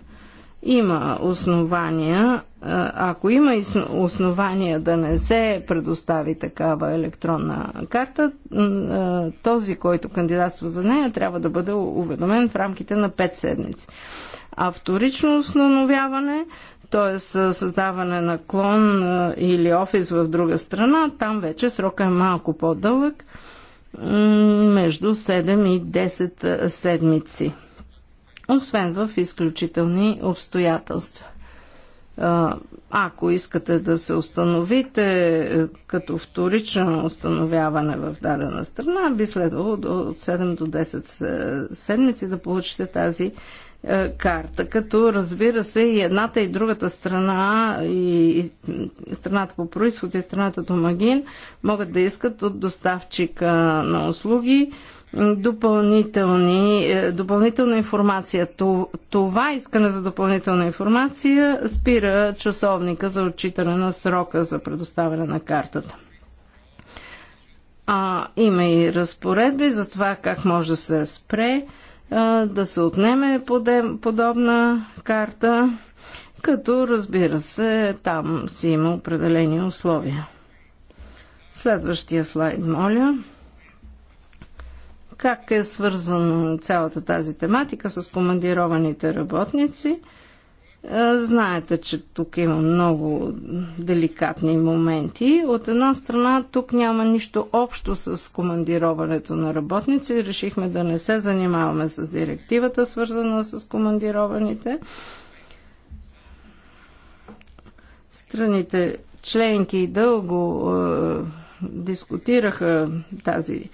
Има основания, е, ако има основания да не се предостави такава електронна карта, е, този, който кандидатства за нея, трябва да бъде уведомен в рамките на 5 седмици а вторично установяване т.е. създаване на клон или офис в друга страна, там вече срока е малко по-дълъг, между 7 и 10 седмици, освен в изключителни обстоятелства. Ако искате да се установите е, като вторично установяване в дадена страна, би следвало от 7 до 10 седмици да получите тази е, карта, като разбира се и едната и другата страна, и страната по происход и страната Томагин могат да искат от доставчика на услуги допълнителни, е, допълнителна информация. Това искане за допълнителна информация спира часовника за отчитане на срока за предоставяне на картата. А, има и разпоредби за това как може да се спре да се отнеме подобна карта, като разбира се, там си има определени условия. Следващия слайд, моля. Как е свързана цялата тази тематика с командированите работници – е, знаете, че тук има много деликатни моменти. От една страна, тук няма нищо общо с командироването на работници. Решихме да не се занимаваме с директивата, свързана с командированите. Страните членки дълго е, дискутираха тази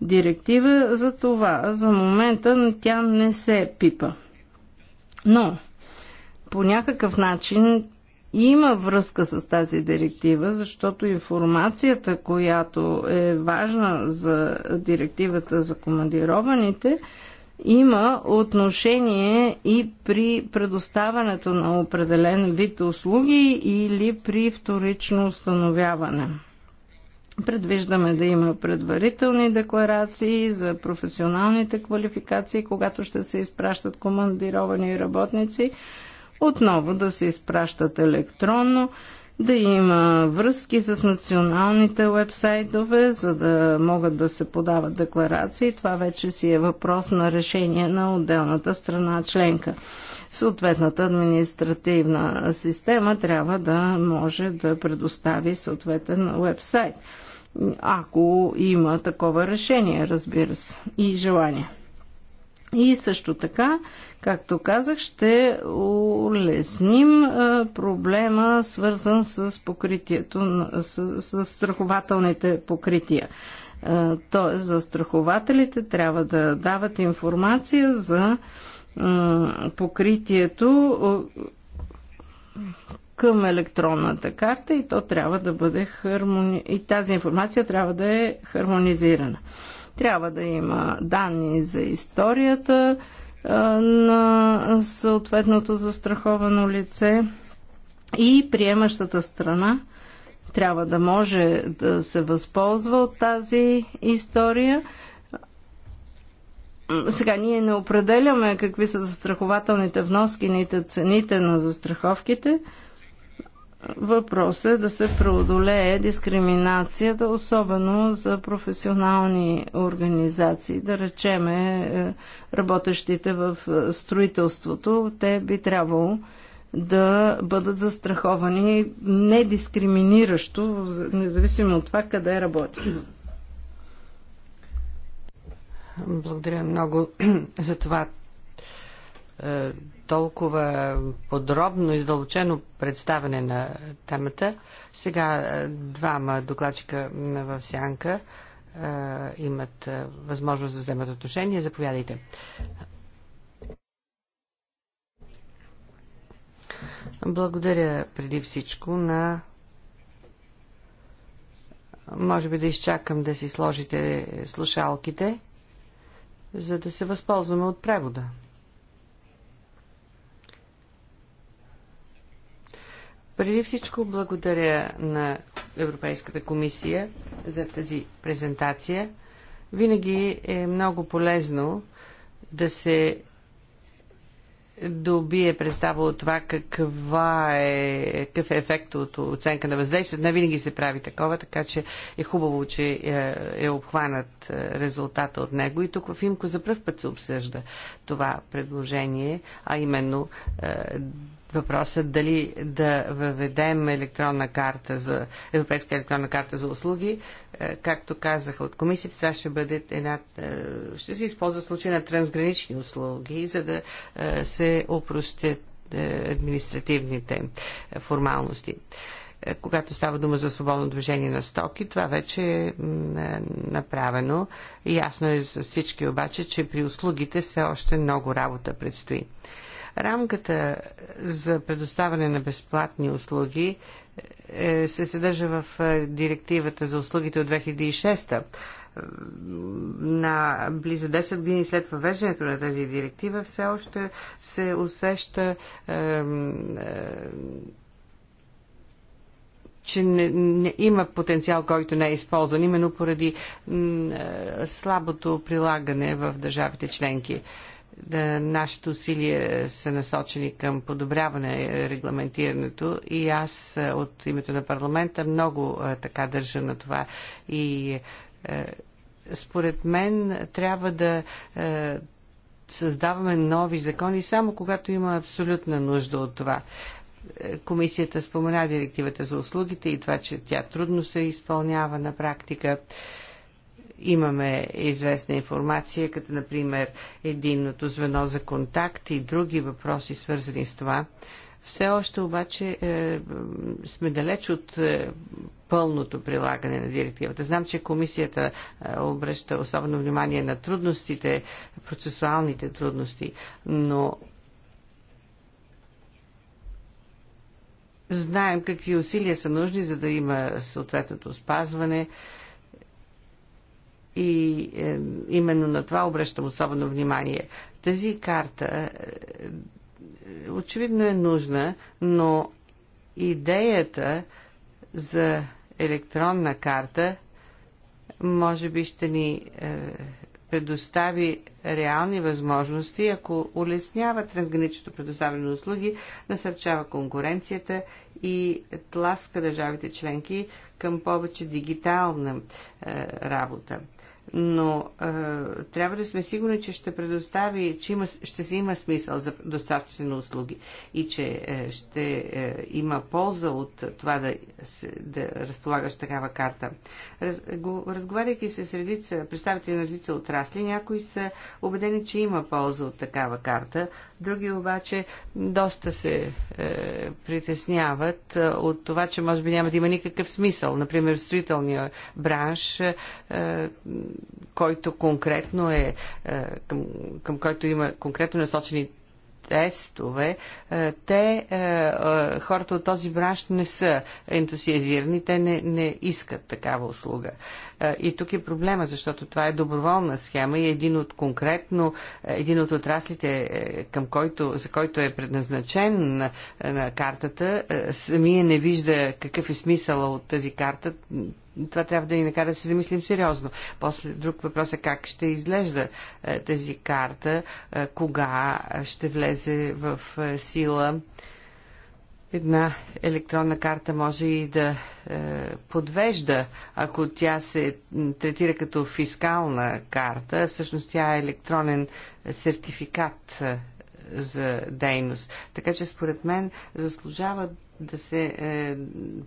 директива, за това за момента тя не се пипа. Но по някакъв начин има връзка с тази директива, защото информацията, която е важна за директивата за командированите, има отношение и при предоставането на определен вид услуги или при вторично установяване. Предвиждаме да има предварителни декларации за професионалните квалификации, когато ще се изпращат командировани работници – отново да се изпращат електронно, да има връзки с националните вебсайтове, за да могат да се подават декларации. Това вече си е въпрос на решение на отделната страна членка. Съответната административна система трябва да може да предостави съответен вебсайт. Ако има такова решение, разбира се, и желание. И също така, както казах, ще улесним проблема, свързан с покритието, с, с страхователните покрития. Тоест, застрахователите трябва да дават информация за покритието към електронната карта и то трябва да бъде хармони... и тази информация трябва да е хармонизирана. Трябва да има данни за историята на съответното застраховано лице и приемащата страна трябва да може да се възползва от тази история. Сега ние не определяме какви са застрахователните вноски, нито цените на застраховките, Въпрос е да се преодолее дискриминацията, особено за професионални организации. Да речеме, е, работещите в е, строителството, те би трябвало да бъдат застраховани недискриминиращо, независимо от това къде работят. Благодаря много за това е, толкова подробно и задълбочено представяне на темата. Сега двама докладчика в сянка имат възможност да вземат отношение. Заповядайте. Благодаря преди всичко на може би да изчакам да си сложите слушалките, за да се възползваме от превода. Преди всичко благодаря на Европейската комисия за тази презентация. Винаги е много полезно да се добие представа от това каква е, какъв е ефект от оценка на въздействието. Не винаги се прави такова, така че е хубаво, че е, е обхванат е, резултата от него. И тук в Имко за първ път се обсъжда това предложение, а именно е, въпросът дали да въведем електронна карта за, европейска електронна карта за услуги. Е, както казаха от комисията, това ще бъде една, е, ще се използва случай на трансгранични услуги, за да е, се опростят административните формалности когато става дума за свободно движение на стоки, това вече е направено. Ясно е за всички обаче, че при услугите все още много работа предстои. Рамката за предоставяне на безплатни услуги е, се съдържа в е, директивата за услугите от 2006 е, на близо 10 години след въвеждането на тази директива все още се усеща че не, не, има потенциал, който не е използван, именно поради слабото прилагане в държавите членки да, нашите усилия са насочени към подобряване е, регламентирането и аз е, от името на парламента много е, така държа на това и според мен трябва да създаваме нови закони само когато има абсолютна нужда от това. Комисията спомена директивата за услугите и това, че тя трудно се изпълнява на практика имаме известна информация, като например единното звено за контакт и други въпроси, свързани с това. Все още обаче е, сме далеч от е, пълното прилагане на директивата. Знам, че комисията е, обръща особено внимание на трудностите, процесуалните трудности, но знаем какви усилия са нужни, за да има съответното спазване. Е, и е, именно на това обръщам особено внимание. Тази карта е, очевидно е нужна, но идеята за електронна карта може би ще ни е, предостави реални възможности, ако улеснява трансграничното предоставяне на услуги, насърчава конкуренцията и тласка държавите членки към повече дигитална е, работа но е, трябва да сме сигурни, че ще предостави, че има, ще се има смисъл за доставчите на услуги и че е, ще е, има полза от това да, да разполагаш такава карта. Раз, го, разговаряйки се с редица, представители на редица отрасли, някои са убедени, че има полза от такава карта, Други обаче доста се е, притесняват е, от това, че може би няма да има никакъв смисъл. Например, строителния бранш, е, който конкретно е, е към, към който има конкретно насочени тестове, е, те, е, е, хората от този бранш не са ентусиазирани, те не, не искат такава услуга. И тук е проблема, защото това е доброволна схема и един от конкретно, един от отраслите, към който, за който е предназначен на, на картата, самия не вижда какъв е смисъл от тази карта, това трябва да ни накара да се замислим сериозно. После друг въпрос е как ще изглежда е, тази карта, е, кога ще влезе в е, сила. Една електронна карта може и да е, подвежда, ако тя се третира като фискална карта, всъщност тя е електронен сертификат за дейност. Така че според мен заслужава да се е,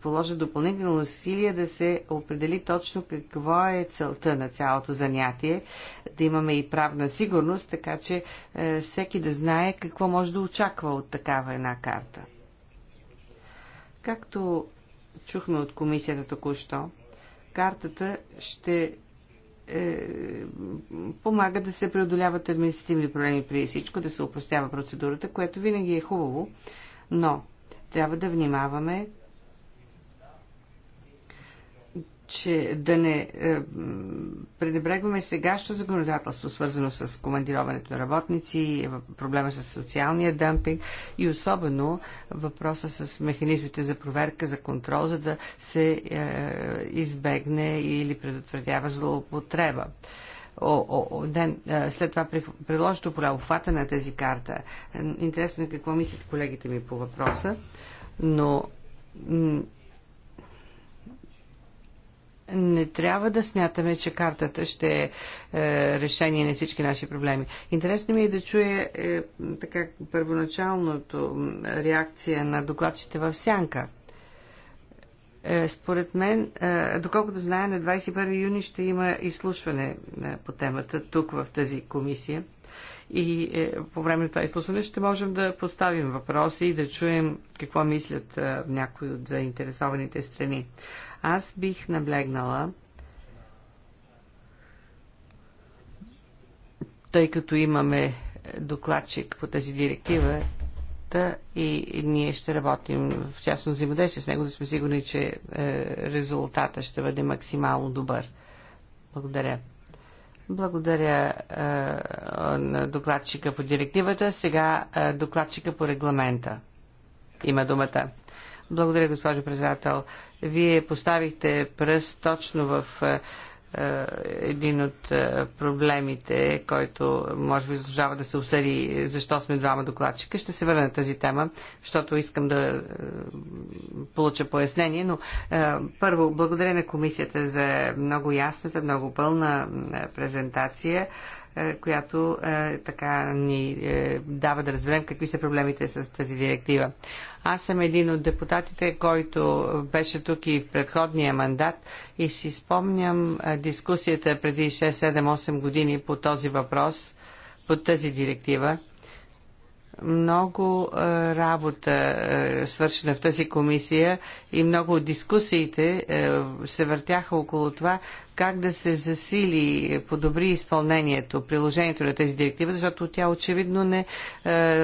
положат допълнително усилия да се определи точно какво е целта на цялото занятие, да имаме и правна сигурност, така че е, всеки да знае какво може да очаква от такава една карта. Както чухме от комисията току-що, картата ще е, помага да се преодоляват административни проблеми при всичко, да се упростява процедурата, което винаги е хубаво, но трябва да внимаваме, че да не е, пренебрегваме сегащо законодателство, свързано с командироването на работници, проблема с социалния дъмпинг и особено въпроса с механизмите за проверка, за контрол, за да се е, избегне или предотвратява злоупотреба. Е, о, о, ден, е, след това приложното поле, обхвата на тази карта. Е, интересно е какво мислят колегите ми по въпроса, но не трябва да смятаме, че картата ще е, е, решение на всички наши проблеми. Интересно ми е да чуя е, така първоначалното реакция на докладчите в Сянка – е, според мен, е, доколкото знае, на 21 юни ще има изслушване е, по темата тук в тази комисия. И по време на това изслушване ще можем да поставим въпроси и да чуем какво мислят някои от заинтересованите страни. Аз бих наблегнала, тъй като имаме докладчик по тази директива проекта и ние ще работим в тясно взаимодействие с него, да сме сигурни, че е, резултата ще бъде максимално добър. Благодаря. Благодаря е, на докладчика по директивата. Сега е, докладчика по регламента има думата. Благодаря, госпожо председател. Вие поставихте пръст точно в е, е, един от е, проблемите, който може би заслужава да се обсъди е, защо сме двама докладчика. Ще се върна на тази тема, защото искам да получа пояснение, но първо, благодаря на комисията за много ясната, много пълна презентация която така ни дава да разберем какви са проблемите с тази директива. Аз съм един от депутатите, който беше тук и в предходния мандат и си спомням дискусията преди 6-7-8 години по този въпрос, по тази директива – много е, работа е, свършена в тази комисия и много от дискусиите е, се въртяха около това как да се засили, подобри изпълнението, приложението на тези директива, защото тя очевидно не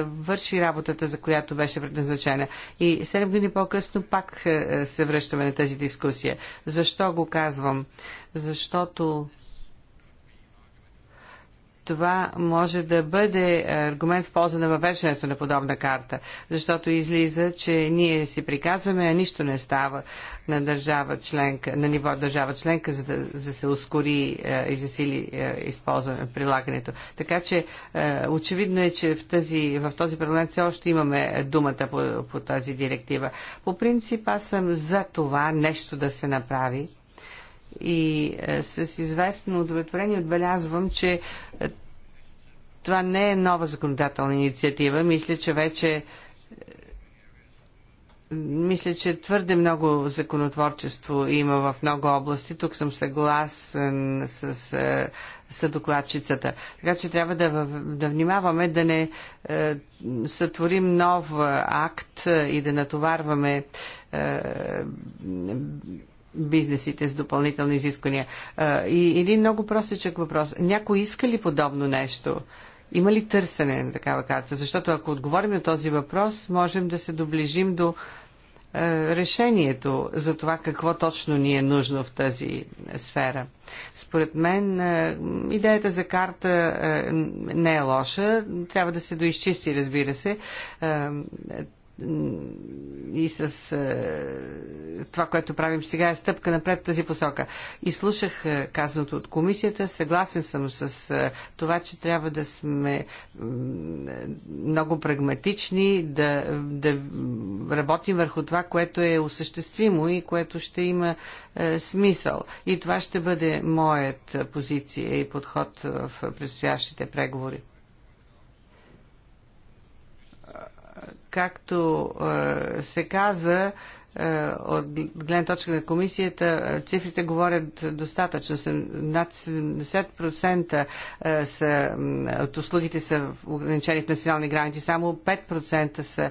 върши работата, за която беше предназначена. И 7 години по-късно пак се връщаме на тази дискусия. Защо го казвам? Защото това може да бъде аргумент в полза на въвеждането на подобна карта, защото излиза, че ние си приказваме, а нищо не става на, държава членка, на ниво държава членка, за да за се ускори е, и засили е, използване, прилагането. Така че е, очевидно е, че в, тази, в този парламент все още имаме думата по, по тази директива. По принцип аз съм за това нещо да се направи и е, с известно удовлетворение отбелязвам, че е, това не е нова законодателна инициатива. Мисля, че вече е, мисля, че твърде много законотворчество има в много области. Тук съм съгласен с съдокладчицата. Така че трябва да, да внимаваме да не е, сътворим нов акт и да натоварваме е, бизнесите с допълнителни изисквания. И един много простичък въпрос. Някой иска ли подобно нещо? Има ли търсене на такава карта? Защото ако отговорим на този въпрос, можем да се доближим до решението за това какво точно ни е нужно в тази сфера. Според мен идеята за карта не е лоша. Трябва да се доизчисти, разбира се и с е, това, което правим сега, е стъпка напред тази посока. И слушах е, казаното от комисията. Съгласен съм с е, това, че трябва да сме много прагматични, да, да работим върху това, което е осъществимо и което ще има смисъл. И това ще бъде моят позиция и подход в предстоящите преговори. Както е, се каза, е, от гледна точка на комисията, е, цифрите говорят достатъчно. Над 70% са, от услугите са ограничени в национални граници, само 5% са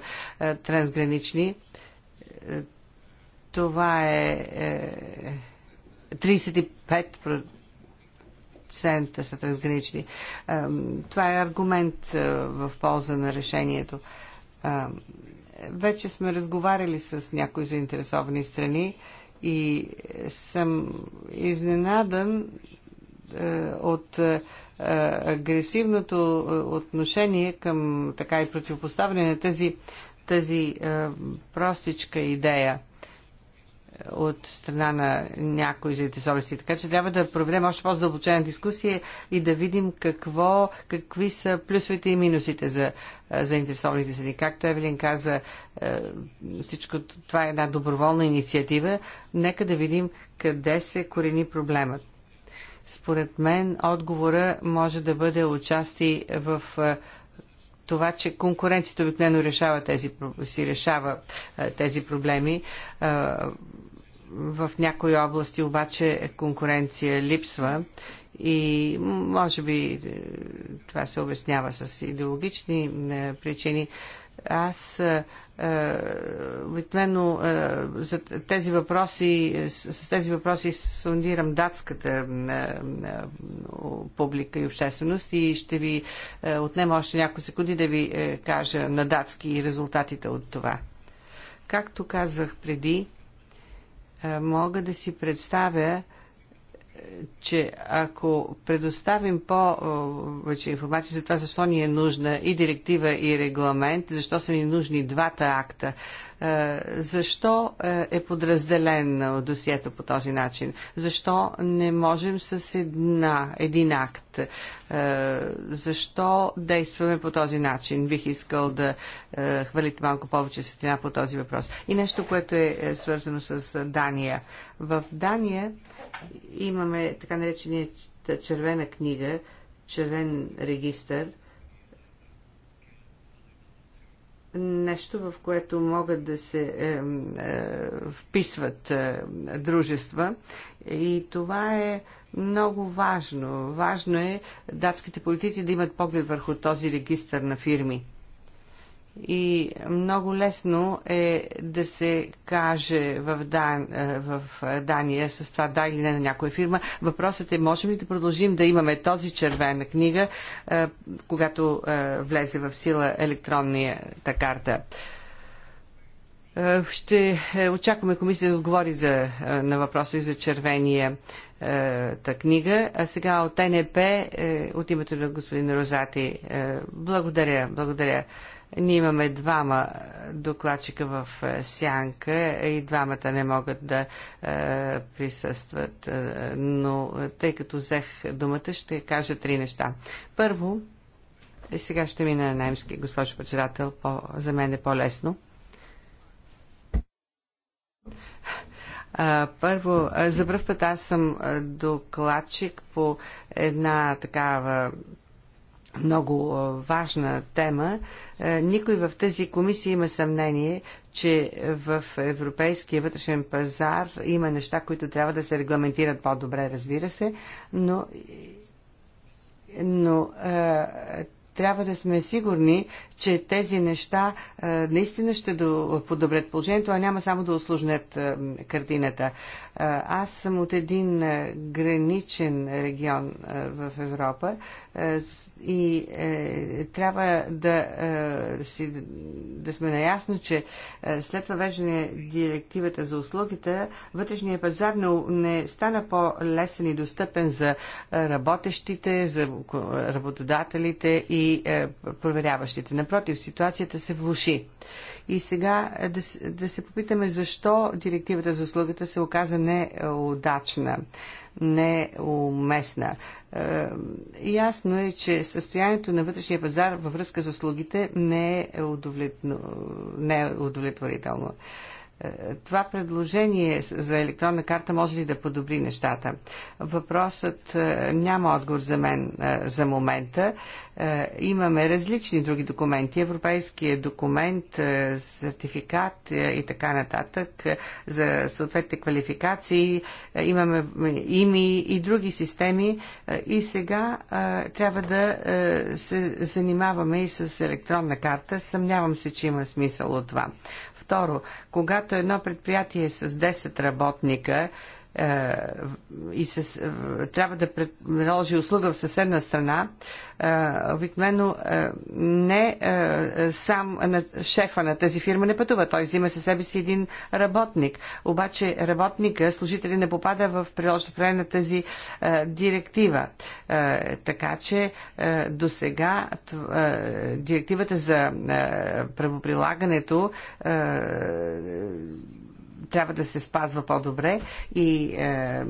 трансгранични. Това е 35% са трансгранични. Това е аргумент в полза на решението. Вече сме разговаряли с някои заинтересовани страни и съм изненадан е, от е, агресивното е, отношение към така и противопоставяне на тази, тази простичка идея – от страна на някои заинтересовани. Така че трябва да проведем още по-задълбочена дискусия и да видим какво, какви са плюсовете и минусите за заинтересованите страни. Както Евелин каза, всичко това е една доброволна инициатива. Нека да видим къде се корени проблемът. Според мен отговора може да бъде участие в това, че конкуренцията обикновено решава тези, си решава тези проблеми. В някои области обаче конкуренция липсва и може би е, това се обяснява с идеологични е, причини. Аз е, обикновено за тези въпроси, с тези въпроси сондирам датската публика и общественост и ще ви отнема още няколко секунди да ви кажа на датски резултатите от това. Както казах преди, е, мога да си представя, е, че ако предоставим повече информация за това, защо ни е нужна и директива, и регламент, защо са ни нужни двата акта, е, защо е, е подразделен е, досието по този начин? Защо не можем с една, един акт? Защо действаме по този начин? Бих искал да хвалите малко повече светлина по този въпрос. И нещо, което е свързано с Дания. В Дания имаме така наречения червена книга, червен регистър – нещо, в което могат да се е, е, вписват е, дружества. И това е много важно. Важно е датските политици да имат поглед върху този регистр на фирми и много лесно е да се каже в, Дан, е, в Дания с това да или не на някоя фирма. Въпросът е, можем ли да продължим да имаме този червена книга, е, когато е, влезе в сила електронната карта? Ще очакваме комисията да отговори за, на въпроса и за червения та книга. А сега от НП, от името на господин Розати, благодаря, благодаря. Ние имаме двама е, докладчика в е, сянка и двамата не могат да е, присъстват, е, но тъй като взех думата, ще кажа три неща. Първо, и сега ще мина на немски, госпожо председател, по, за мен е по-лесно. Първо, за първ път аз съм докладчик по една такава много важна тема. Никой в тази комисия има съмнение, че в европейския вътрешен пазар има неща, които трябва да се регламентират по-добре, разбира се, но но трябва да сме сигурни, че тези неща е, наистина ще подобрят положението, а няма само да осложнят е, картината. Е, аз съм от един граничен регион в Европа и трябва да, си, да сме наясно, че след въвеждане директивата за услугите, вътрешния пазар не стана по-лесен и достъпен за работещите, за работодателите и е, проверяващите. Напротив, ситуацията се влуши. И сега е, да, да се попитаме защо директивата за услугата се оказа неудачна, неуместна. Е, ясно е, че състоянието на вътрешния пазар във връзка с услугите не е, удовлетно, не е удовлетворително. Е, това предложение за електронна карта може ли да подобри нещата? Въпросът е, няма отговор за мен е, за момента. Имаме различни други документи. Европейския документ, сертификат и така нататък за съответните квалификации. Имаме ими и други системи. И сега трябва да се занимаваме и с електронна карта. Съмнявам се, че има смисъл от това. Второ, когато едно предприятие е с 10 работника, е, и с, е, трябва да предложи услуга в съседна страна, е, обикновено не сам шефа на тази фирма не пътува. Той взима със себе си един работник. Обаче работника, служители не попада в приложното време на тази директива. Така че до сега директивата за правоприлагането трябва да се спазва по-добре и е,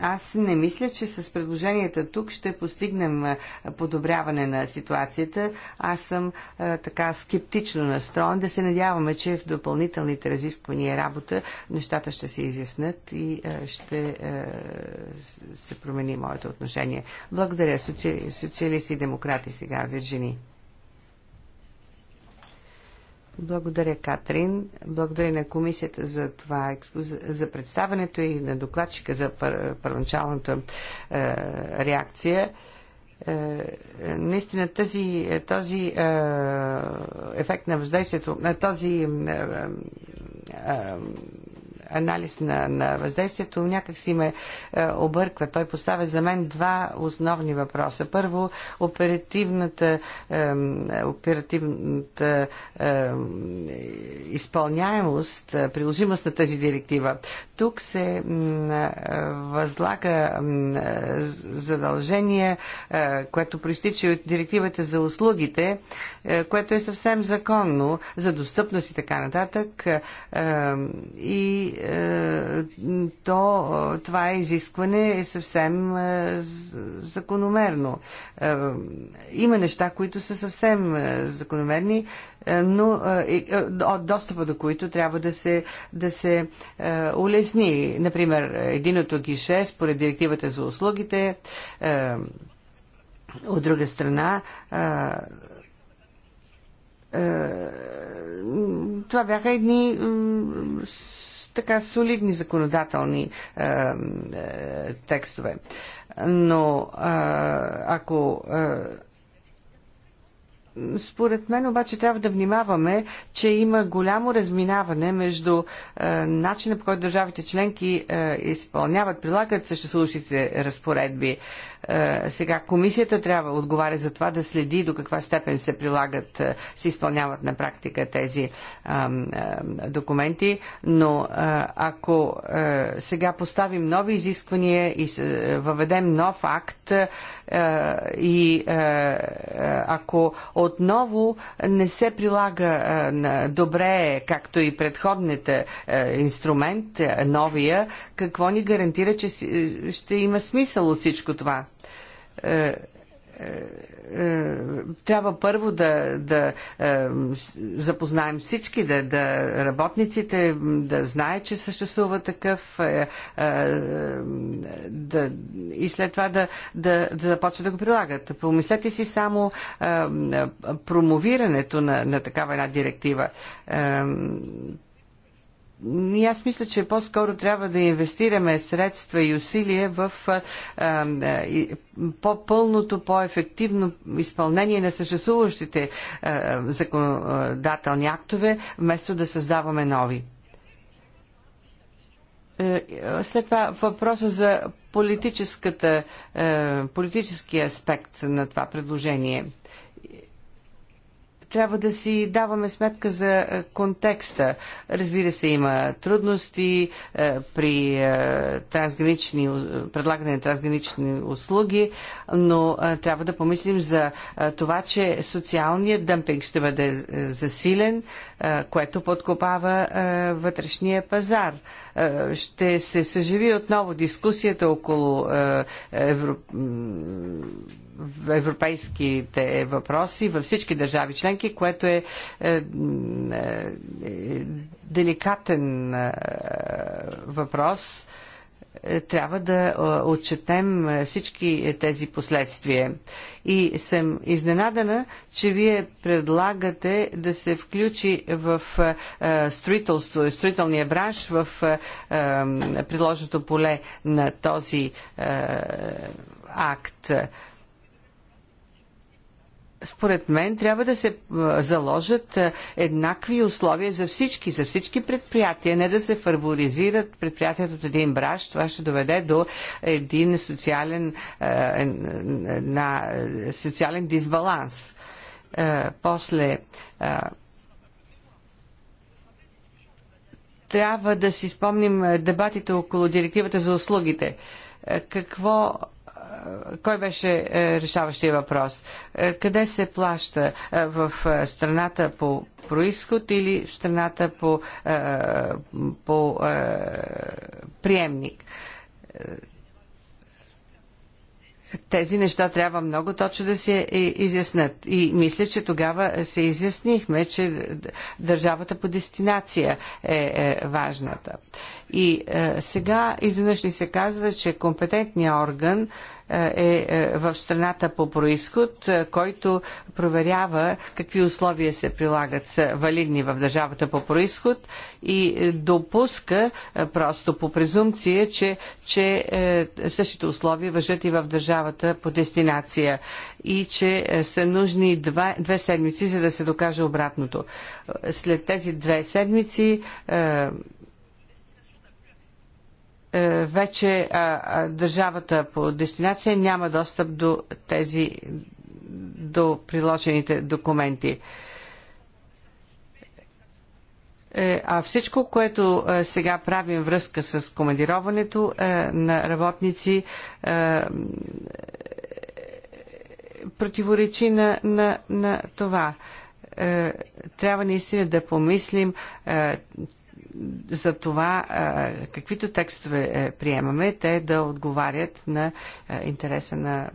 аз не мисля, че с предложенията тук ще постигнем е, подобряване на ситуацията. Аз съм е, така скептично настроен да се надяваме, че в допълнителните разисквания работа нещата ще се изяснат и е, ще е, се промени моето отношение. Благодаря. Социалисти и демократи сега, Вирджини. Благодаря, Катрин. Благодаря на комисията за това, за представането и на докладчика за пър, първоначалната е, реакция. Е, наистина тази, този е, ефект на въздействието, на този е, е, анализ на, на въздействието някак си ме е, обърква. Той поставя за мен два основни въпроса. Първо, оперативната, е, оперативната е, изпълняемост, приложимост на тази директива. Тук се възлага задължение, е, което проистича от директивата за услугите, е, което е съвсем законно за достъпност и така нататък. Е, и е, то, това изискване е съвсем закономерно. Има неща, които са съвсем закономерни, но от достъпа до които трябва да се, да се улесни. Например, единото гише според директивата за услугите от друга страна, е, това бяха едни така солидни законодателни е, е, текстове. Но е, ако. Е, според мен обаче трябва да внимаваме, че има голямо разминаване между е, начина по който държавите членки е, изпълняват, прилагат съществуващите разпоредби. Е, е, сега комисията трябва да отговаря за това да следи до каква степен се прилагат, е, се изпълняват на практика тези документи, но е, ако сега поставим нови изисквания и въведем нов акт и ако отново не се прилага добре, както и предходните инструмент, новия, какво ни гарантира, че ще има смисъл от всичко това? Е, е, е, трябва първо да, да е, запознаем всички, да, да работниците да знаят, че съществува такъв е, е, да, и след това да, да, да започнат да го прилагат. Помислете си само е, промовирането на, на такава една директива. Е, и аз мисля, че по-скоро трябва да инвестираме средства и усилия в по-пълното, по-ефективно изпълнение на съществуващите а, законодателни актове, вместо да създаваме нови. Е, след това въпроса за политическата, е, политическия аспект на това предложение – трябва да си даваме сметка за е, контекста. Разбира се, има трудности е, при е, трансгранични, предлагане на трансгранични услуги, но трябва да помислим за това, че социалният дъмпинг ще бъде засилен, което подкопава вътрешния пазар. Ще се съживи отново дискусията около европейските въпроси във всички държави членки, което е, е, е деликатен е, въпрос. Е, трябва да е, отчетем всички тези последствия. И съм изненадана, че вие предлагате да се включи в е, строителство, строителния бранш в предложеното поле на този акт според мен трябва да се заложат еднакви условия за всички, за всички предприятия, не да се фаворизират предприятията от един браш. Това ще доведе до един социален, на, социален дисбаланс. После трябва да си спомним дебатите около директивата за услугите. Какво кой беше е, решаващия въпрос? Е, къде се плаща? Е, в страната по происход или в страната по, по приемник? тези неща трябва много точно да се изяснат. И мисля, че тогава се изяснихме, че държавата по дестинация е, важната. И сега изведнъж ни се казва, че компетентният орган е, е в страната по происход, е, който проверява какви условия се прилагат са валидни в държавата по происход и е, допуска просто по презумпция, че, че същите условия въжат и в държавата по дестинация и че са нужни два, две седмици, за да се докаже обратното. След тези две седмици е, вече държавата по дестинация няма достъп до тези до приложените документи. Е, а всичко, което е, сега правим връзка с командироването на работници, противоречи на, на, на това. Трябва наистина да помислим за това каквито текстове е, приемаме, те да отговарят на интереса на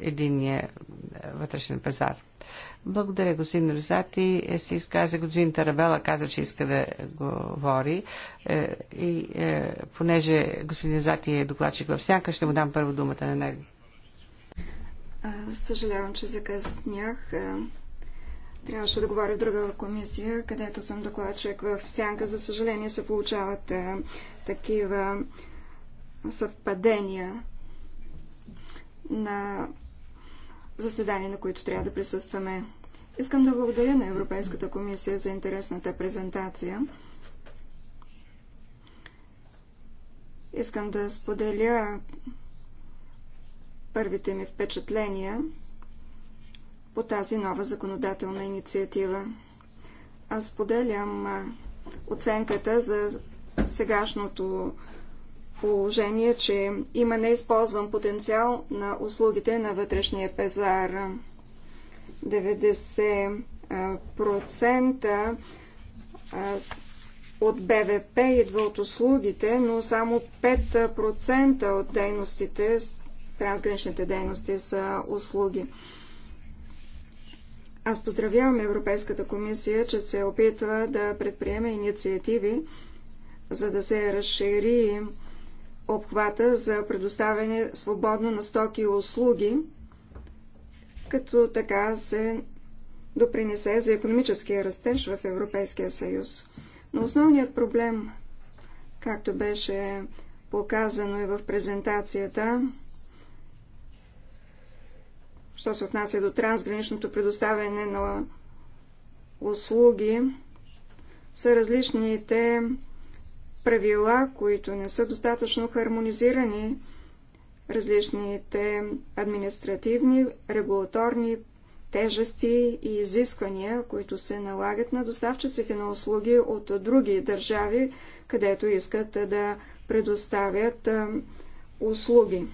единния вътрешен пазар. Благодаря, господин Резати. Е, се изказа господин Тарабела, каза, че иска да говори. Е, и понеже господин Резати е докладчик в сянка, ще му дам първо думата на него. Съжалявам, че закъснях. Трябваше да говоря в друга комисия, където съм докладчик в сянка. За съжаление се получават е, такива съвпадения на заседания, на които трябва да присъстваме. Искам да благодаря на Европейската комисия за интересната презентация. Искам да споделя първите ми впечатления по тази нова законодателна инициатива. Аз поделям оценката за сегашното положение, че има неизползван потенциал на услугите на вътрешния пазар. 90% от БВП идва от услугите, но само 5% от дейностите, трансграничните дейности са услуги. Аз поздравявам Европейската комисия, че се опитва да предприеме инициативи, за да се разшири обхвата за предоставяне свободно на стоки и услуги, като така се допринесе за економическия растеж в Европейския съюз. Но основният проблем, както беше показано и в презентацията, що се отнася до трансграничното предоставяне на услуги, са различните правила, които не са достатъчно хармонизирани, различните административни, регулаторни тежести и изисквания, които се налагат на доставчиците на услуги от други държави, където искат да предоставят услуги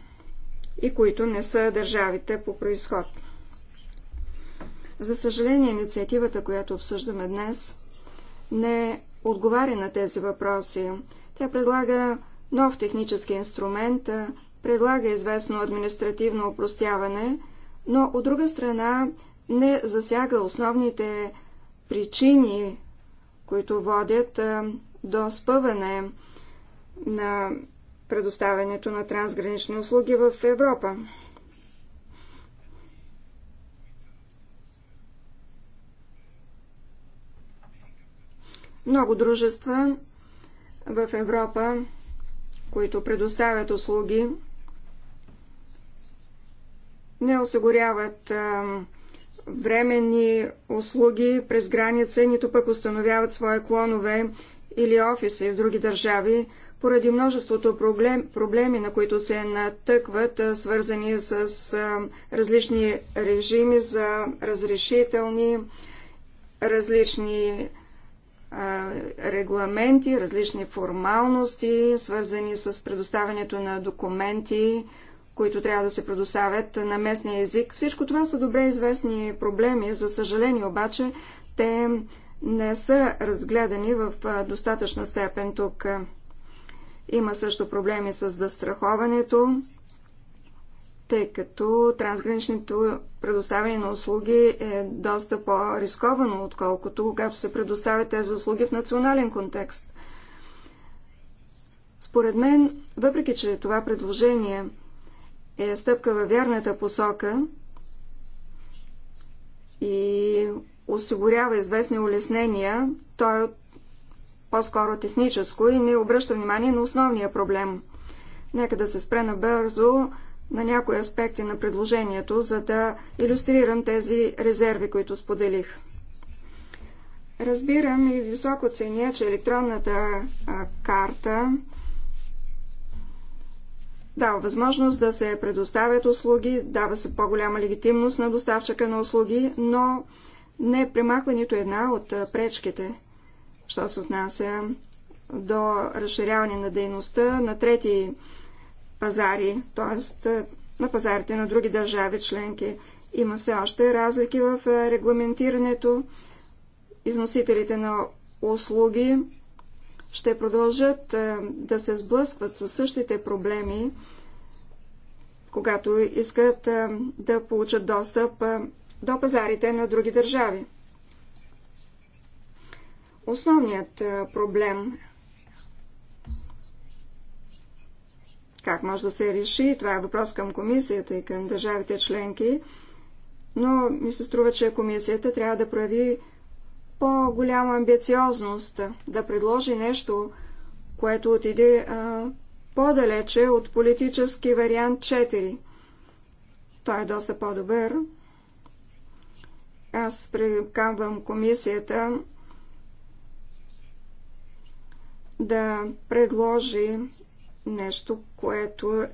и които не са държавите по происход. За съжаление, инициативата, която обсъждаме днес, не отговаря на тези въпроси. Тя предлага нов технически инструмент, предлага известно административно упростяване, но от друга страна не засяга основните причини, които водят до спъване на предоставянето на трансгранични услуги в Европа. Много дружества в Европа, които предоставят услуги, не осигуряват временни услуги през граница, нито пък установяват свои клонове или офиси в други държави, поради множеството проблем, проблеми, на които се натъкват, свързани с различни режими за разрешителни, различни регламенти, различни формалности, свързани с предоставянето на документи, които трябва да се предоставят на местния език. Всичко това са добре известни проблеми. За съжаление обаче, те не са разгледани в достатъчна степен тук. Има също проблеми с застраховането, тъй като трансграничното предоставяне на услуги е доста по-рисковано, отколкото когато се предоставят тези услуги в национален контекст. Според мен, въпреки че това предложение е стъпка във вярната посока и осигурява известни улеснения, то е от по-скоро техническо и не обръща внимание на основния проблем. Нека да се спре набързо на някои аспекти на предложението, за да иллюстрирам тези резерви, които споделих. Разбирам и високо ценя, че електронната а, карта дава възможност да се предоставят услуги, дава се по-голяма легитимност на доставчика на услуги, но не премахва нито една от пречките що се отнася до разширяване на дейността на трети пазари, т.е. на пазарите на други държави членки. Има все още разлики в е, регламентирането. Износителите на услуги ще продължат е, да се сблъскват със същите проблеми, когато искат е, да получат достъп до пазарите на други държави. Основният е, проблем как може да се реши, това е въпрос към комисията и към държавите членки, но ми се струва, че комисията трябва да прави по-голяма амбициозност, да предложи нещо, което отиде е, по-далече от политически вариант 4. Той е доста по-добър. Аз приканвам комисията да предложи нещо, което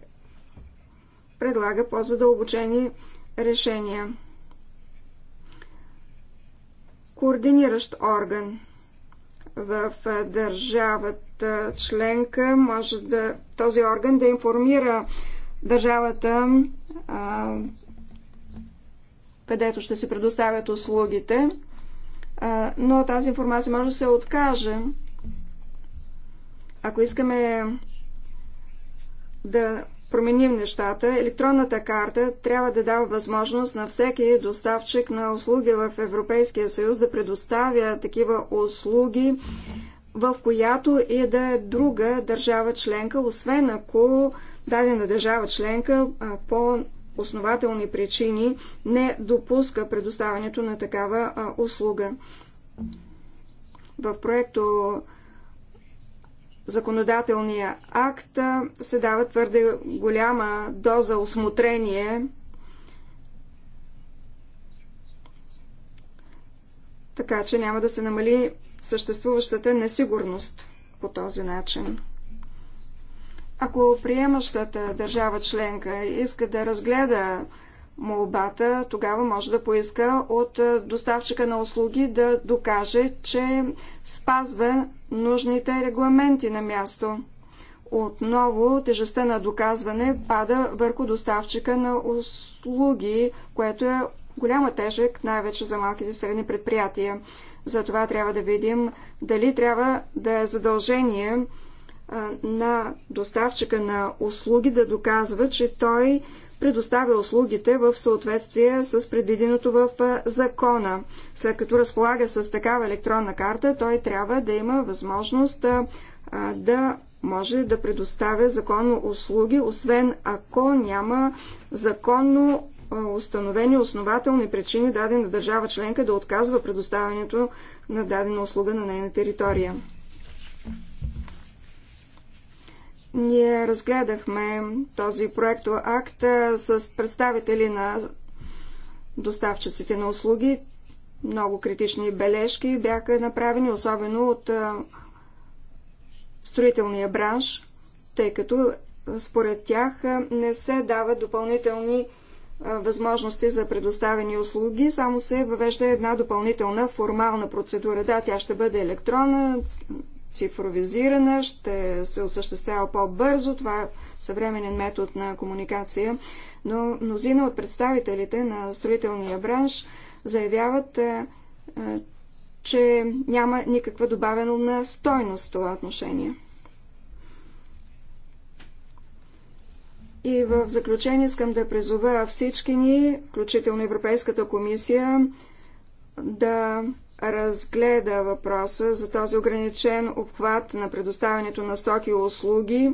предлага по-задълбочени решения. Координиращ орган в държавата членка може да този орган да информира държавата, където ще се предоставят услугите, но тази информация може да се откаже ако искаме да променим нещата, електронната карта трябва да дава възможност на всеки доставчик на услуги в Европейския съюз да предоставя такива услуги, в която и да е друга държава членка, освен ако дадена държава членка по основателни причини не допуска предоставянето на такава услуга. В проекто законодателния акт се дава твърде голяма доза осмотрение. Така че няма да се намали съществуващата несигурност по този начин. Ако приемащата държава членка иска да разгледа молбата, тогава може да поиска от е, доставчика на услуги да докаже, че спазва нужните регламенти на място. Отново тежестта на доказване пада върху доставчика на услуги, което е голяма тежък, най-вече за малките средни предприятия. Затова трябва да видим дали трябва да е задължение на доставчика на услуги да доказва, че той предоставя услугите в съответствие с предвиденото в закона. След като разполага с такава електронна карта, той трябва да има възможност да, да може да предоставя законно услуги, освен ако няма законно установени основателни причини дадена държава членка да отказва предоставянето на дадена услуга на нейна територия. Ние разгледахме този проектоакт с представители на доставчиците на услуги. Много критични бележки бяха направени, особено от строителния бранш, тъй като според тях не се дават допълнителни възможности за предоставени услуги, само се въвежда една допълнителна формална процедура. Да, тя ще бъде електронна, цифровизирана, ще се осъществява по-бързо. Това е съвременен метод на комуникация. Но мнозина от представителите на строителния бранш заявяват, е, е, че няма никаква добавена стойност в това отношение. И в заключение искам да призова всички ни, включително Европейската комисия, да разгледа въпроса за този ограничен обхват на предоставянето на стоки и услуги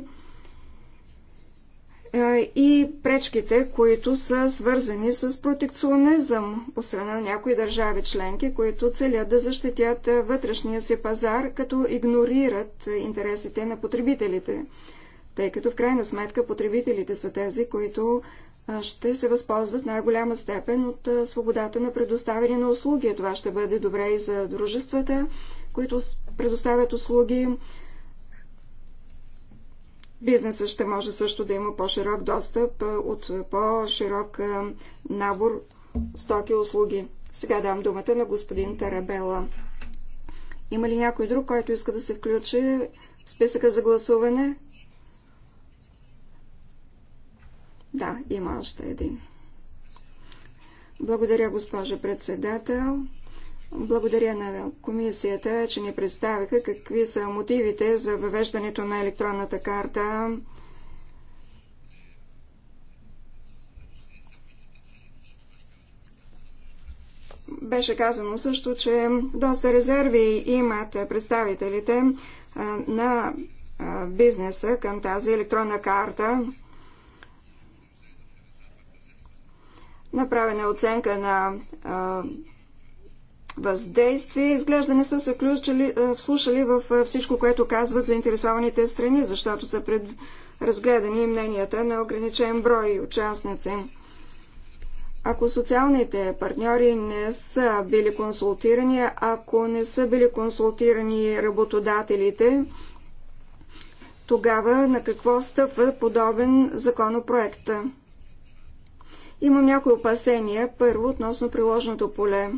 е, и пречките, които са свързани с протекционизъм от страна на някои държави членки, които целят да защитят вътрешния си пазар, като игнорират интересите на потребителите, тъй като в крайна сметка потребителите са тези, които ще се възползват най-голяма степен от свободата на предоставяне на услуги. Това ще бъде добре и за дружествата, които предоставят услуги. Бизнесът ще може също да има по-широк достъп от по-широк набор стоки и услуги. Сега дам думата на господин Тарабела. Има ли някой друг, който иска да се включи в списъка за гласуване? Да, има още един. Благодаря, госпожа председател. Благодаря на комисията, че ни представиха какви са мотивите за въвеждането на електронната карта. Беше казано също, че доста резерви имат представителите на бизнеса към тази електронна карта. Направена е оценка на въздействие. Изглежда не са се включили, слушали в всичко, което казват заинтересованите страни, защото са пред разгледани мненията на ограничен брой участници. Ако социалните партньори не са били консултирани, ако не са били консултирани работодателите, тогава на какво стъпва подобен законопроект? Имам някои опасения. Първо, относно приложното поле.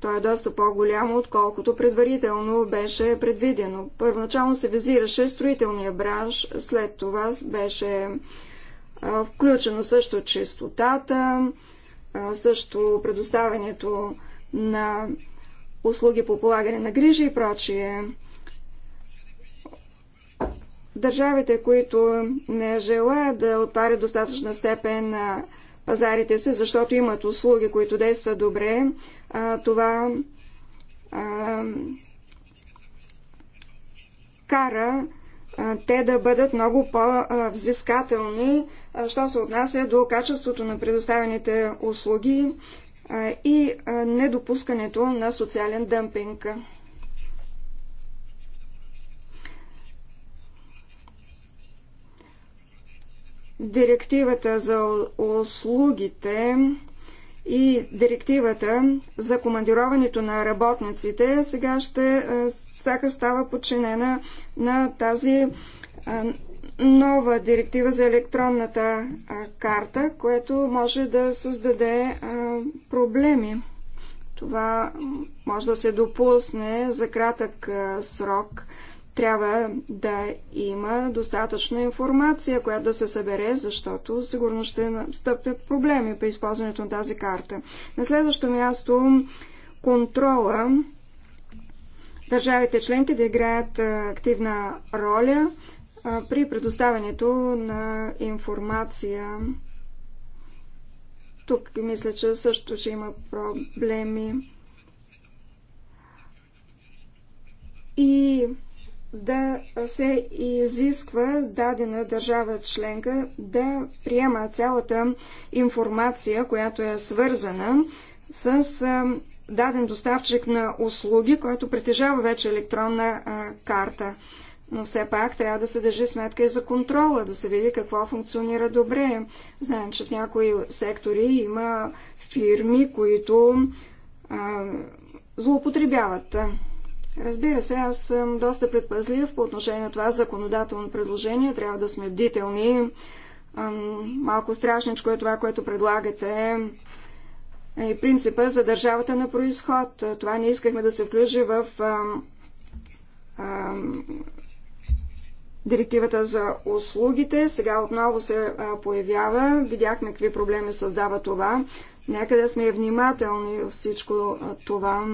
То е доста по-голямо, отколкото предварително беше предвидено. Първоначално се визираше строителния бранш, след това беше включено също чистотата, също предоставянето на услуги по полагане на грижи и прочие. Държавите, които не желаят да отварят достатъчна степен на пазарите си, защото имат услуги, които действат добре. А, това а, кара а, те да бъдат много по-взискателни, що се отнася до качеството на предоставените услуги а, и а, недопускането на социален дъмпинг. директивата за услугите и директивата за командироването на работниците сега ще всяка става подчинена на тази нова директива за електронната карта, което може да създаде проблеми. Това може да се допусне за кратък срок, трябва да има достатъчно информация, която да се събере, защото сигурно ще настъпят проблеми при използването на тази карта. На следващо място контрола. Държавите членки да играят активна роля при предоставянето на информация. Тук мисля, че също ще има проблеми. И да се изисква дадена държава членка да приема цялата информация, която е свързана с даден доставчик на услуги, който притежава вече електронна карта. Но все пак трябва да се държи сметка и за контрола, да се види какво функционира добре. Знаем, че в някои сектори има фирми, които а, злоупотребяват Разбира се, аз съм доста предпазлив по отношение на това законодателно предложение. Трябва да сме бдителни. Малко страшничко е това, което предлагате. И е, принципа за държавата на происход. Това не искахме да се включи в директивата за услугите. Сега отново се появява. Видяхме какви проблеми създава това. Нека да сме внимателни всичко това.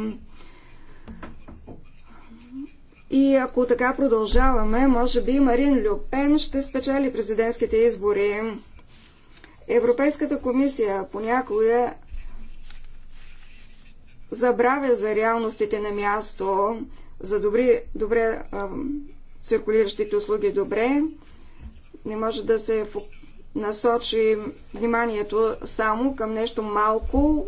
И ако така продължаваме, може би Марин Люпен ще спечели президентските избори. Европейската комисия понякога забравя за реалностите на място, за добри, добре циркулиращите услуги добре. Не може да се насочи вниманието само към нещо малко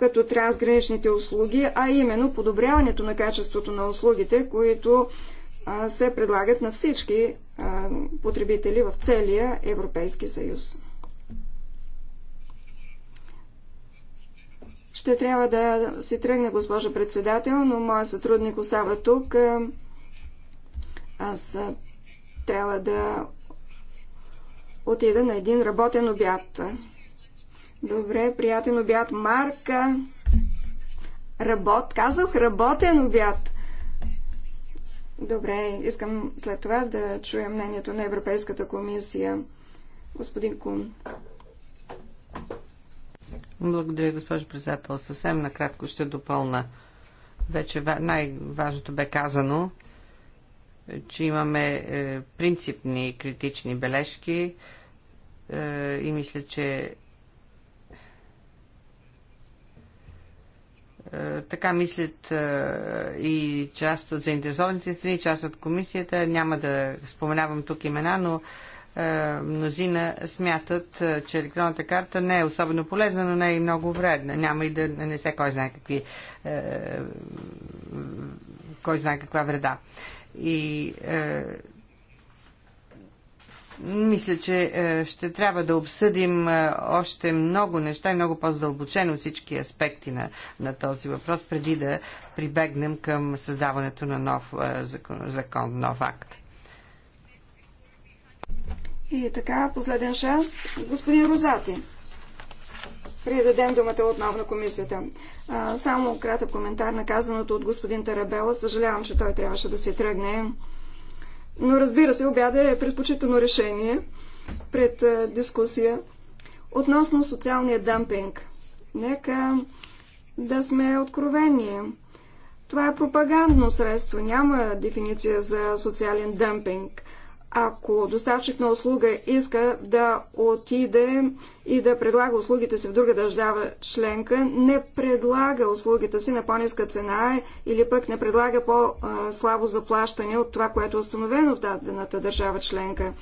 като трансграничните услуги, а именно подобряването на качеството на услугите, които се предлагат на всички потребители в целия Европейски съюз. Ще трябва да си тръгна, госпожа председател, но моят сътрудник остава тук. Аз трябва да отида на един работен обяд. Добре, приятен обяд, Марка. Работ, казах работен обяд. Добре, искам след това да чуя мнението на Европейската комисия. Господин Кун. Благодаря, госпожо председател. Съвсем накратко ще допълна. Вече най-важното бе казано, че имаме е, принципни критични бележки е, и мисля, че Е, така мислят е, и част от заинтересованите страни, част от комисията. Няма да споменавам тук имена, но е, мнозина смятат, че електронната карта не е особено полезна, но не е и много вредна. Няма и да не се кой знае какви кой знае каква вреда. И мисля, че е, ще трябва да обсъдим е, още много неща и много по-задълбочено всички аспекти на, на този въпрос, преди да прибегнем към създаването на нов е, закон, закон нов акт. И така, последен шанс. Господин Розати, преди дадем думата отново на комисията. само кратък коментар на казаното от господин Тарабела. Съжалявам, че той трябваше да се тръгне. Но разбира се, обяда е предпочитано решение пред е, дискусия относно социалния дампинг. Нека да сме откровени. Това е пропагандно средство. Няма дефиниция за социален дъмпинг ако доставчик на услуга иска да отиде и да предлага услугите си в друга държава членка, не предлага услугите си на по-ниска цена или пък не предлага по-слабо заплащане от това, което е установено в дадената държава членка.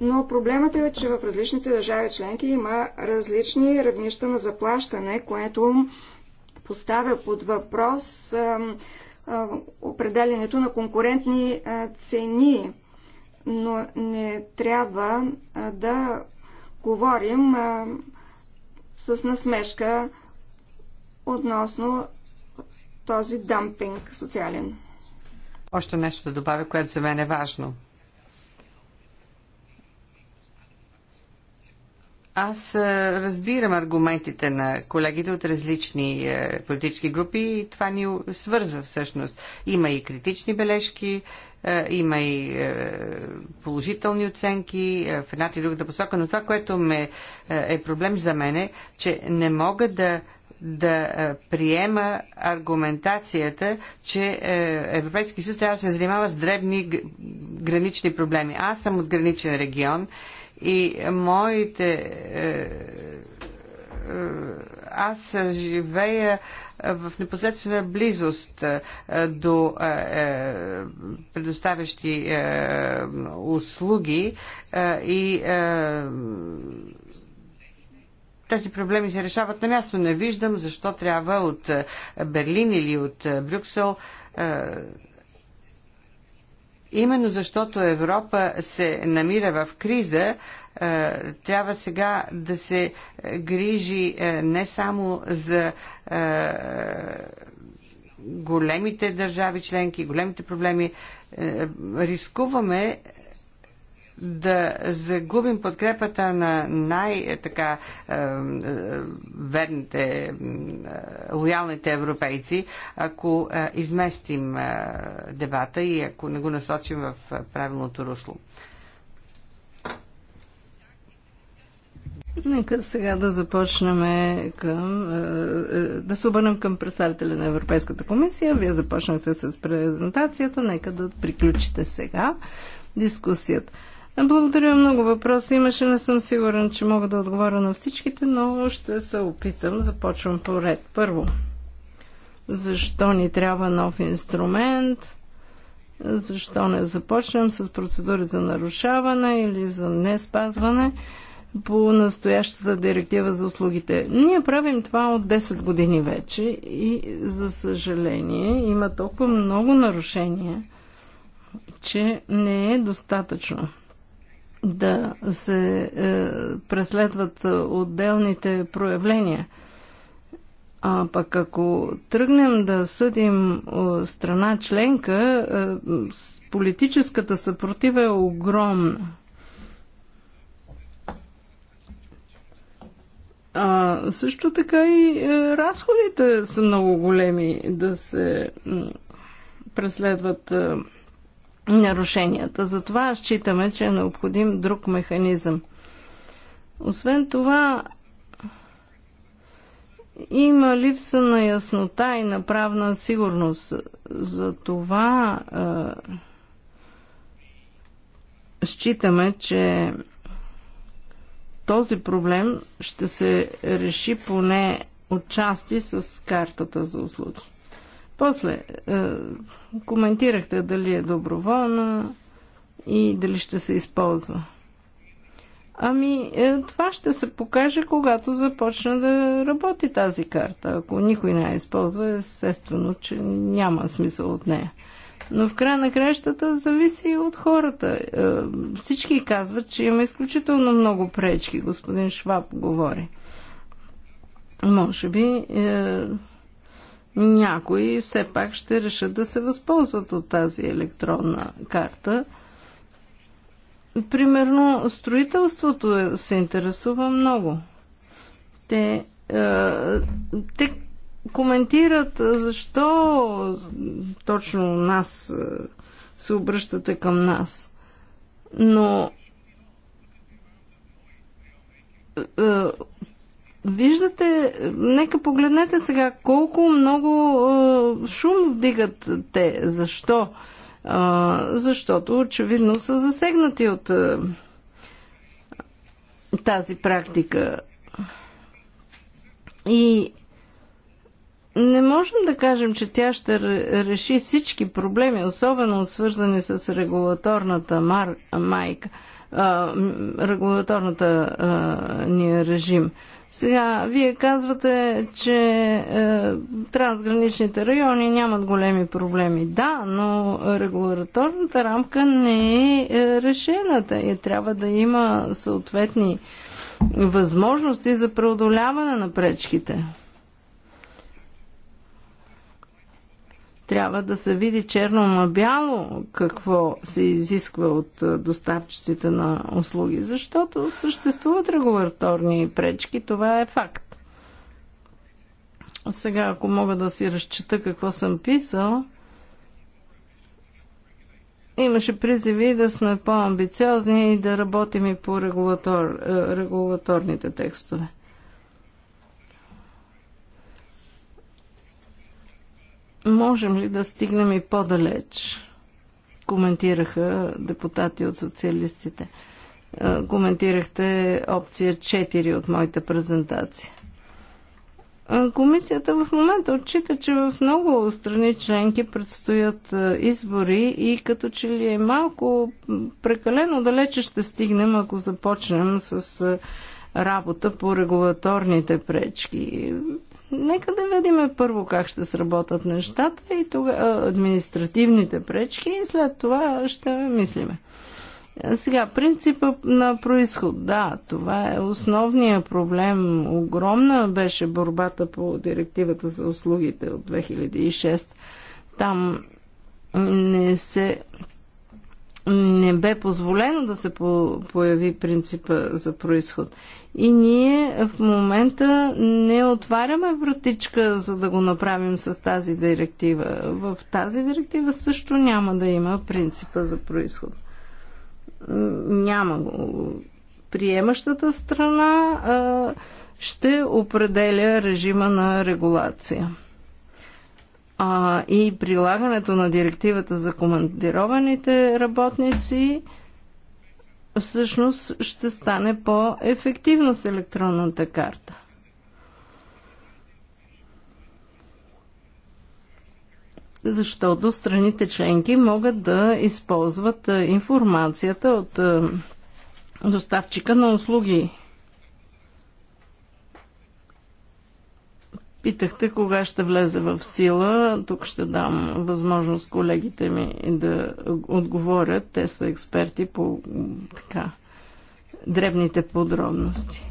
Но проблемът е, че в различните държави членки има различни равнища на заплащане, което поставя под въпрос определенето на конкурентни цени но не трябва да говорим с насмешка относно този дампинг социален. Още нещо да добавя, което за мен е важно. Аз разбирам аргументите на колегите от различни политически групи и това ни свързва всъщност. Има и критични бележки, е, има и е, положителни оценки е, в едната и другата посока, но това, което ме е проблем за мене, че не мога да да приема аргументацията, че Европейски съюз трябва да се занимава с дребни гранични проблеми. Аз съм от граничен регион и моите аз живея в непосредствена близост до предоставящи услуги и тези проблеми се решават на място. Не виждам защо трябва от Берлин или от Брюксел Именно защото Европа се намира в криза, е, трябва сега да се грижи е, не само за е, големите държави членки, големите проблеми. Рискуваме да загубим подкрепата на най-така е, е, е, верните, лоялните европейци, ако изместим дебата и ако не го насочим в правилното русло. Нека сега да започнем към, да се обърнем към представителя на Европейската комисия. Вие започнахте с презентацията, нека да приключите сега дискусията. Благодаря много въпроса Имаше, не съм сигурен, че мога да отговоря на всичките, но ще се опитам. Започвам по ред. Първо, защо ни трябва нов инструмент? Защо не започнем с процедури за нарушаване или за не спазване по настоящата директива за услугите? Ние правим това от 10 години вече и, за съжаление, има толкова много нарушения, че не е достатъчно да се е, преследват е, отделните проявления. А пък ако тръгнем да съдим е, страна членка, е, политическата съпротива е огромна. А, също така и е, разходите са много големи да се преследват е, нарушенията. Затова считаме, че е необходим друг механизъм. Освен това, има липса на яснота и на правна сигурност. За това е, считаме, че този проблем ще се реши поне отчасти с картата за услуги. После, е, коментирахте дали е доброволна и дали ще се използва. Ами, е, това ще се покаже, когато започне да работи тази карта. Ако никой не я използва, естествено, че няма смисъл от нея. Но в края на кращата зависи от хората. Е, всички казват, че има изключително много пречки. Господин Шваб говори. Може би е, някои все пак ще решат да се възползват от тази електронна карта. Примерно, строителството е- се интересува много. Те, е, те коментират е, защо точно нас е, се обръщате към нас. Но Виждате, нека погледнете сега колко много шум вдигат те. Защо? защото очевидно са засегнати от тази практика. И не можем да кажем, че тя ще реши всички проблеми, особено свързани с регулаторната мар... майка, а, регулаторната а, ни режим. Сега, вие казвате, че е, трансграничните райони нямат големи проблеми. Да, но регулаторната рамка не е, е решената и е, трябва да има съответни възможности за преодоляване на пречките. трябва да се види черно на бяло какво се изисква от доставчиците на услуги, защото съществуват регулаторни пречки, това е факт. Сега, ако мога да си разчита какво съм писал, имаше призиви да сме по-амбициозни и да работим и по регулатор, регулаторните текстове. можем ли да стигнем и по-далеч? Коментираха депутати от социалистите. Е, коментирахте опция 4 от моята презентация. Е, комисията в момента отчита, че в много страни членки предстоят е, избори и като че ли е малко прекалено далече ще стигнем, ако започнем с работа по регулаторните пречки. Нека да видим първо как ще сработат нещата и тога, административните пречки и след това ще мислиме. Сега, принципа на происход. Да, това е основният проблем. Огромна беше борбата по директивата за услугите от 2006. Там не се не бе позволено да се появи принципа за происход. И ние в момента не отваряме вратичка, за да го направим с тази директива. В тази директива също няма да има принципа за происход. Няма го. Приемащата страна ще определя режима на регулация а, и прилагането на директивата за командированите работници всъщност ще стане по-ефективно с електронната карта. Защото страните членки могат да използват информацията от доставчика на услуги Питахте кога ще влезе в сила. Тук ще дам възможност колегите ми да отговорят. Те са експерти по така дребните подробности.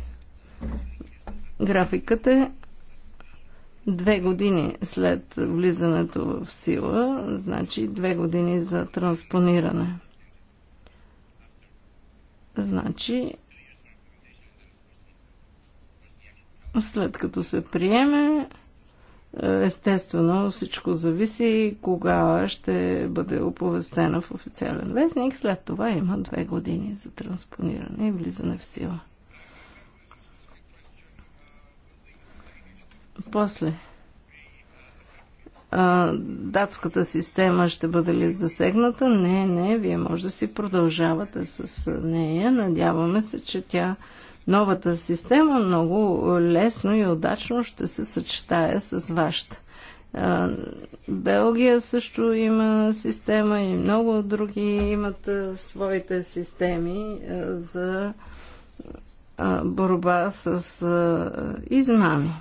Графикът е две години след влизането в сила, значи две години за транспониране. Значи След като се приеме, естествено всичко зависи кога ще бъде оповестено в официален вестник. След това има две години за транспониране и влизане в сила. После. А, датската система ще бъде ли засегната? Не, не. Вие може да си продължавате с нея. Надяваме се, че тя новата система много лесно и удачно ще се съчетае с вашата. Белгия също има система и много други имат своите системи за борба с измами.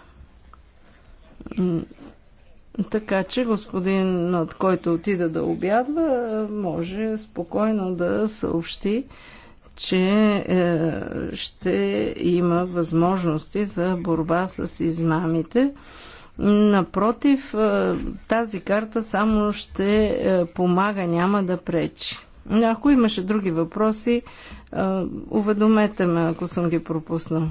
Така че господин, над който отида да обядва, може спокойно да съобщи че е, ще има възможности за борба с измамите. Напротив, е, тази карта само ще е, помага, няма да пречи. Ако имаше други въпроси, уведомете ме, ако съм ги пропуснал.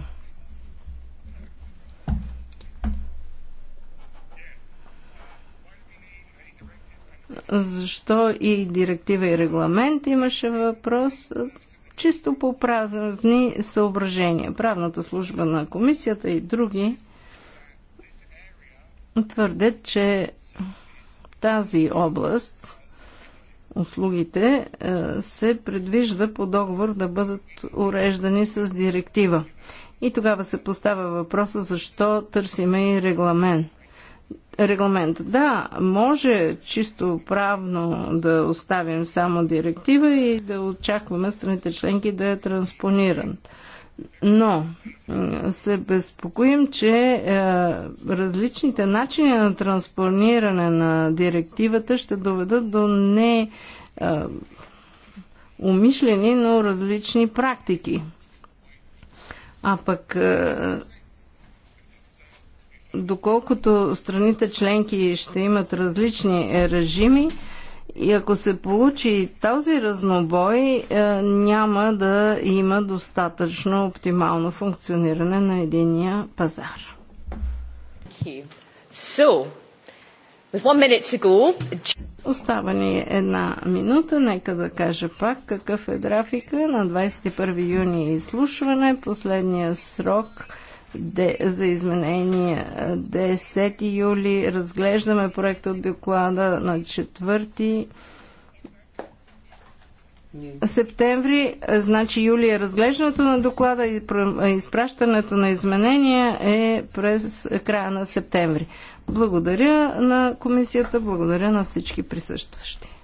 Защо и директива и регламент имаше въпрос? чисто по правни съображения. Правната служба на комисията и други твърдят, че тази област услугите е, се предвижда по договор да бъдат уреждани с директива. И тогава се поставя въпроса защо търсиме и регламент регламент. Да, може чисто правно да оставим само директива и да очакваме страните членки да е транспониран. Но се безпокоим, че е, различните начини на транспониране на директивата ще доведат до не е, умишлени, но различни практики. А пък е, доколкото страните членки ще имат различни режими, и ако се получи този разнобой, е, няма да има достатъчно оптимално функциониране на единия пазар. So, go... Остава ни една минута. Нека да кажа пак какъв е графика. На 21 юни е изслушване. Последния срок за изменение 10 юли. Разглеждаме проект от доклада на 4 септември. Значи юли е разглеждането на доклада и изпращането на изменения е през края на септември. Благодаря на комисията, благодаря на всички присъстващи.